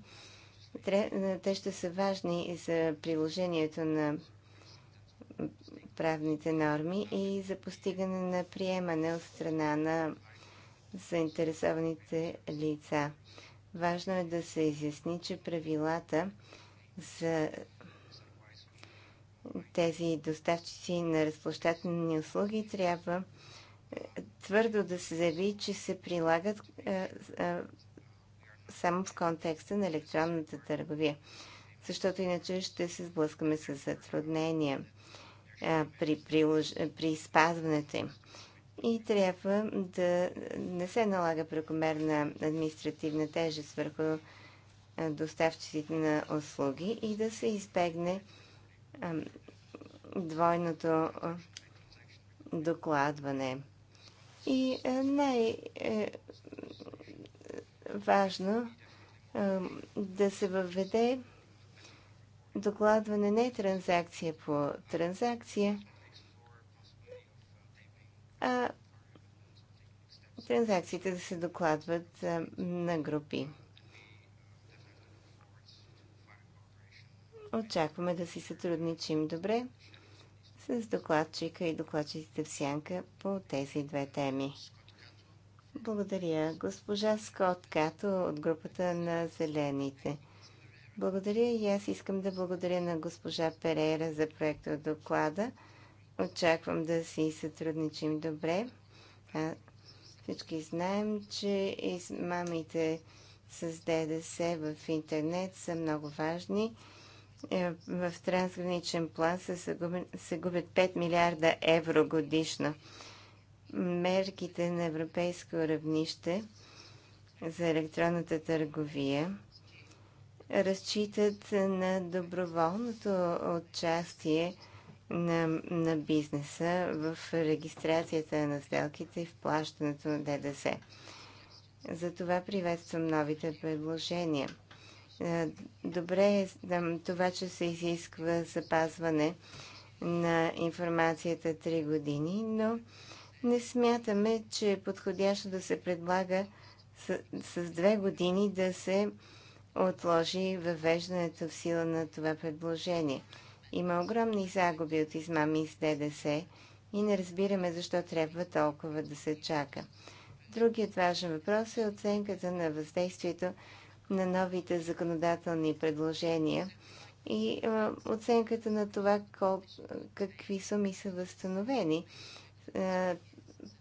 B: Те ще са важни и за приложението на правните норми и за постигане на приемане от страна на заинтересованите лица. Важно е да се изясни, че правилата за тези доставчици на разплащателни услуги трябва е, твърдо да се заяви, че се прилагат е, е, само в контекста на електронната търговия. Защото иначе ще се сблъскаме с затруднения при, прилож... при спазването им. И трябва да не се налага прекомерна административна тежест върху доставчиците на услуги и да се избегне двойното докладване. И най-важно е, да се въведе докладване не транзакция по транзакция, а транзакциите да се докладват на групи. очакваме да си сътрудничим добре с докладчика и докладчиците в сянка по тези две теми. Благодаря. Госпожа Скот Като от групата на Зелените. Благодаря и аз искам да благодаря на госпожа Перейра за проекта от доклада. Очаквам да си сътрудничим добре. А, всички знаем, че мамите с ДДС в интернет са много важни е, в трансграничен план се, загубят, се губят 5 милиарда евро годишно. Мерките на европейско равнище за електронната търговия разчитат на доброволното участие на, на бизнеса в регистрацията на сделките и в плащането на ДДС. Затова приветствам новите предложения. Е, добре е това, че се изисква запазване на информацията 3 години, но не смятаме, че е подходящо да се предлага с, с две години да се отложи въвеждането в сила на това предложение. Има огромни загуби от измами с ДДС и не разбираме защо трябва толкова да се чака. Другият важен въпрос е оценката на въздействието на новите законодателни предложения и оценката на това кол, какви суми са възстановени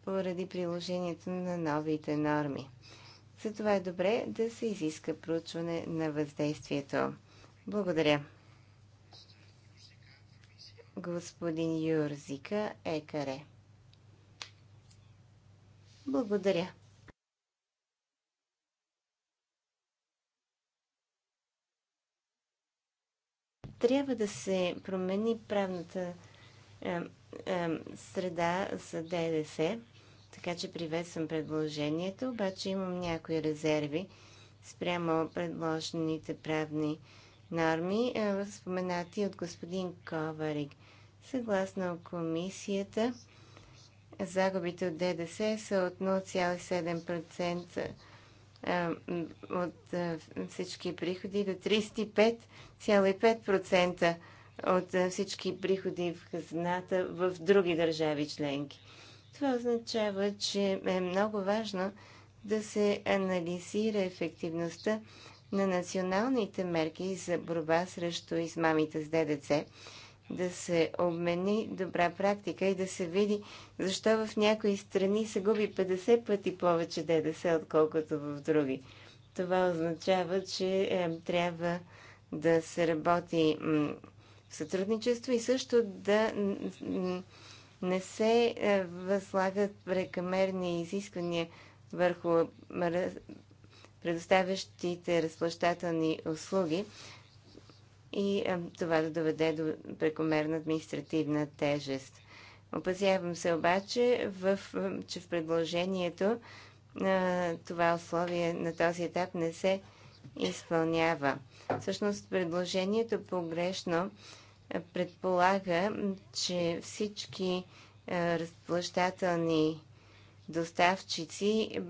B: поради приложението на новите норми. Затова е добре да се изиска проучване на въздействието. Благодаря. Господин Юрзика Екаре. Благодаря. трябва да се промени правната е, е, среда за ДДС, така че приветствам предложението, обаче имам някои резерви спрямо предложените правни норми, е, споменати от господин Коварик. Съгласно комисията, загубите от ДДС са от 0,7% е, от е, всички приходи до 35,5% от е, всички приходи в хазната в други държави членки. Това означава, че е много важно да се анализира ефективността на националните мерки за борба срещу измамите с ДДЦ да се обмени добра практика и да се види защо в някои страни се губи 50 пъти повече ДДС, отколкото в други. Това означава, че е, трябва да се работи в сътрудничество и също да не се е, възлагат прекамерни изисквания върху предоставящите разплащателни услуги, и е, това да доведе до прекомерна административна тежест. Опасявам се обаче, в, че в предложението е, това условие на този етап не се изпълнява. Всъщност предложението погрешно е, предполага, че всички разплащателни доставчици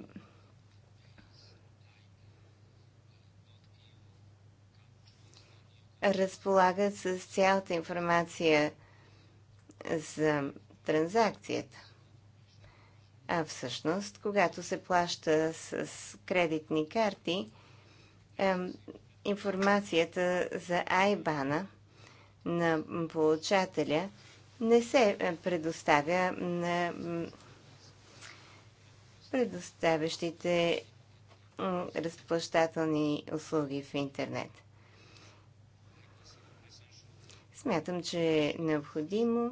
B: разполагат с цялата информация за транзакцията. А всъщност, когато се плаща с кредитни карти, информацията за Айбана на получателя не се е, предоставя на предоставящите разплащателни услуги в интернет. Смятам, че е необходимо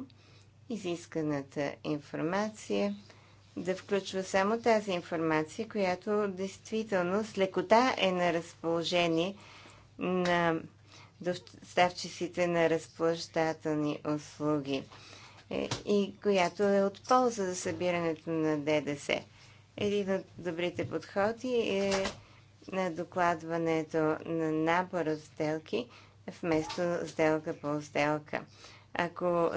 B: изисканата информация да включва само тази информация, която действително с лекота е на разположение на доставчиците на разплащателни услуги е, и която е от полза за събирането на ДДС. Един от добрите подходи е на докладването на набора сделки, вместо сделка по сделка. Ако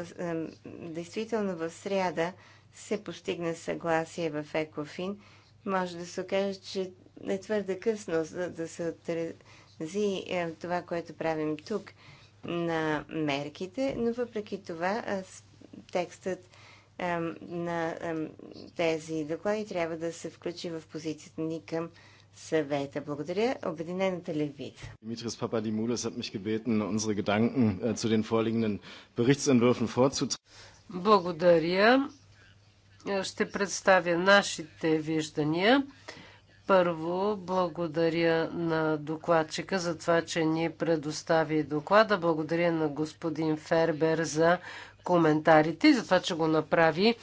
B: действително в сряда се постигне съгласие в ЕКОФИН, може да се окаже, че е твърде късно за да се отрази е, това, което правим тук на мерките, но въпреки това текстът на тези доклади трябва да се включи в позицията ни към съвета. Благодаря. Обединената левица.
A: Димитрис Пападимулес от мих гебетен unsere Gedanken äh, zu den vorliegenden Berichtsentwürfen Благодаря.
D: Ще представя нашите виждания. Първо, благодаря на докладчика за това, че ни предостави доклада. Благодаря на господин Фербер за коментарите и за това, че го направи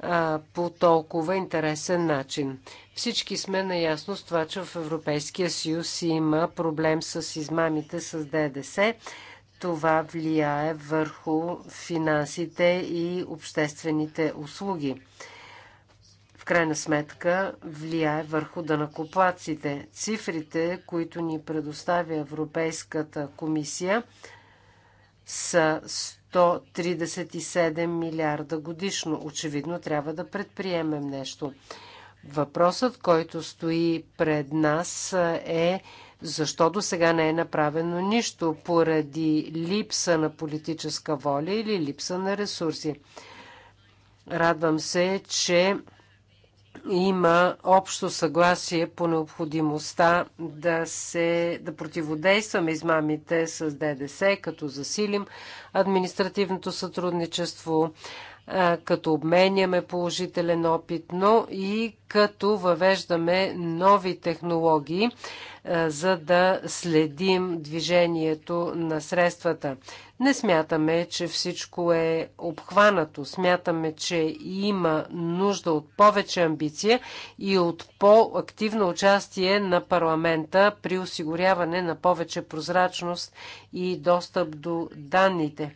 D: а, по толкова интересен начин. Всички сме наясно с това, че в Европейския съюз има проблем с измамите с ДДС. Това влияе върху финансите и обществените услуги. В крайна сметка влияе върху данакоплаците. Цифрите, които ни предоставя Европейската комисия, са 137 милиарда годишно. Очевидно трябва да предприемем нещо. Въпросът, който стои пред нас е защо до сега не е направено нищо поради липса на политическа воля или липса на ресурси. Радвам се, че има общо съгласие по необходимостта да, се, да противодействаме измамите с ДДС, като засилим административното сътрудничество, като обменяме положителен опит, но и като въвеждаме нови технологии, за да следим движението на средствата. Не смятаме, че всичко е обхванато. Смятаме, че има нужда от повече амбиция и от по-активно участие на парламента при осигуряване на повече прозрачност и достъп до данните.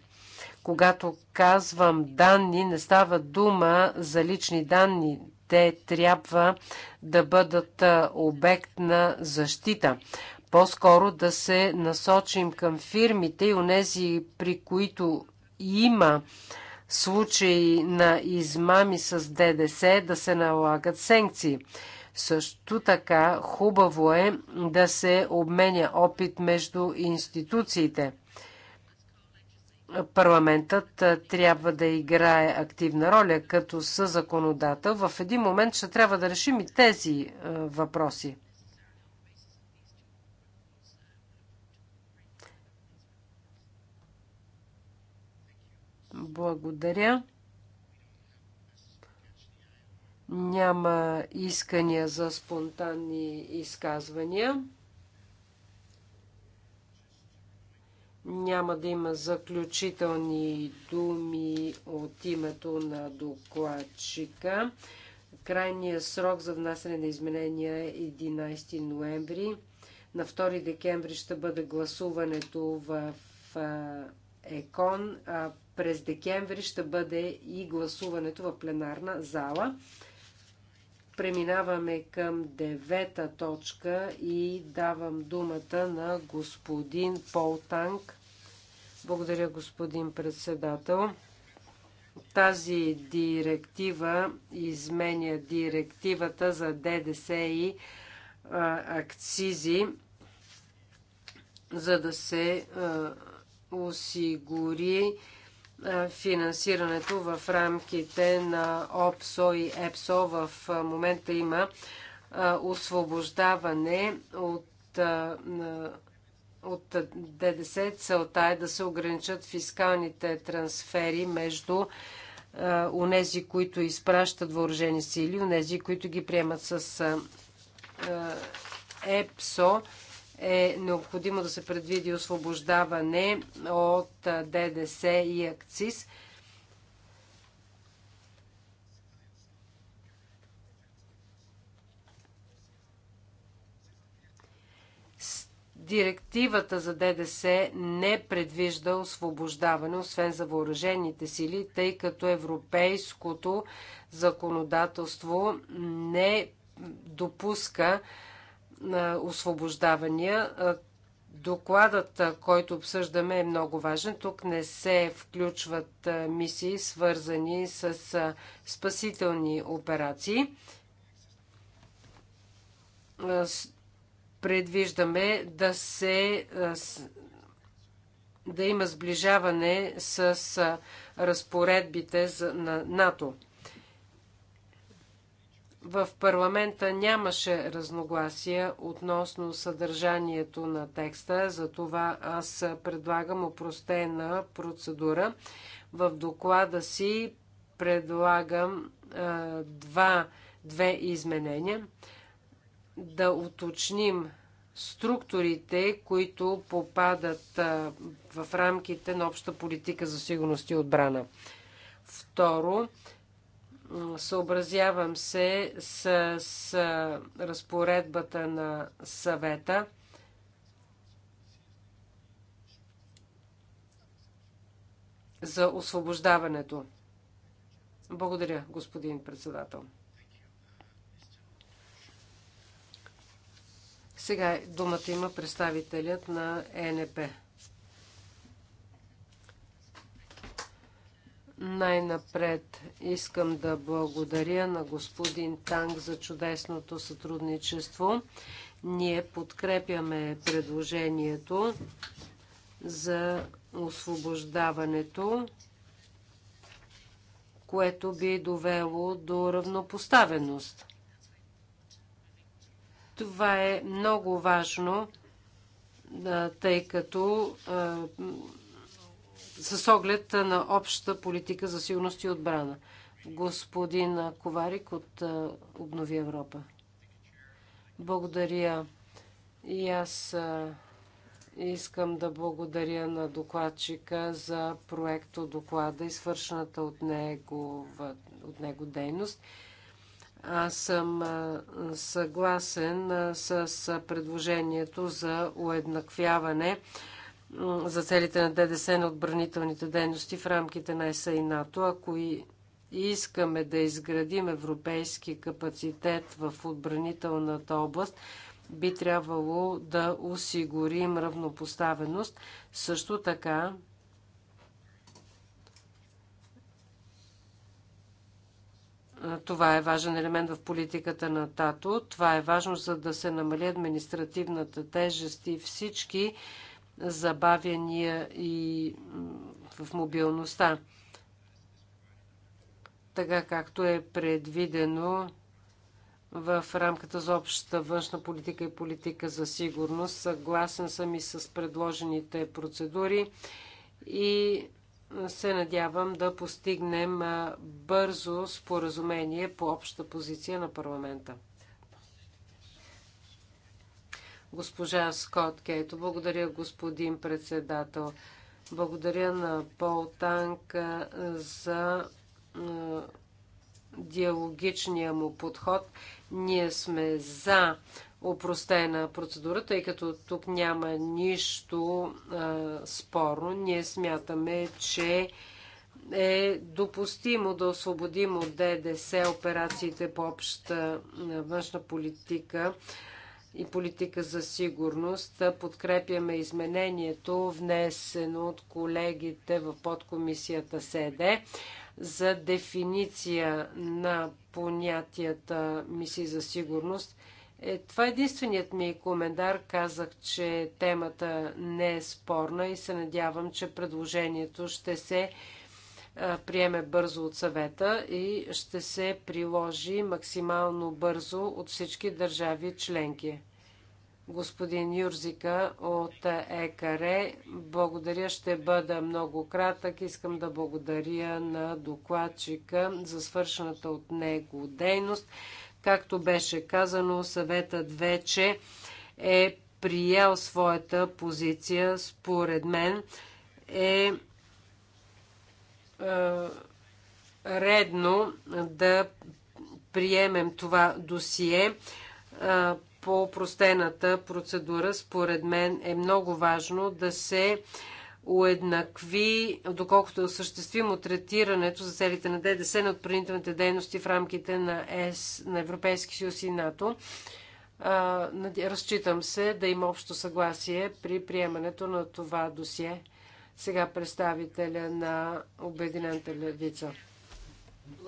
D: Когато казвам данни, не става дума за лични данни. Те трябва да бъдат обект на защита. По-скоро да се насочим към фирмите и онези, при които има случаи на измами с ДДС, да се налагат санкции. Също така хубаво е да се обменя опит между институциите парламентът трябва да играе активна роля като съзаконодател. В един момент ще трябва да решим и тези въпроси. Благодаря. Няма искания за спонтанни изказвания. Няма да има заключителни думи от името на докладчика. Крайният срок за внасяне на изменения е 11 ноември. На 2 декември ще бъде гласуването в ЕКОН, а през декември ще бъде и гласуването в пленарна зала. Преминаваме към девета точка и давам думата на господин Пол Танк, благодаря, господин председател. Тази директива изменя директивата за ДДС и а, акцизи, за да се а, осигури финансирането в рамките на ОПСО и ЕПСО. В момента има освобождаване от от ДДС. Целта е да се ограничат фискалните трансфери между унези, които изпращат въоръжени сили, унези, които ги приемат с ЕПСО. Е необходимо да се предвиди освобождаване от ДДС и акциз – Директивата за ДДС не предвижда освобождаване, освен за въоръжените сили, тъй като европейското законодателство не допуска освобождавания. Докладът, който обсъждаме, е много важен. Тук не се включват мисии, свързани с спасителни операции предвиждаме да се да има сближаване с разпоредбите на НАТО. В парламента нямаше разногласия относно съдържанието на текста, затова аз предлагам опростена процедура. В доклада си предлагам а, два, две изменения да уточним структурите, които попадат в рамките на обща политика за сигурност и отбрана. Второ, съобразявам се с, с разпоредбата на съвета. за освобождаването. Благодаря, господин председател. Сега думата има представителят на ЕНП. Най-напред искам да благодаря на господин Танг за чудесното сътрудничество. Ние подкрепяме предложението за освобождаването, което би довело до равнопоставеност. Това е много важно, тъй като с оглед на общата политика за сигурност и отбрана. Господин Коварик от Обнови Европа. Благодаря. И аз искам да благодаря на докладчика за проекто доклада и свършената от него, от него дейност. Аз съм съгласен с предложението за уеднаквяване за целите на ДДС на отбранителните дейности в рамките на ЕСА и НАТО. Ако искаме да изградим европейски капацитет в отбранителната област, би трябвало да осигурим равнопоставеност. Също така Това е важен елемент в политиката на ТАТО. Това е важно, за да се намали административната тежест и всички забавяния и в мобилността. Така както е предвидено в рамката за общата външна политика и политика за сигурност. Съгласен съм и с предложените процедури и се надявам да постигнем бързо споразумение по обща позиция на парламента. Госпожа Скот Кейто, благодаря господин председател. Благодаря на Пол Танк за диалогичния му подход. Ние сме за упростена процедура, тъй като тук няма нищо а, спорно. Ние смятаме, че е допустимо да освободим от ДДС операциите по обща външна политика и политика за сигурност. Подкрепяме изменението, внесено от колегите в подкомисията СЕДЕ за дефиниция на понятията мисии за сигурност – е, това е единственият ми коментар. Казах, че темата не е спорна и се надявам, че предложението ще се приеме бързо от съвета и ще се приложи максимално бързо от всички държави членки. Господин Юрзика от ЕКАРЕ, благодаря, ще бъда много кратък. Искам да благодаря на докладчика за свършената от него дейност. Както беше казано, съветът вече е приел своята позиция. Според мен е, е редно да приемем това досие е, по простената процедура. Според мен е много важно да се уеднакви, доколкото е осъществимо третирането за целите на ДДС на отпринителните дейности в рамките на ЕС, на Европейски съюз и НАТО. Разчитам се да има общо съгласие при приемането на това досие. Сега представителя на Обединената левица.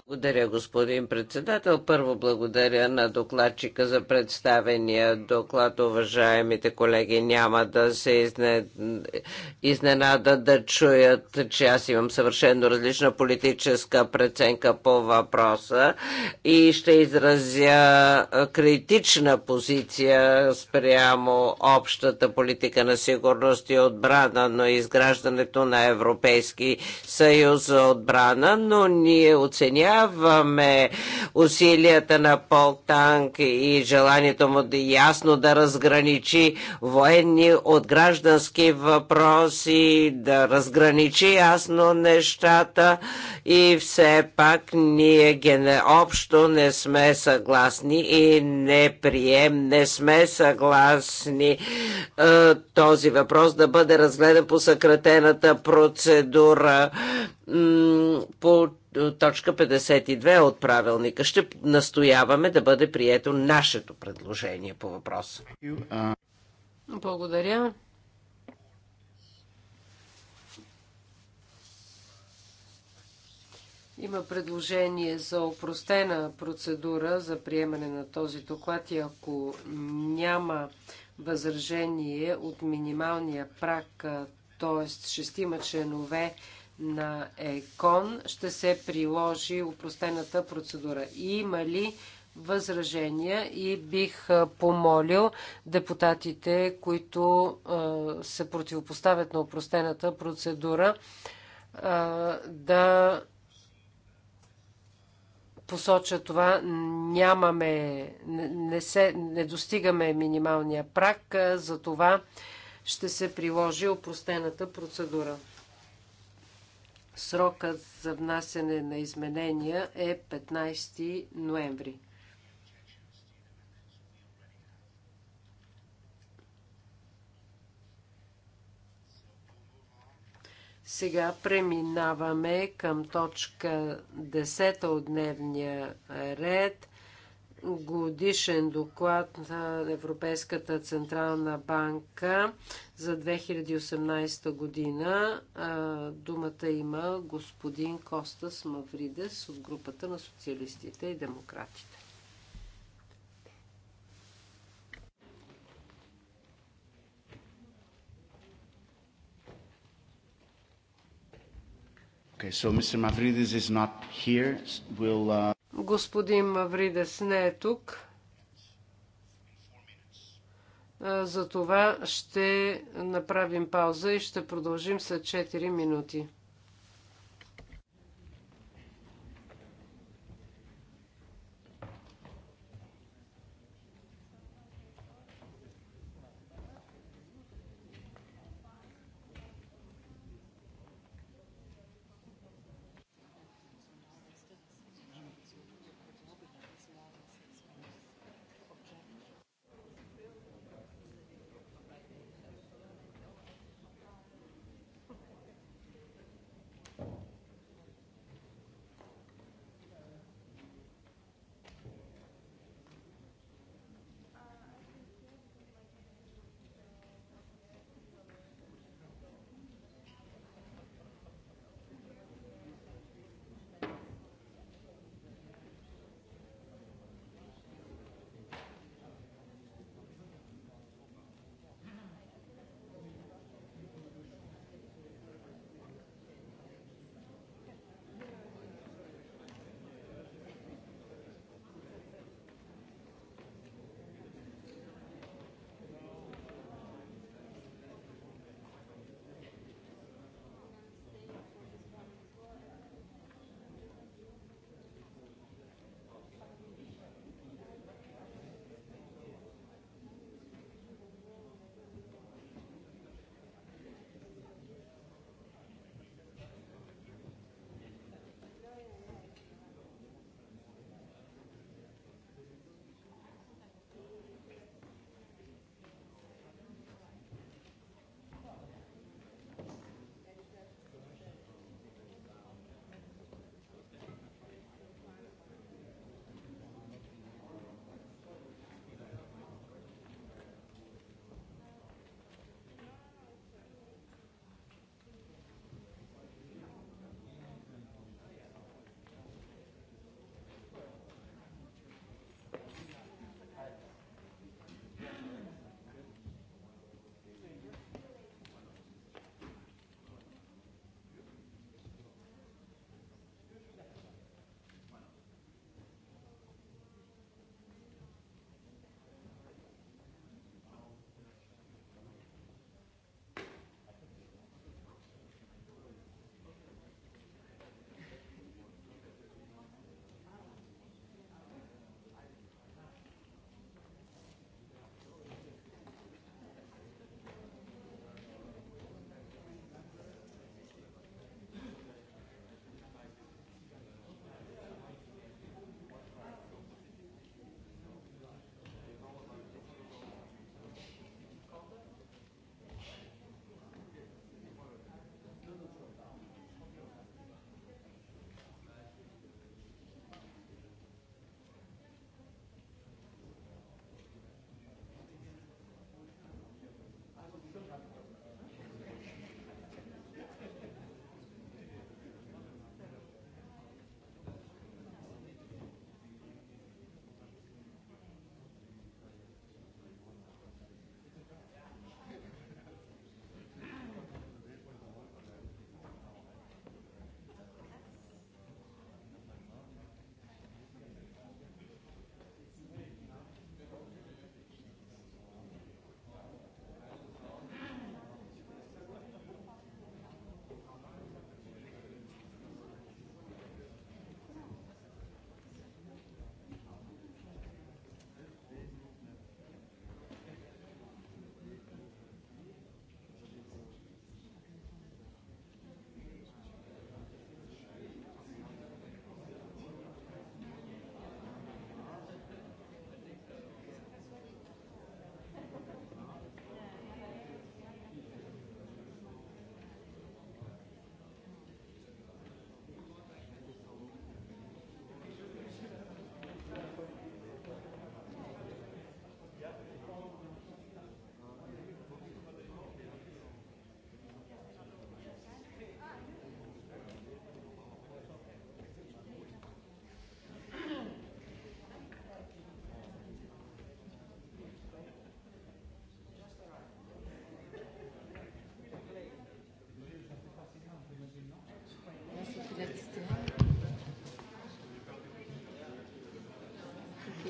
C: Благодаря, господин председател. Първо благодаря на докладчика за представения доклад. Уважаемите колеги няма да се изненада да чуят, че аз имам съвършено различна политическа преценка по въпроса и ще изразя критична позиция спрямо общата политика на сигурност и отбрана, но изграждането на Европейски съюз за отбрана, но ние оценяваме оценяваме усилията на Пол Танк и желанието му да ясно да разграничи военни от граждански въпроси, да разграничи ясно нещата и все пак ние гене, общо не сме съгласни и не прием, не сме съгласни този въпрос да бъде разгледан по съкратената процедура по точка 52 от правилника. Ще настояваме да бъде прието нашето предложение по въпроса.
D: Благодаря. Има предложение за опростена процедура за приемане на този доклад и ако няма възражение от минималния прак, т.е. шестима членове, на ЕКОН ще се приложи упростената процедура. Има ли възражения и бих помолил депутатите, които се противопоставят на упростената процедура, да посоча това. Нямаме, не, се, не достигаме минималния прак, за това ще се приложи упростената процедура. Срокът за внасяне на изменения е 15 ноември. Сега преминаваме към точка 10 от дневния ред годишен доклад на Европейската Централна банка за 2018 година. Думата има господин Костас Мавридес от групата на социалистите и демократите.
A: Okay, so Mr. Mavridis is not here. We'll, uh...
D: Господин Мавридес не е тук. затова ще направим пауза и ще продължим след 4 минути.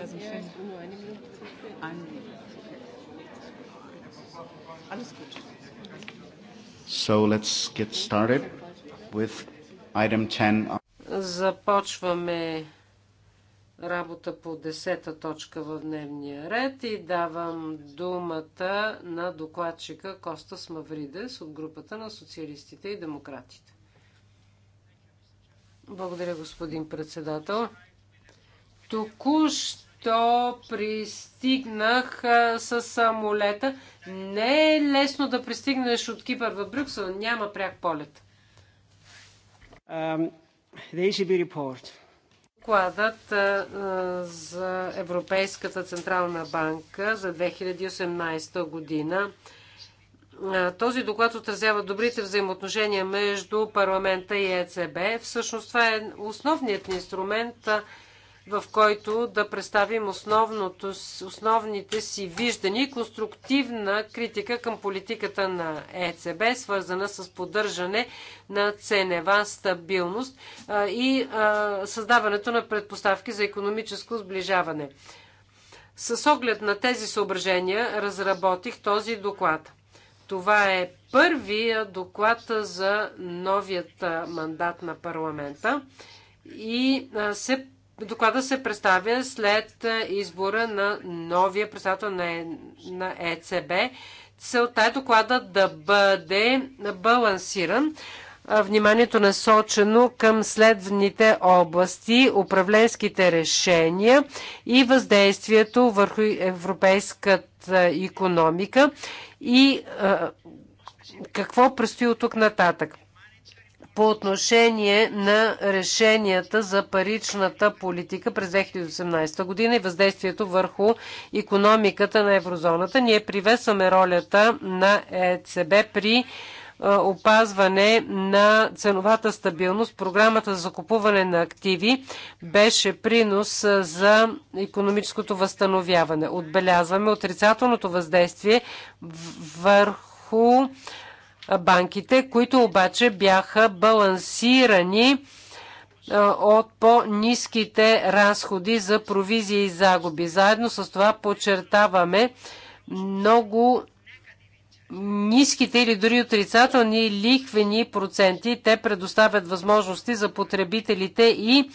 D: Eisenfeld. Nur eine Minute zu spät. Alles gut.
A: So let's get started with item 10.
D: Започваме работа по 10-та точка в дневния ред и давам думата на докладчика Костас Мавридес от групата на социалистите и демократите. Благодаря, господин председател. Току-що то пристигнах с самолета. Не е лесно да пристигнеш от Кипър в Брюксел. Няма пряк полет.
C: Um, the ECB report.
D: Докладът за Европейската Централна банка за 2018 година. Този доклад отразява добрите взаимоотношения между парламента и ЕЦБ. Всъщност това е основният инструмент в който да представим основното, основните си виждани и конструктивна критика към политиката на ЕЦБ, свързана с поддържане на ценева стабилност и създаването на предпоставки за економическо сближаване. С оглед на тези съображения разработих този доклад. Това е първия доклад за новият мандат на парламента и се Доклада се представя след е, избора на новия председател на ЕЦБ. Е Целта е доклада да бъде балансиран. Е, вниманието насочено към следните области управленските решения и въздействието върху европейската економика и какво предстои от тук нататък по отношение на решенията за паричната политика през 2018 година и въздействието върху економиката на еврозоната. Ние приветстваме ролята на ЕЦБ при е, опазване на ценовата стабилност. Програмата за закупуване на активи беше принос за економическото възстановяване. Отбелязваме отрицателното въздействие върху банките, които обаче бяха балансирани от по-низките разходи за провизии и загуби. Заедно с това подчертаваме много ниските или дори отрицателни лихвени проценти. Те предоставят възможности за потребителите и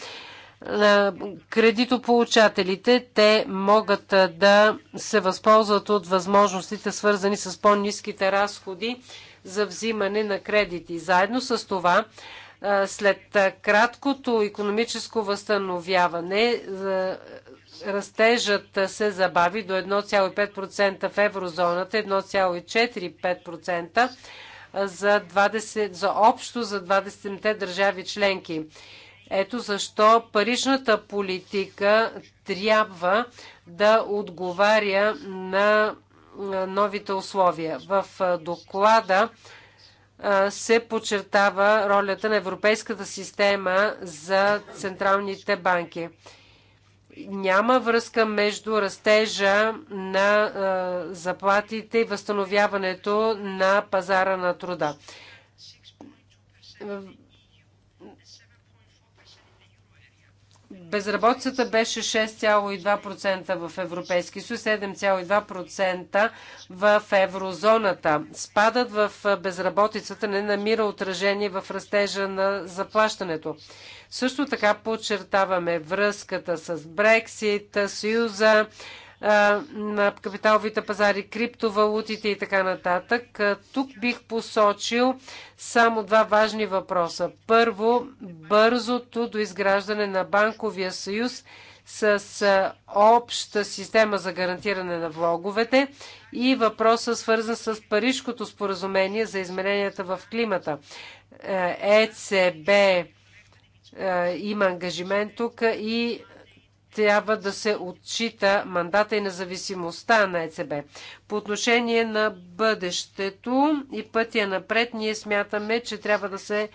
D: кредитополучателите. Те могат да се възползват от възможностите, свързани с по-низките разходи за взимане на кредити. Заедно с това, след краткото економическо възстановяване, растежът се забави до 1,5% в еврозоната, 1,45% за, 20, за общо за 20-те държави членки. Ето защо паричната политика трябва да отговаря на новите условия. В доклада се подчертава ролята на Европейската система за централните банки. Няма връзка между растежа на заплатите и възстановяването на пазара на труда. Безработицата беше 6,2% в Европейски съюз, 7,2% в еврозоната. Спадът в безработицата не намира отражение в растежа на заплащането. Също така подчертаваме връзката с Брексит, Съюза, на капиталовите пазари, криптовалутите и така нататък. Тук бих посочил само два важни въпроса. Първо, бързото до изграждане на банковия съюз с обща система за гарантиране на влоговете и въпроса свързан с Парижкото споразумение за измененията в климата. ЕЦБ е е, има ангажимент тук и трябва да се отчита мандата и независимостта на ЕЦБ. По отношение на бъдещето и пътя напред, ние смятаме, че трябва да се.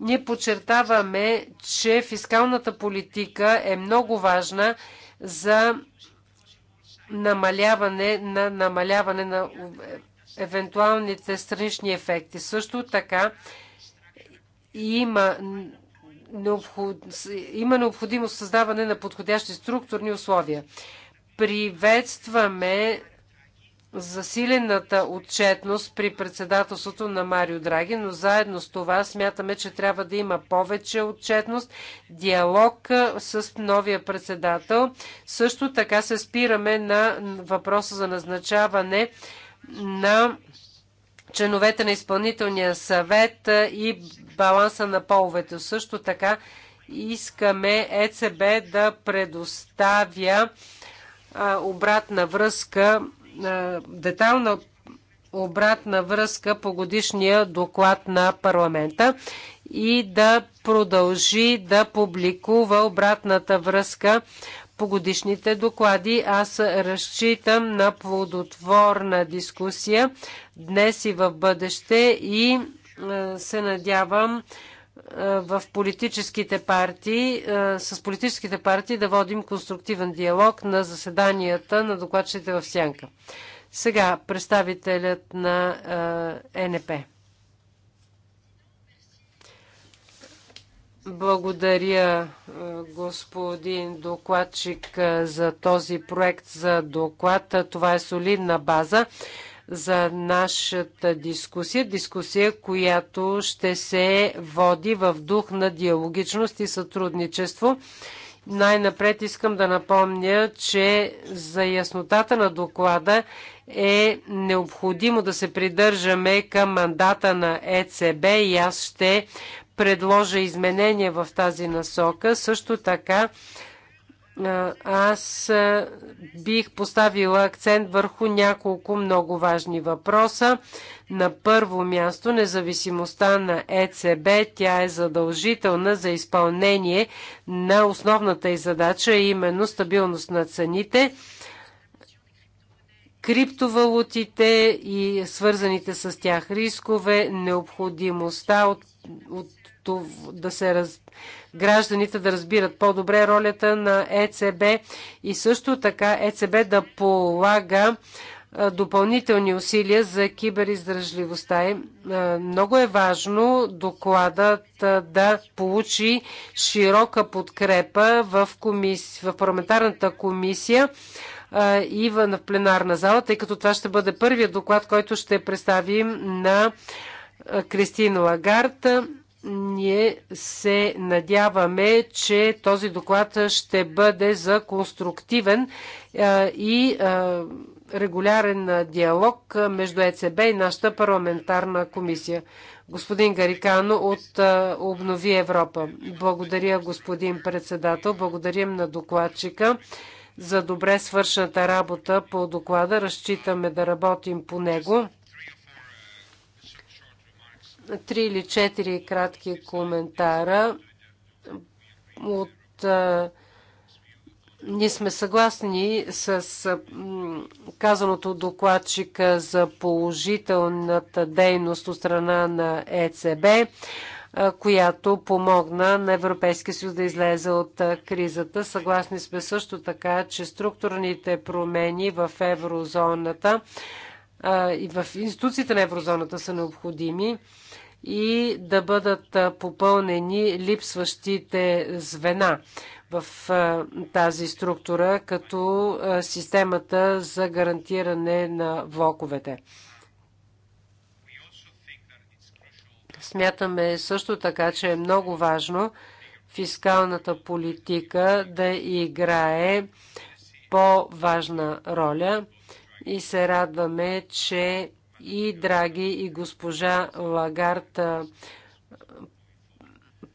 D: Ние подчертаваме, че фискалната политика е много важна за намаляване на, намаляване на евентуалните странични ефекти. Също така има необход... има необходимост създаване на подходящи структурни условия. Приветстваме засилената отчетност при председателството на Марио Драги, но заедно с това смятаме, че трябва да има повече отчетност, диалог с новия председател. Също така се спираме на въпроса за назначаване на членовете на изпълнителния съвет и баланса на половете. Също така искаме ЕЦБ да предоставя обратна връзка, детална обратна връзка по годишния доклад на парламента и да продължи да публикува обратната връзка по годишните доклади. Аз разчитам на плодотворна дискусия днес и в бъдеще и е, се надявам е, в политическите партии, е, с политическите партии да водим конструктивен диалог на заседанията на докладчите в Сянка. Сега представителят на НП. Благодаря, е, господин докладчик, е, за този проект за доклад. Това е солидна база за нашата дискусия. Дискусия, която ще се води в дух на диалогичност и сътрудничество. Най-напред искам да напомня, че за яснотата на доклада е необходимо да се придържаме към мандата на ЕЦБ и аз ще предложа изменения в тази насока. Също така аз бих поставила акцент върху няколко много важни въпроса. На първо място независимостта на ЕЦБ. Тя е задължителна за изпълнение на основната и задача, именно стабилност на цените. Криптовалутите и свързаните с тях рискове, необходимостта от, от да се раз... гражданите да разбират по-добре ролята на ЕЦБ и също така ЕЦБ да полага допълнителни усилия за кибериздръжливостта. Много е важно докладът да получи широка подкрепа в, комис... в парламентарната комисия и в пленарна зала, тъй като това ще бъде първият доклад, който ще представим на Кристина Лагарта. Ние се надяваме, че този доклад ще бъде за конструктивен и регулярен диалог между ЕЦБ и нашата парламентарна комисия. Господин Гарикано от Обнови Европа. Благодаря, господин председател. Благодарим на докладчика за добре свършната работа по доклада. Разчитаме да работим по него три или четири кратки коментара. От, а, ние сме съгласни с а, казаното от докладчика за положителната дейност от страна на ЕЦБ, а, която помогна на Европейския съюз да излезе от а, кризата. Съгласни сме също така, че структурните промени в еврозоната а, и в институциите на еврозоната са необходими и да бъдат попълнени липсващите звена в тази структура, като системата за гарантиране на влоковете. Смятаме също така, че е много важно фискалната политика да играе по-важна роля и се радваме, че и Драги и госпожа Лагард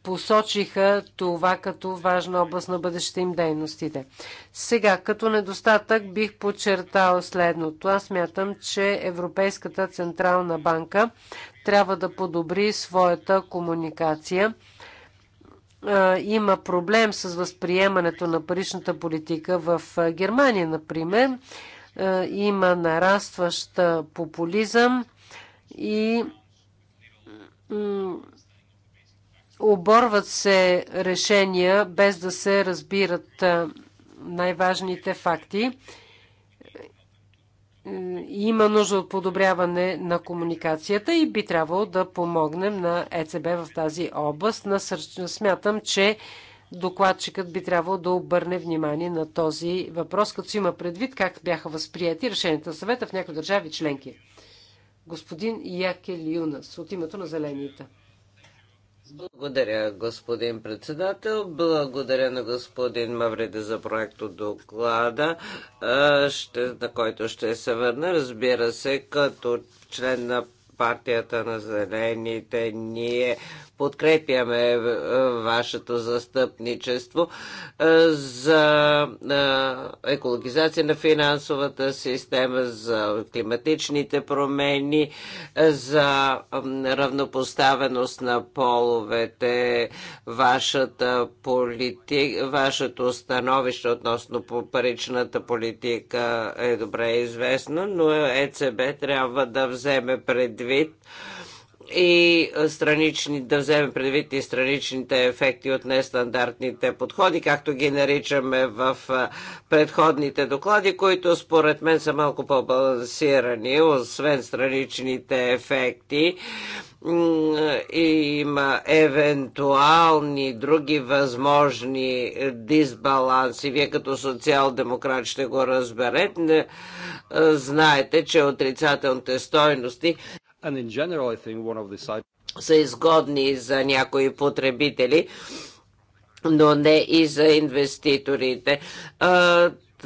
D: посочиха това като важна област на бъдещите им дейностите. Сега, като недостатък, бих подчертал следното. Аз мятам, че Европейската Централна банка трябва да подобри своята комуникация. Има проблем с възприемането на паричната политика в Германия, например. Е, има нарастващ е, популизъм и оборват се решения без да се разбират е, най-важните факти. Има нужда от подобряване на комуникацията и би трябвало да помогнем на ЕЦБ в тази област. Смятам, че докладчикът би трябвало да обърне внимание на този въпрос, като си има предвид как бяха възприяти решенията на съвета в някои държави членки. Господин Якел Юнас от името на Зелените.
C: Благодаря, господин председател. Благодаря на господин Мавриде за проекто доклада, ще, на който ще се върна. Разбира се, като член на партията на зелените, ние подкрепяме вашето застъпничество за екологизация на финансовата система, за климатичните промени, за равнопоставеност на половете, вашата политика, вашето становище относно паричната политика е добре известно, но ЕЦБ трябва да вземе предвид и странични, да вземем предвид и страничните ефекти от нестандартните подходи, както ги наричаме в предходните доклади, които според мен са малко по-балансирани, освен страничните ефекти. Има евентуални други възможни дисбаланси. Вие като социал-демократ ще го разберете. Знаете, че отрицателните стойности and in general, I think one of the side... са изгодни за някои потребители но не и за инвеститорите.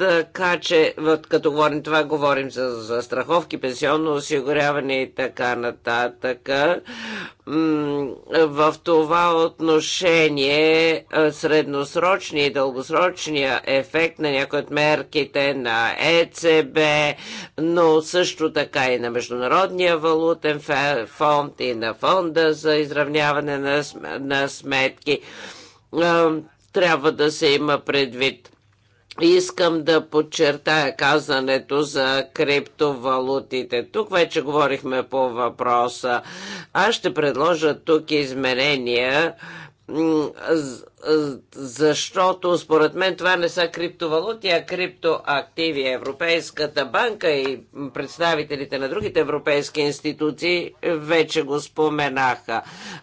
C: Е, така че, като говорим това, говорим за, за страховки, пенсионно осигуряване и така нататък. В това отношение е, средносрочния и дългосрочния ефект на някои от мерките на ЕЦБ, но също така и на Международния валутен фонд и на фонда за изравняване на, сметки, е, трябва да се има предвид Искам да подчертая казането за криптовалутите. Тук вече говорихме по въпроса. Аз ще предложа тук изменения защото според мен това не са криптовалути, а криптоактиви. Европейската банка и представителите на другите европейски институции вече го споменаха.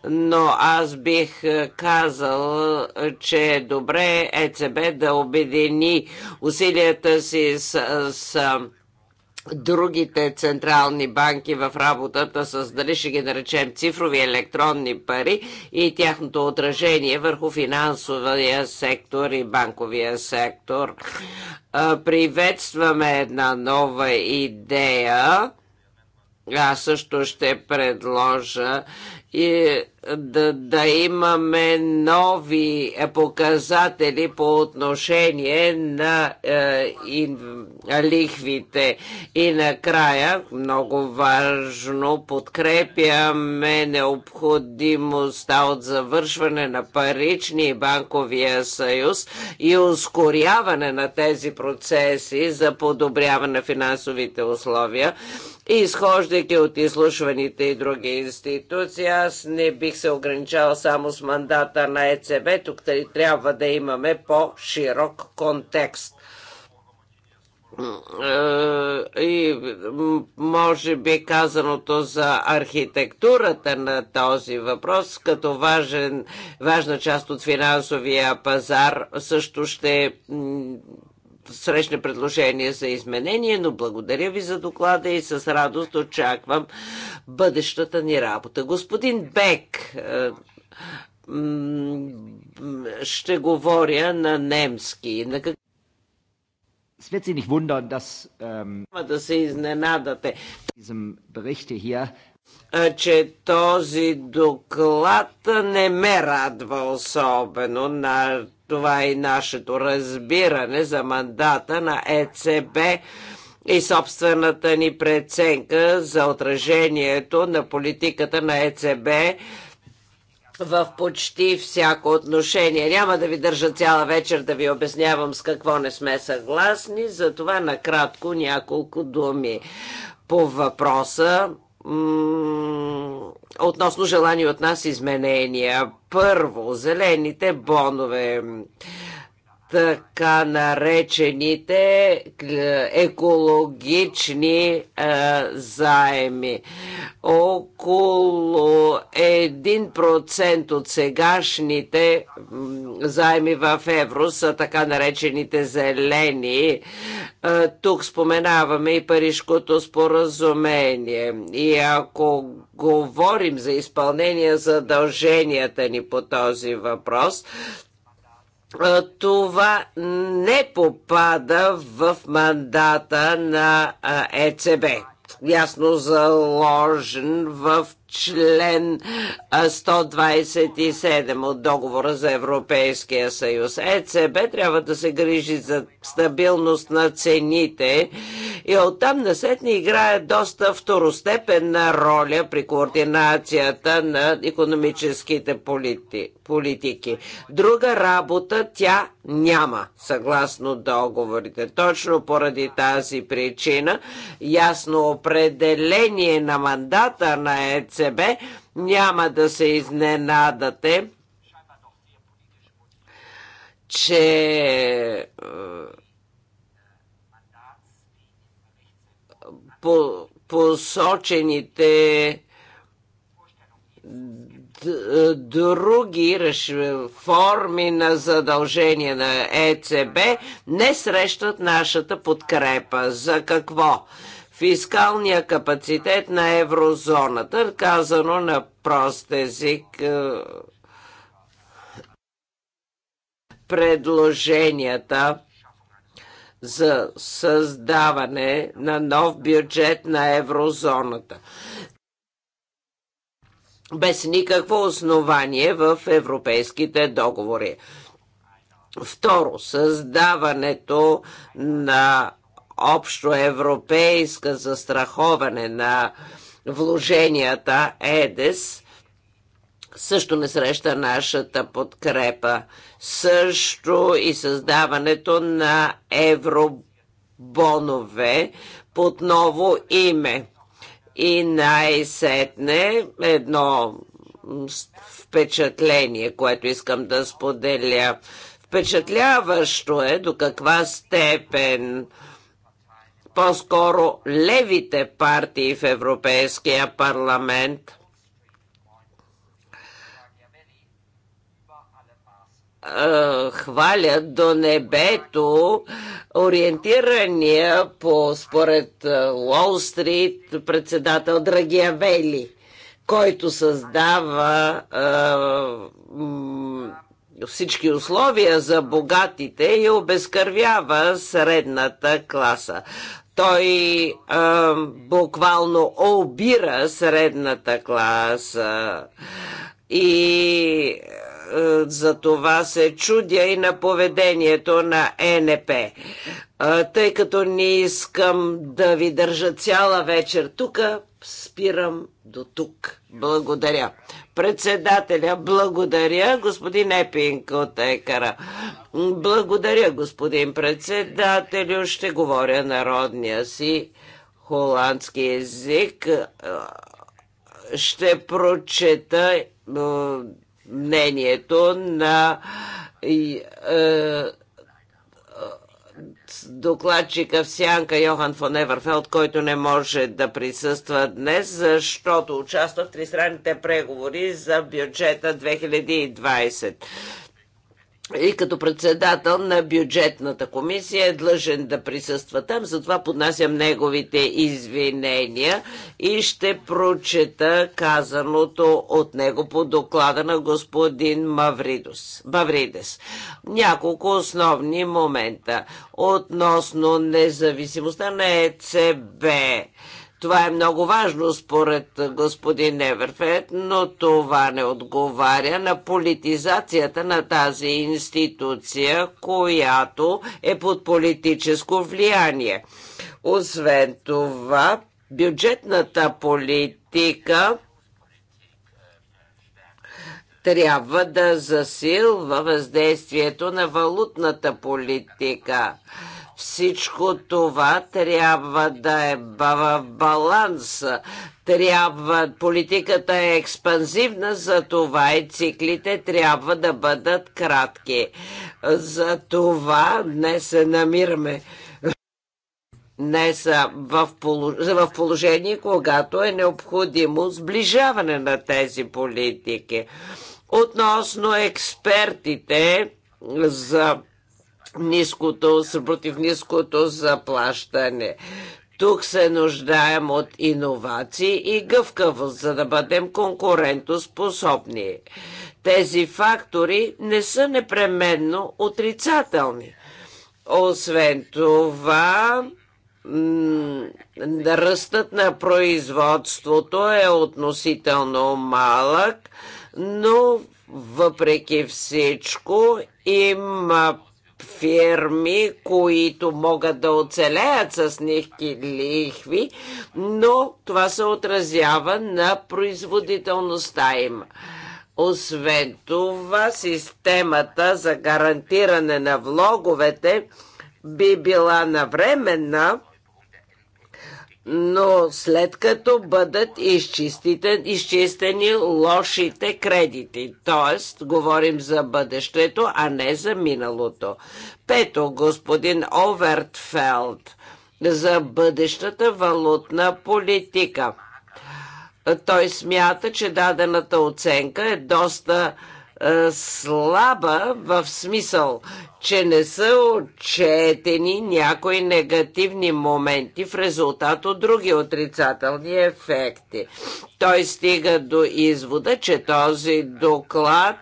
C: Но аз бих е, казал, че е добре ЕЦБ да обедини усилията си с, с другите централни банки в работата с, дали ще ги наречем, цифрови електронни пари и тяхното отражение върху финансовия сектор и банковия сектор. Приветстваме една нова идея аз също ще предложа и е, да, да имаме нови е, показатели по отношение на е, ин, лихвите. И накрая, много важно, подкрепяме необходимостта от завършване на парични и банковия съюз и ускоряване на тези процеси за подобряване на финансовите условия изхождайки от изслушваните и други институции, аз не бих се ограничала само с мандата на ЕЦБ, тук трябва да имаме по-широк контекст е, и може би казаното за архитектурата на този въпрос, като важен, важна част от финансовия пазар, също ще срещне предложение за изменение, но благодаря ви за доклада и с радост очаквам бъдещата ни работа. Господин Бек, е, ще говоря на немски. На как... Es wird Sie nicht wundern, dass ähm, да се изненадате. Diesem hier е, че този доклад не ме радва особено. На това е и нашето разбиране за мандата на ЕЦБ и собствената ни преценка за отражението на политиката на ЕЦБ в почти всяко отношение. Няма да ви държа цяла вечер да ви обяснявам с какво не сме съгласни, затова накратко няколко думи по въпроса относно желани от нас изменения. Първо, зелените бонове така наречените е, екологични а, е, заеми. Около 1% от сегашните заеми в евро са така наречените зелени. А, е, тук споменаваме и Парижкото споразумение. И ако говорим за изпълнение задълженията ни по този въпрос, това не попада в мандата на ЕЦБ. Ясно заложен в член 127 от договора за Европейския съюз. ЕЦБ трябва да се грижи за стабилност на цените и оттам насетне играе доста второстепенна роля при координацията на економическите полити, политики. Друга работа тя няма, съгласно договорите. Точно поради тази причина ясно определение на мандата на ЕЦБ себе, няма да се изненадате, че е, по, посочените е, други форми на задължение на ЕЦБ не срещат нашата подкрепа. За какво? фискалния капацитет на еврозоната, казано на прост език е, предложенията за създаване на нов бюджет на еврозоната. Без никакво основание в европейските договори. Второ, създаването на общоевропейска застраховане на вложенията ЕДЕС също не среща нашата подкрепа. Също и създаването на евробонове под ново име. И най-сетне едно впечатление, което искам да споделя. Впечатляващо е до каква степен по-скоро левите партии в Европейския парламент е, хвалят до небето ориентирания по според е, Уолл Стрит председател Драгиавели, който създава е, всички условия за богатите и обезкървява средната класа. Той а, буквално обира средната класа и за това се чудя и на поведението на е А, Тъй като не искам да ви държа цяла вечер тук, спирам до тук. Благодаря. Председателя, благодаря, господин Епинг от Екара. Благодаря, господин председателю. Ще говоря народния си холандски език. Ще прочета е, мнението на е, докладчика в Сянка Йохан фон Еверфелд, който не може да присъства днес, защото участва в тристранните преговори за бюджета 2020 и като председател на бюджетната комисия е длъжен да присъства там, затова поднасям неговите извинения и ще прочета казаното от него по доклада на господин Мавридос. Мавридес. Няколко основни момента относно независимостта на ЕЦБ. Това е много важно според господин Неверфет, но това не отговаря на политизацията на тази институция, която е под политическо влияние. Освен това, бюджетната политика трябва да засилва въздействието на валутната политика. Всичко това трябва да е в баланс. Трябва, политиката е експанзивна, за това и циклите трябва да бъдат кратки. За това днес се намираме днес в, в положение, когато е необходимо сближаване на тези политики. Относно експертите за ниското, против ниското заплащане. Тук се нуждаем от иновации и гъвкавост, за да бъдем конкурентоспособни. Тези фактори не са непременно отрицателни. Освен това, ръстът на производството е относително малък, но въпреки всичко има фирми, които могат да оцелеят с нихки лихви, но това се отразява на производителността им. Освен това, системата за гарантиране на влоговете би била навременна, но след като бъдат изчистени лошите кредити. Тоест, говорим за бъдещето, а не за миналото. Пето, господин Овертфелд, за бъдещата валутна политика. Той смята, че дадената оценка е доста е, слаба в смисъл, че не са отчетени някои негативни моменти в резултат от други отрицателни ефекти. Той стига до извода, че този доклад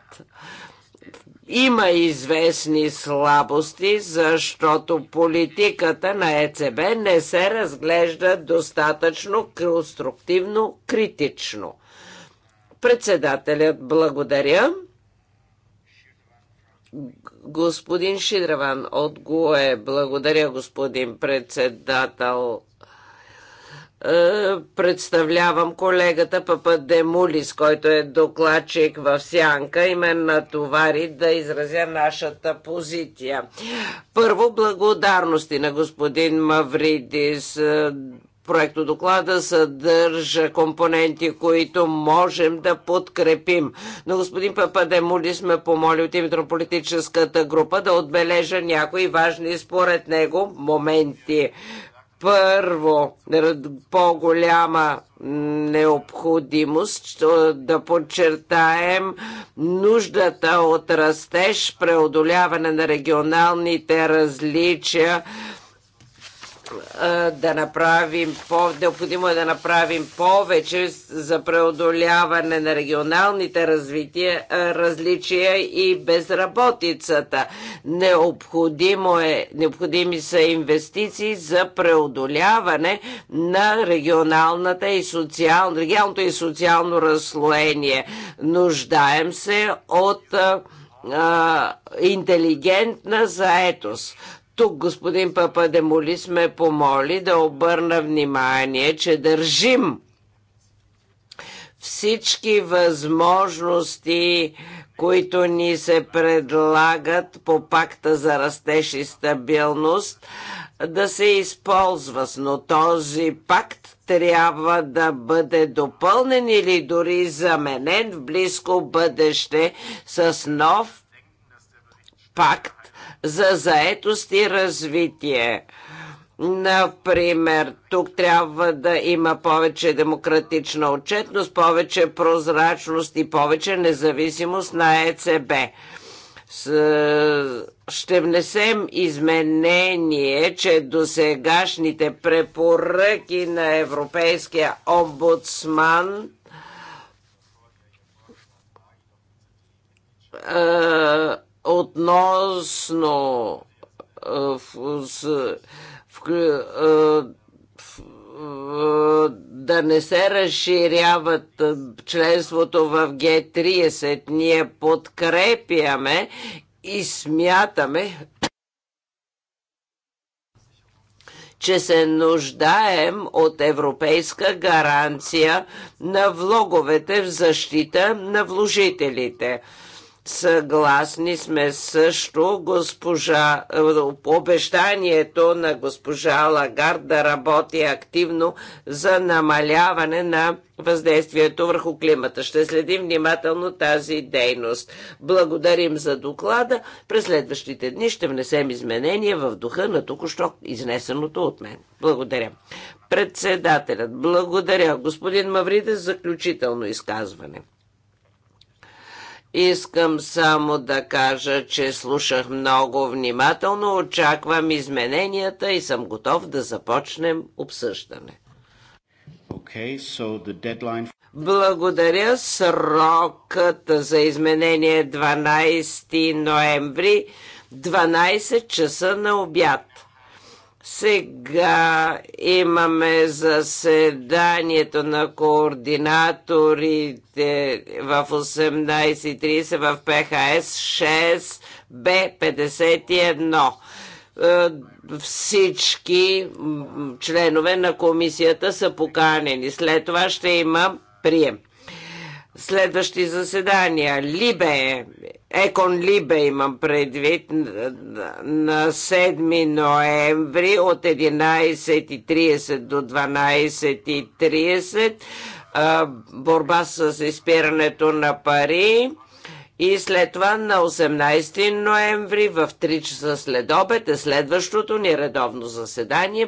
C: има известни слабости, защото политиката на ЕЦБ не се разглежда достатъчно конструктивно критично. Председателят благодаря. Господин Шидраван от ГУЕ, благодаря господин председател. Е, представлявам колегата Папа Демулис, който е докладчик в Сянка и ме натовари да изразя нашата позиция. Първо благодарности на господин Мавридис е, Проекто доклада съдържа компоненти, които можем да подкрепим. Но господин Пападемули сме помоли от името на политическата група да отбележа някои важни според него моменти. Първо, по-голяма необходимост да подчертаем нуждата от растеж, преодоляване на регионалните различия да направим по, необходимо е да направим повече за преодоляване на регионалните развития, различия и безработицата. Необходимо е, необходими са инвестиции за преодоляване на регионалната и социал, регионалното и социално разслоение. Нуждаем се от а, интелигентна заетост. Тук господин Папа Демолис ме помоли да обърна внимание, че държим всички възможности, които ни се предлагат по пакта за растеж и стабилност, да се използва. Но този пакт трябва да бъде допълнен или дори заменен в близко бъдеще с нов пакт за заетост и развитие. Например, тук трябва да има повече демократична отчетност, повече прозрачност и повече независимост на ЕЦБ. Ще внесем изменение, че досегашните препоръки на Европейския омбудсман е относно в, в, в, да не се разширяват членството в Г-30. Ние подкрепяме и смятаме, че се нуждаем от европейска гаранция на влоговете в защита на вложителите. Съгласни сме също госпожа, е, обещанието на госпожа Лагард да работи активно за намаляване на въздействието върху климата. Ще следим внимателно тази дейност. Благодарим за доклада. През следващите дни ще внесем изменения в духа на току-що изнесеното от мен. Благодаря. Председателят, благодаря. Господин Мавриде, заключително изказване. Искам само да кажа, че слушах много внимателно, очаквам измененията и съм готов да започнем обсъждане.
A: Okay, so the deadline...
C: Благодаря. Срокът за изменение 12 е ноември, 12 часа на обяд. Сега имаме заседанието на координаторите в 18.30 в ПХС 6Б51 е, всички членове на комисията са поканени. След това ще има прием. Следващи заседания. Либе е. Екон Либе имам предвид на 7 ноември от 11.30 до 12.30 борба с изпирането на пари и след това на 18 ноември в 3 часа след обед е следващото ни редовно заседание.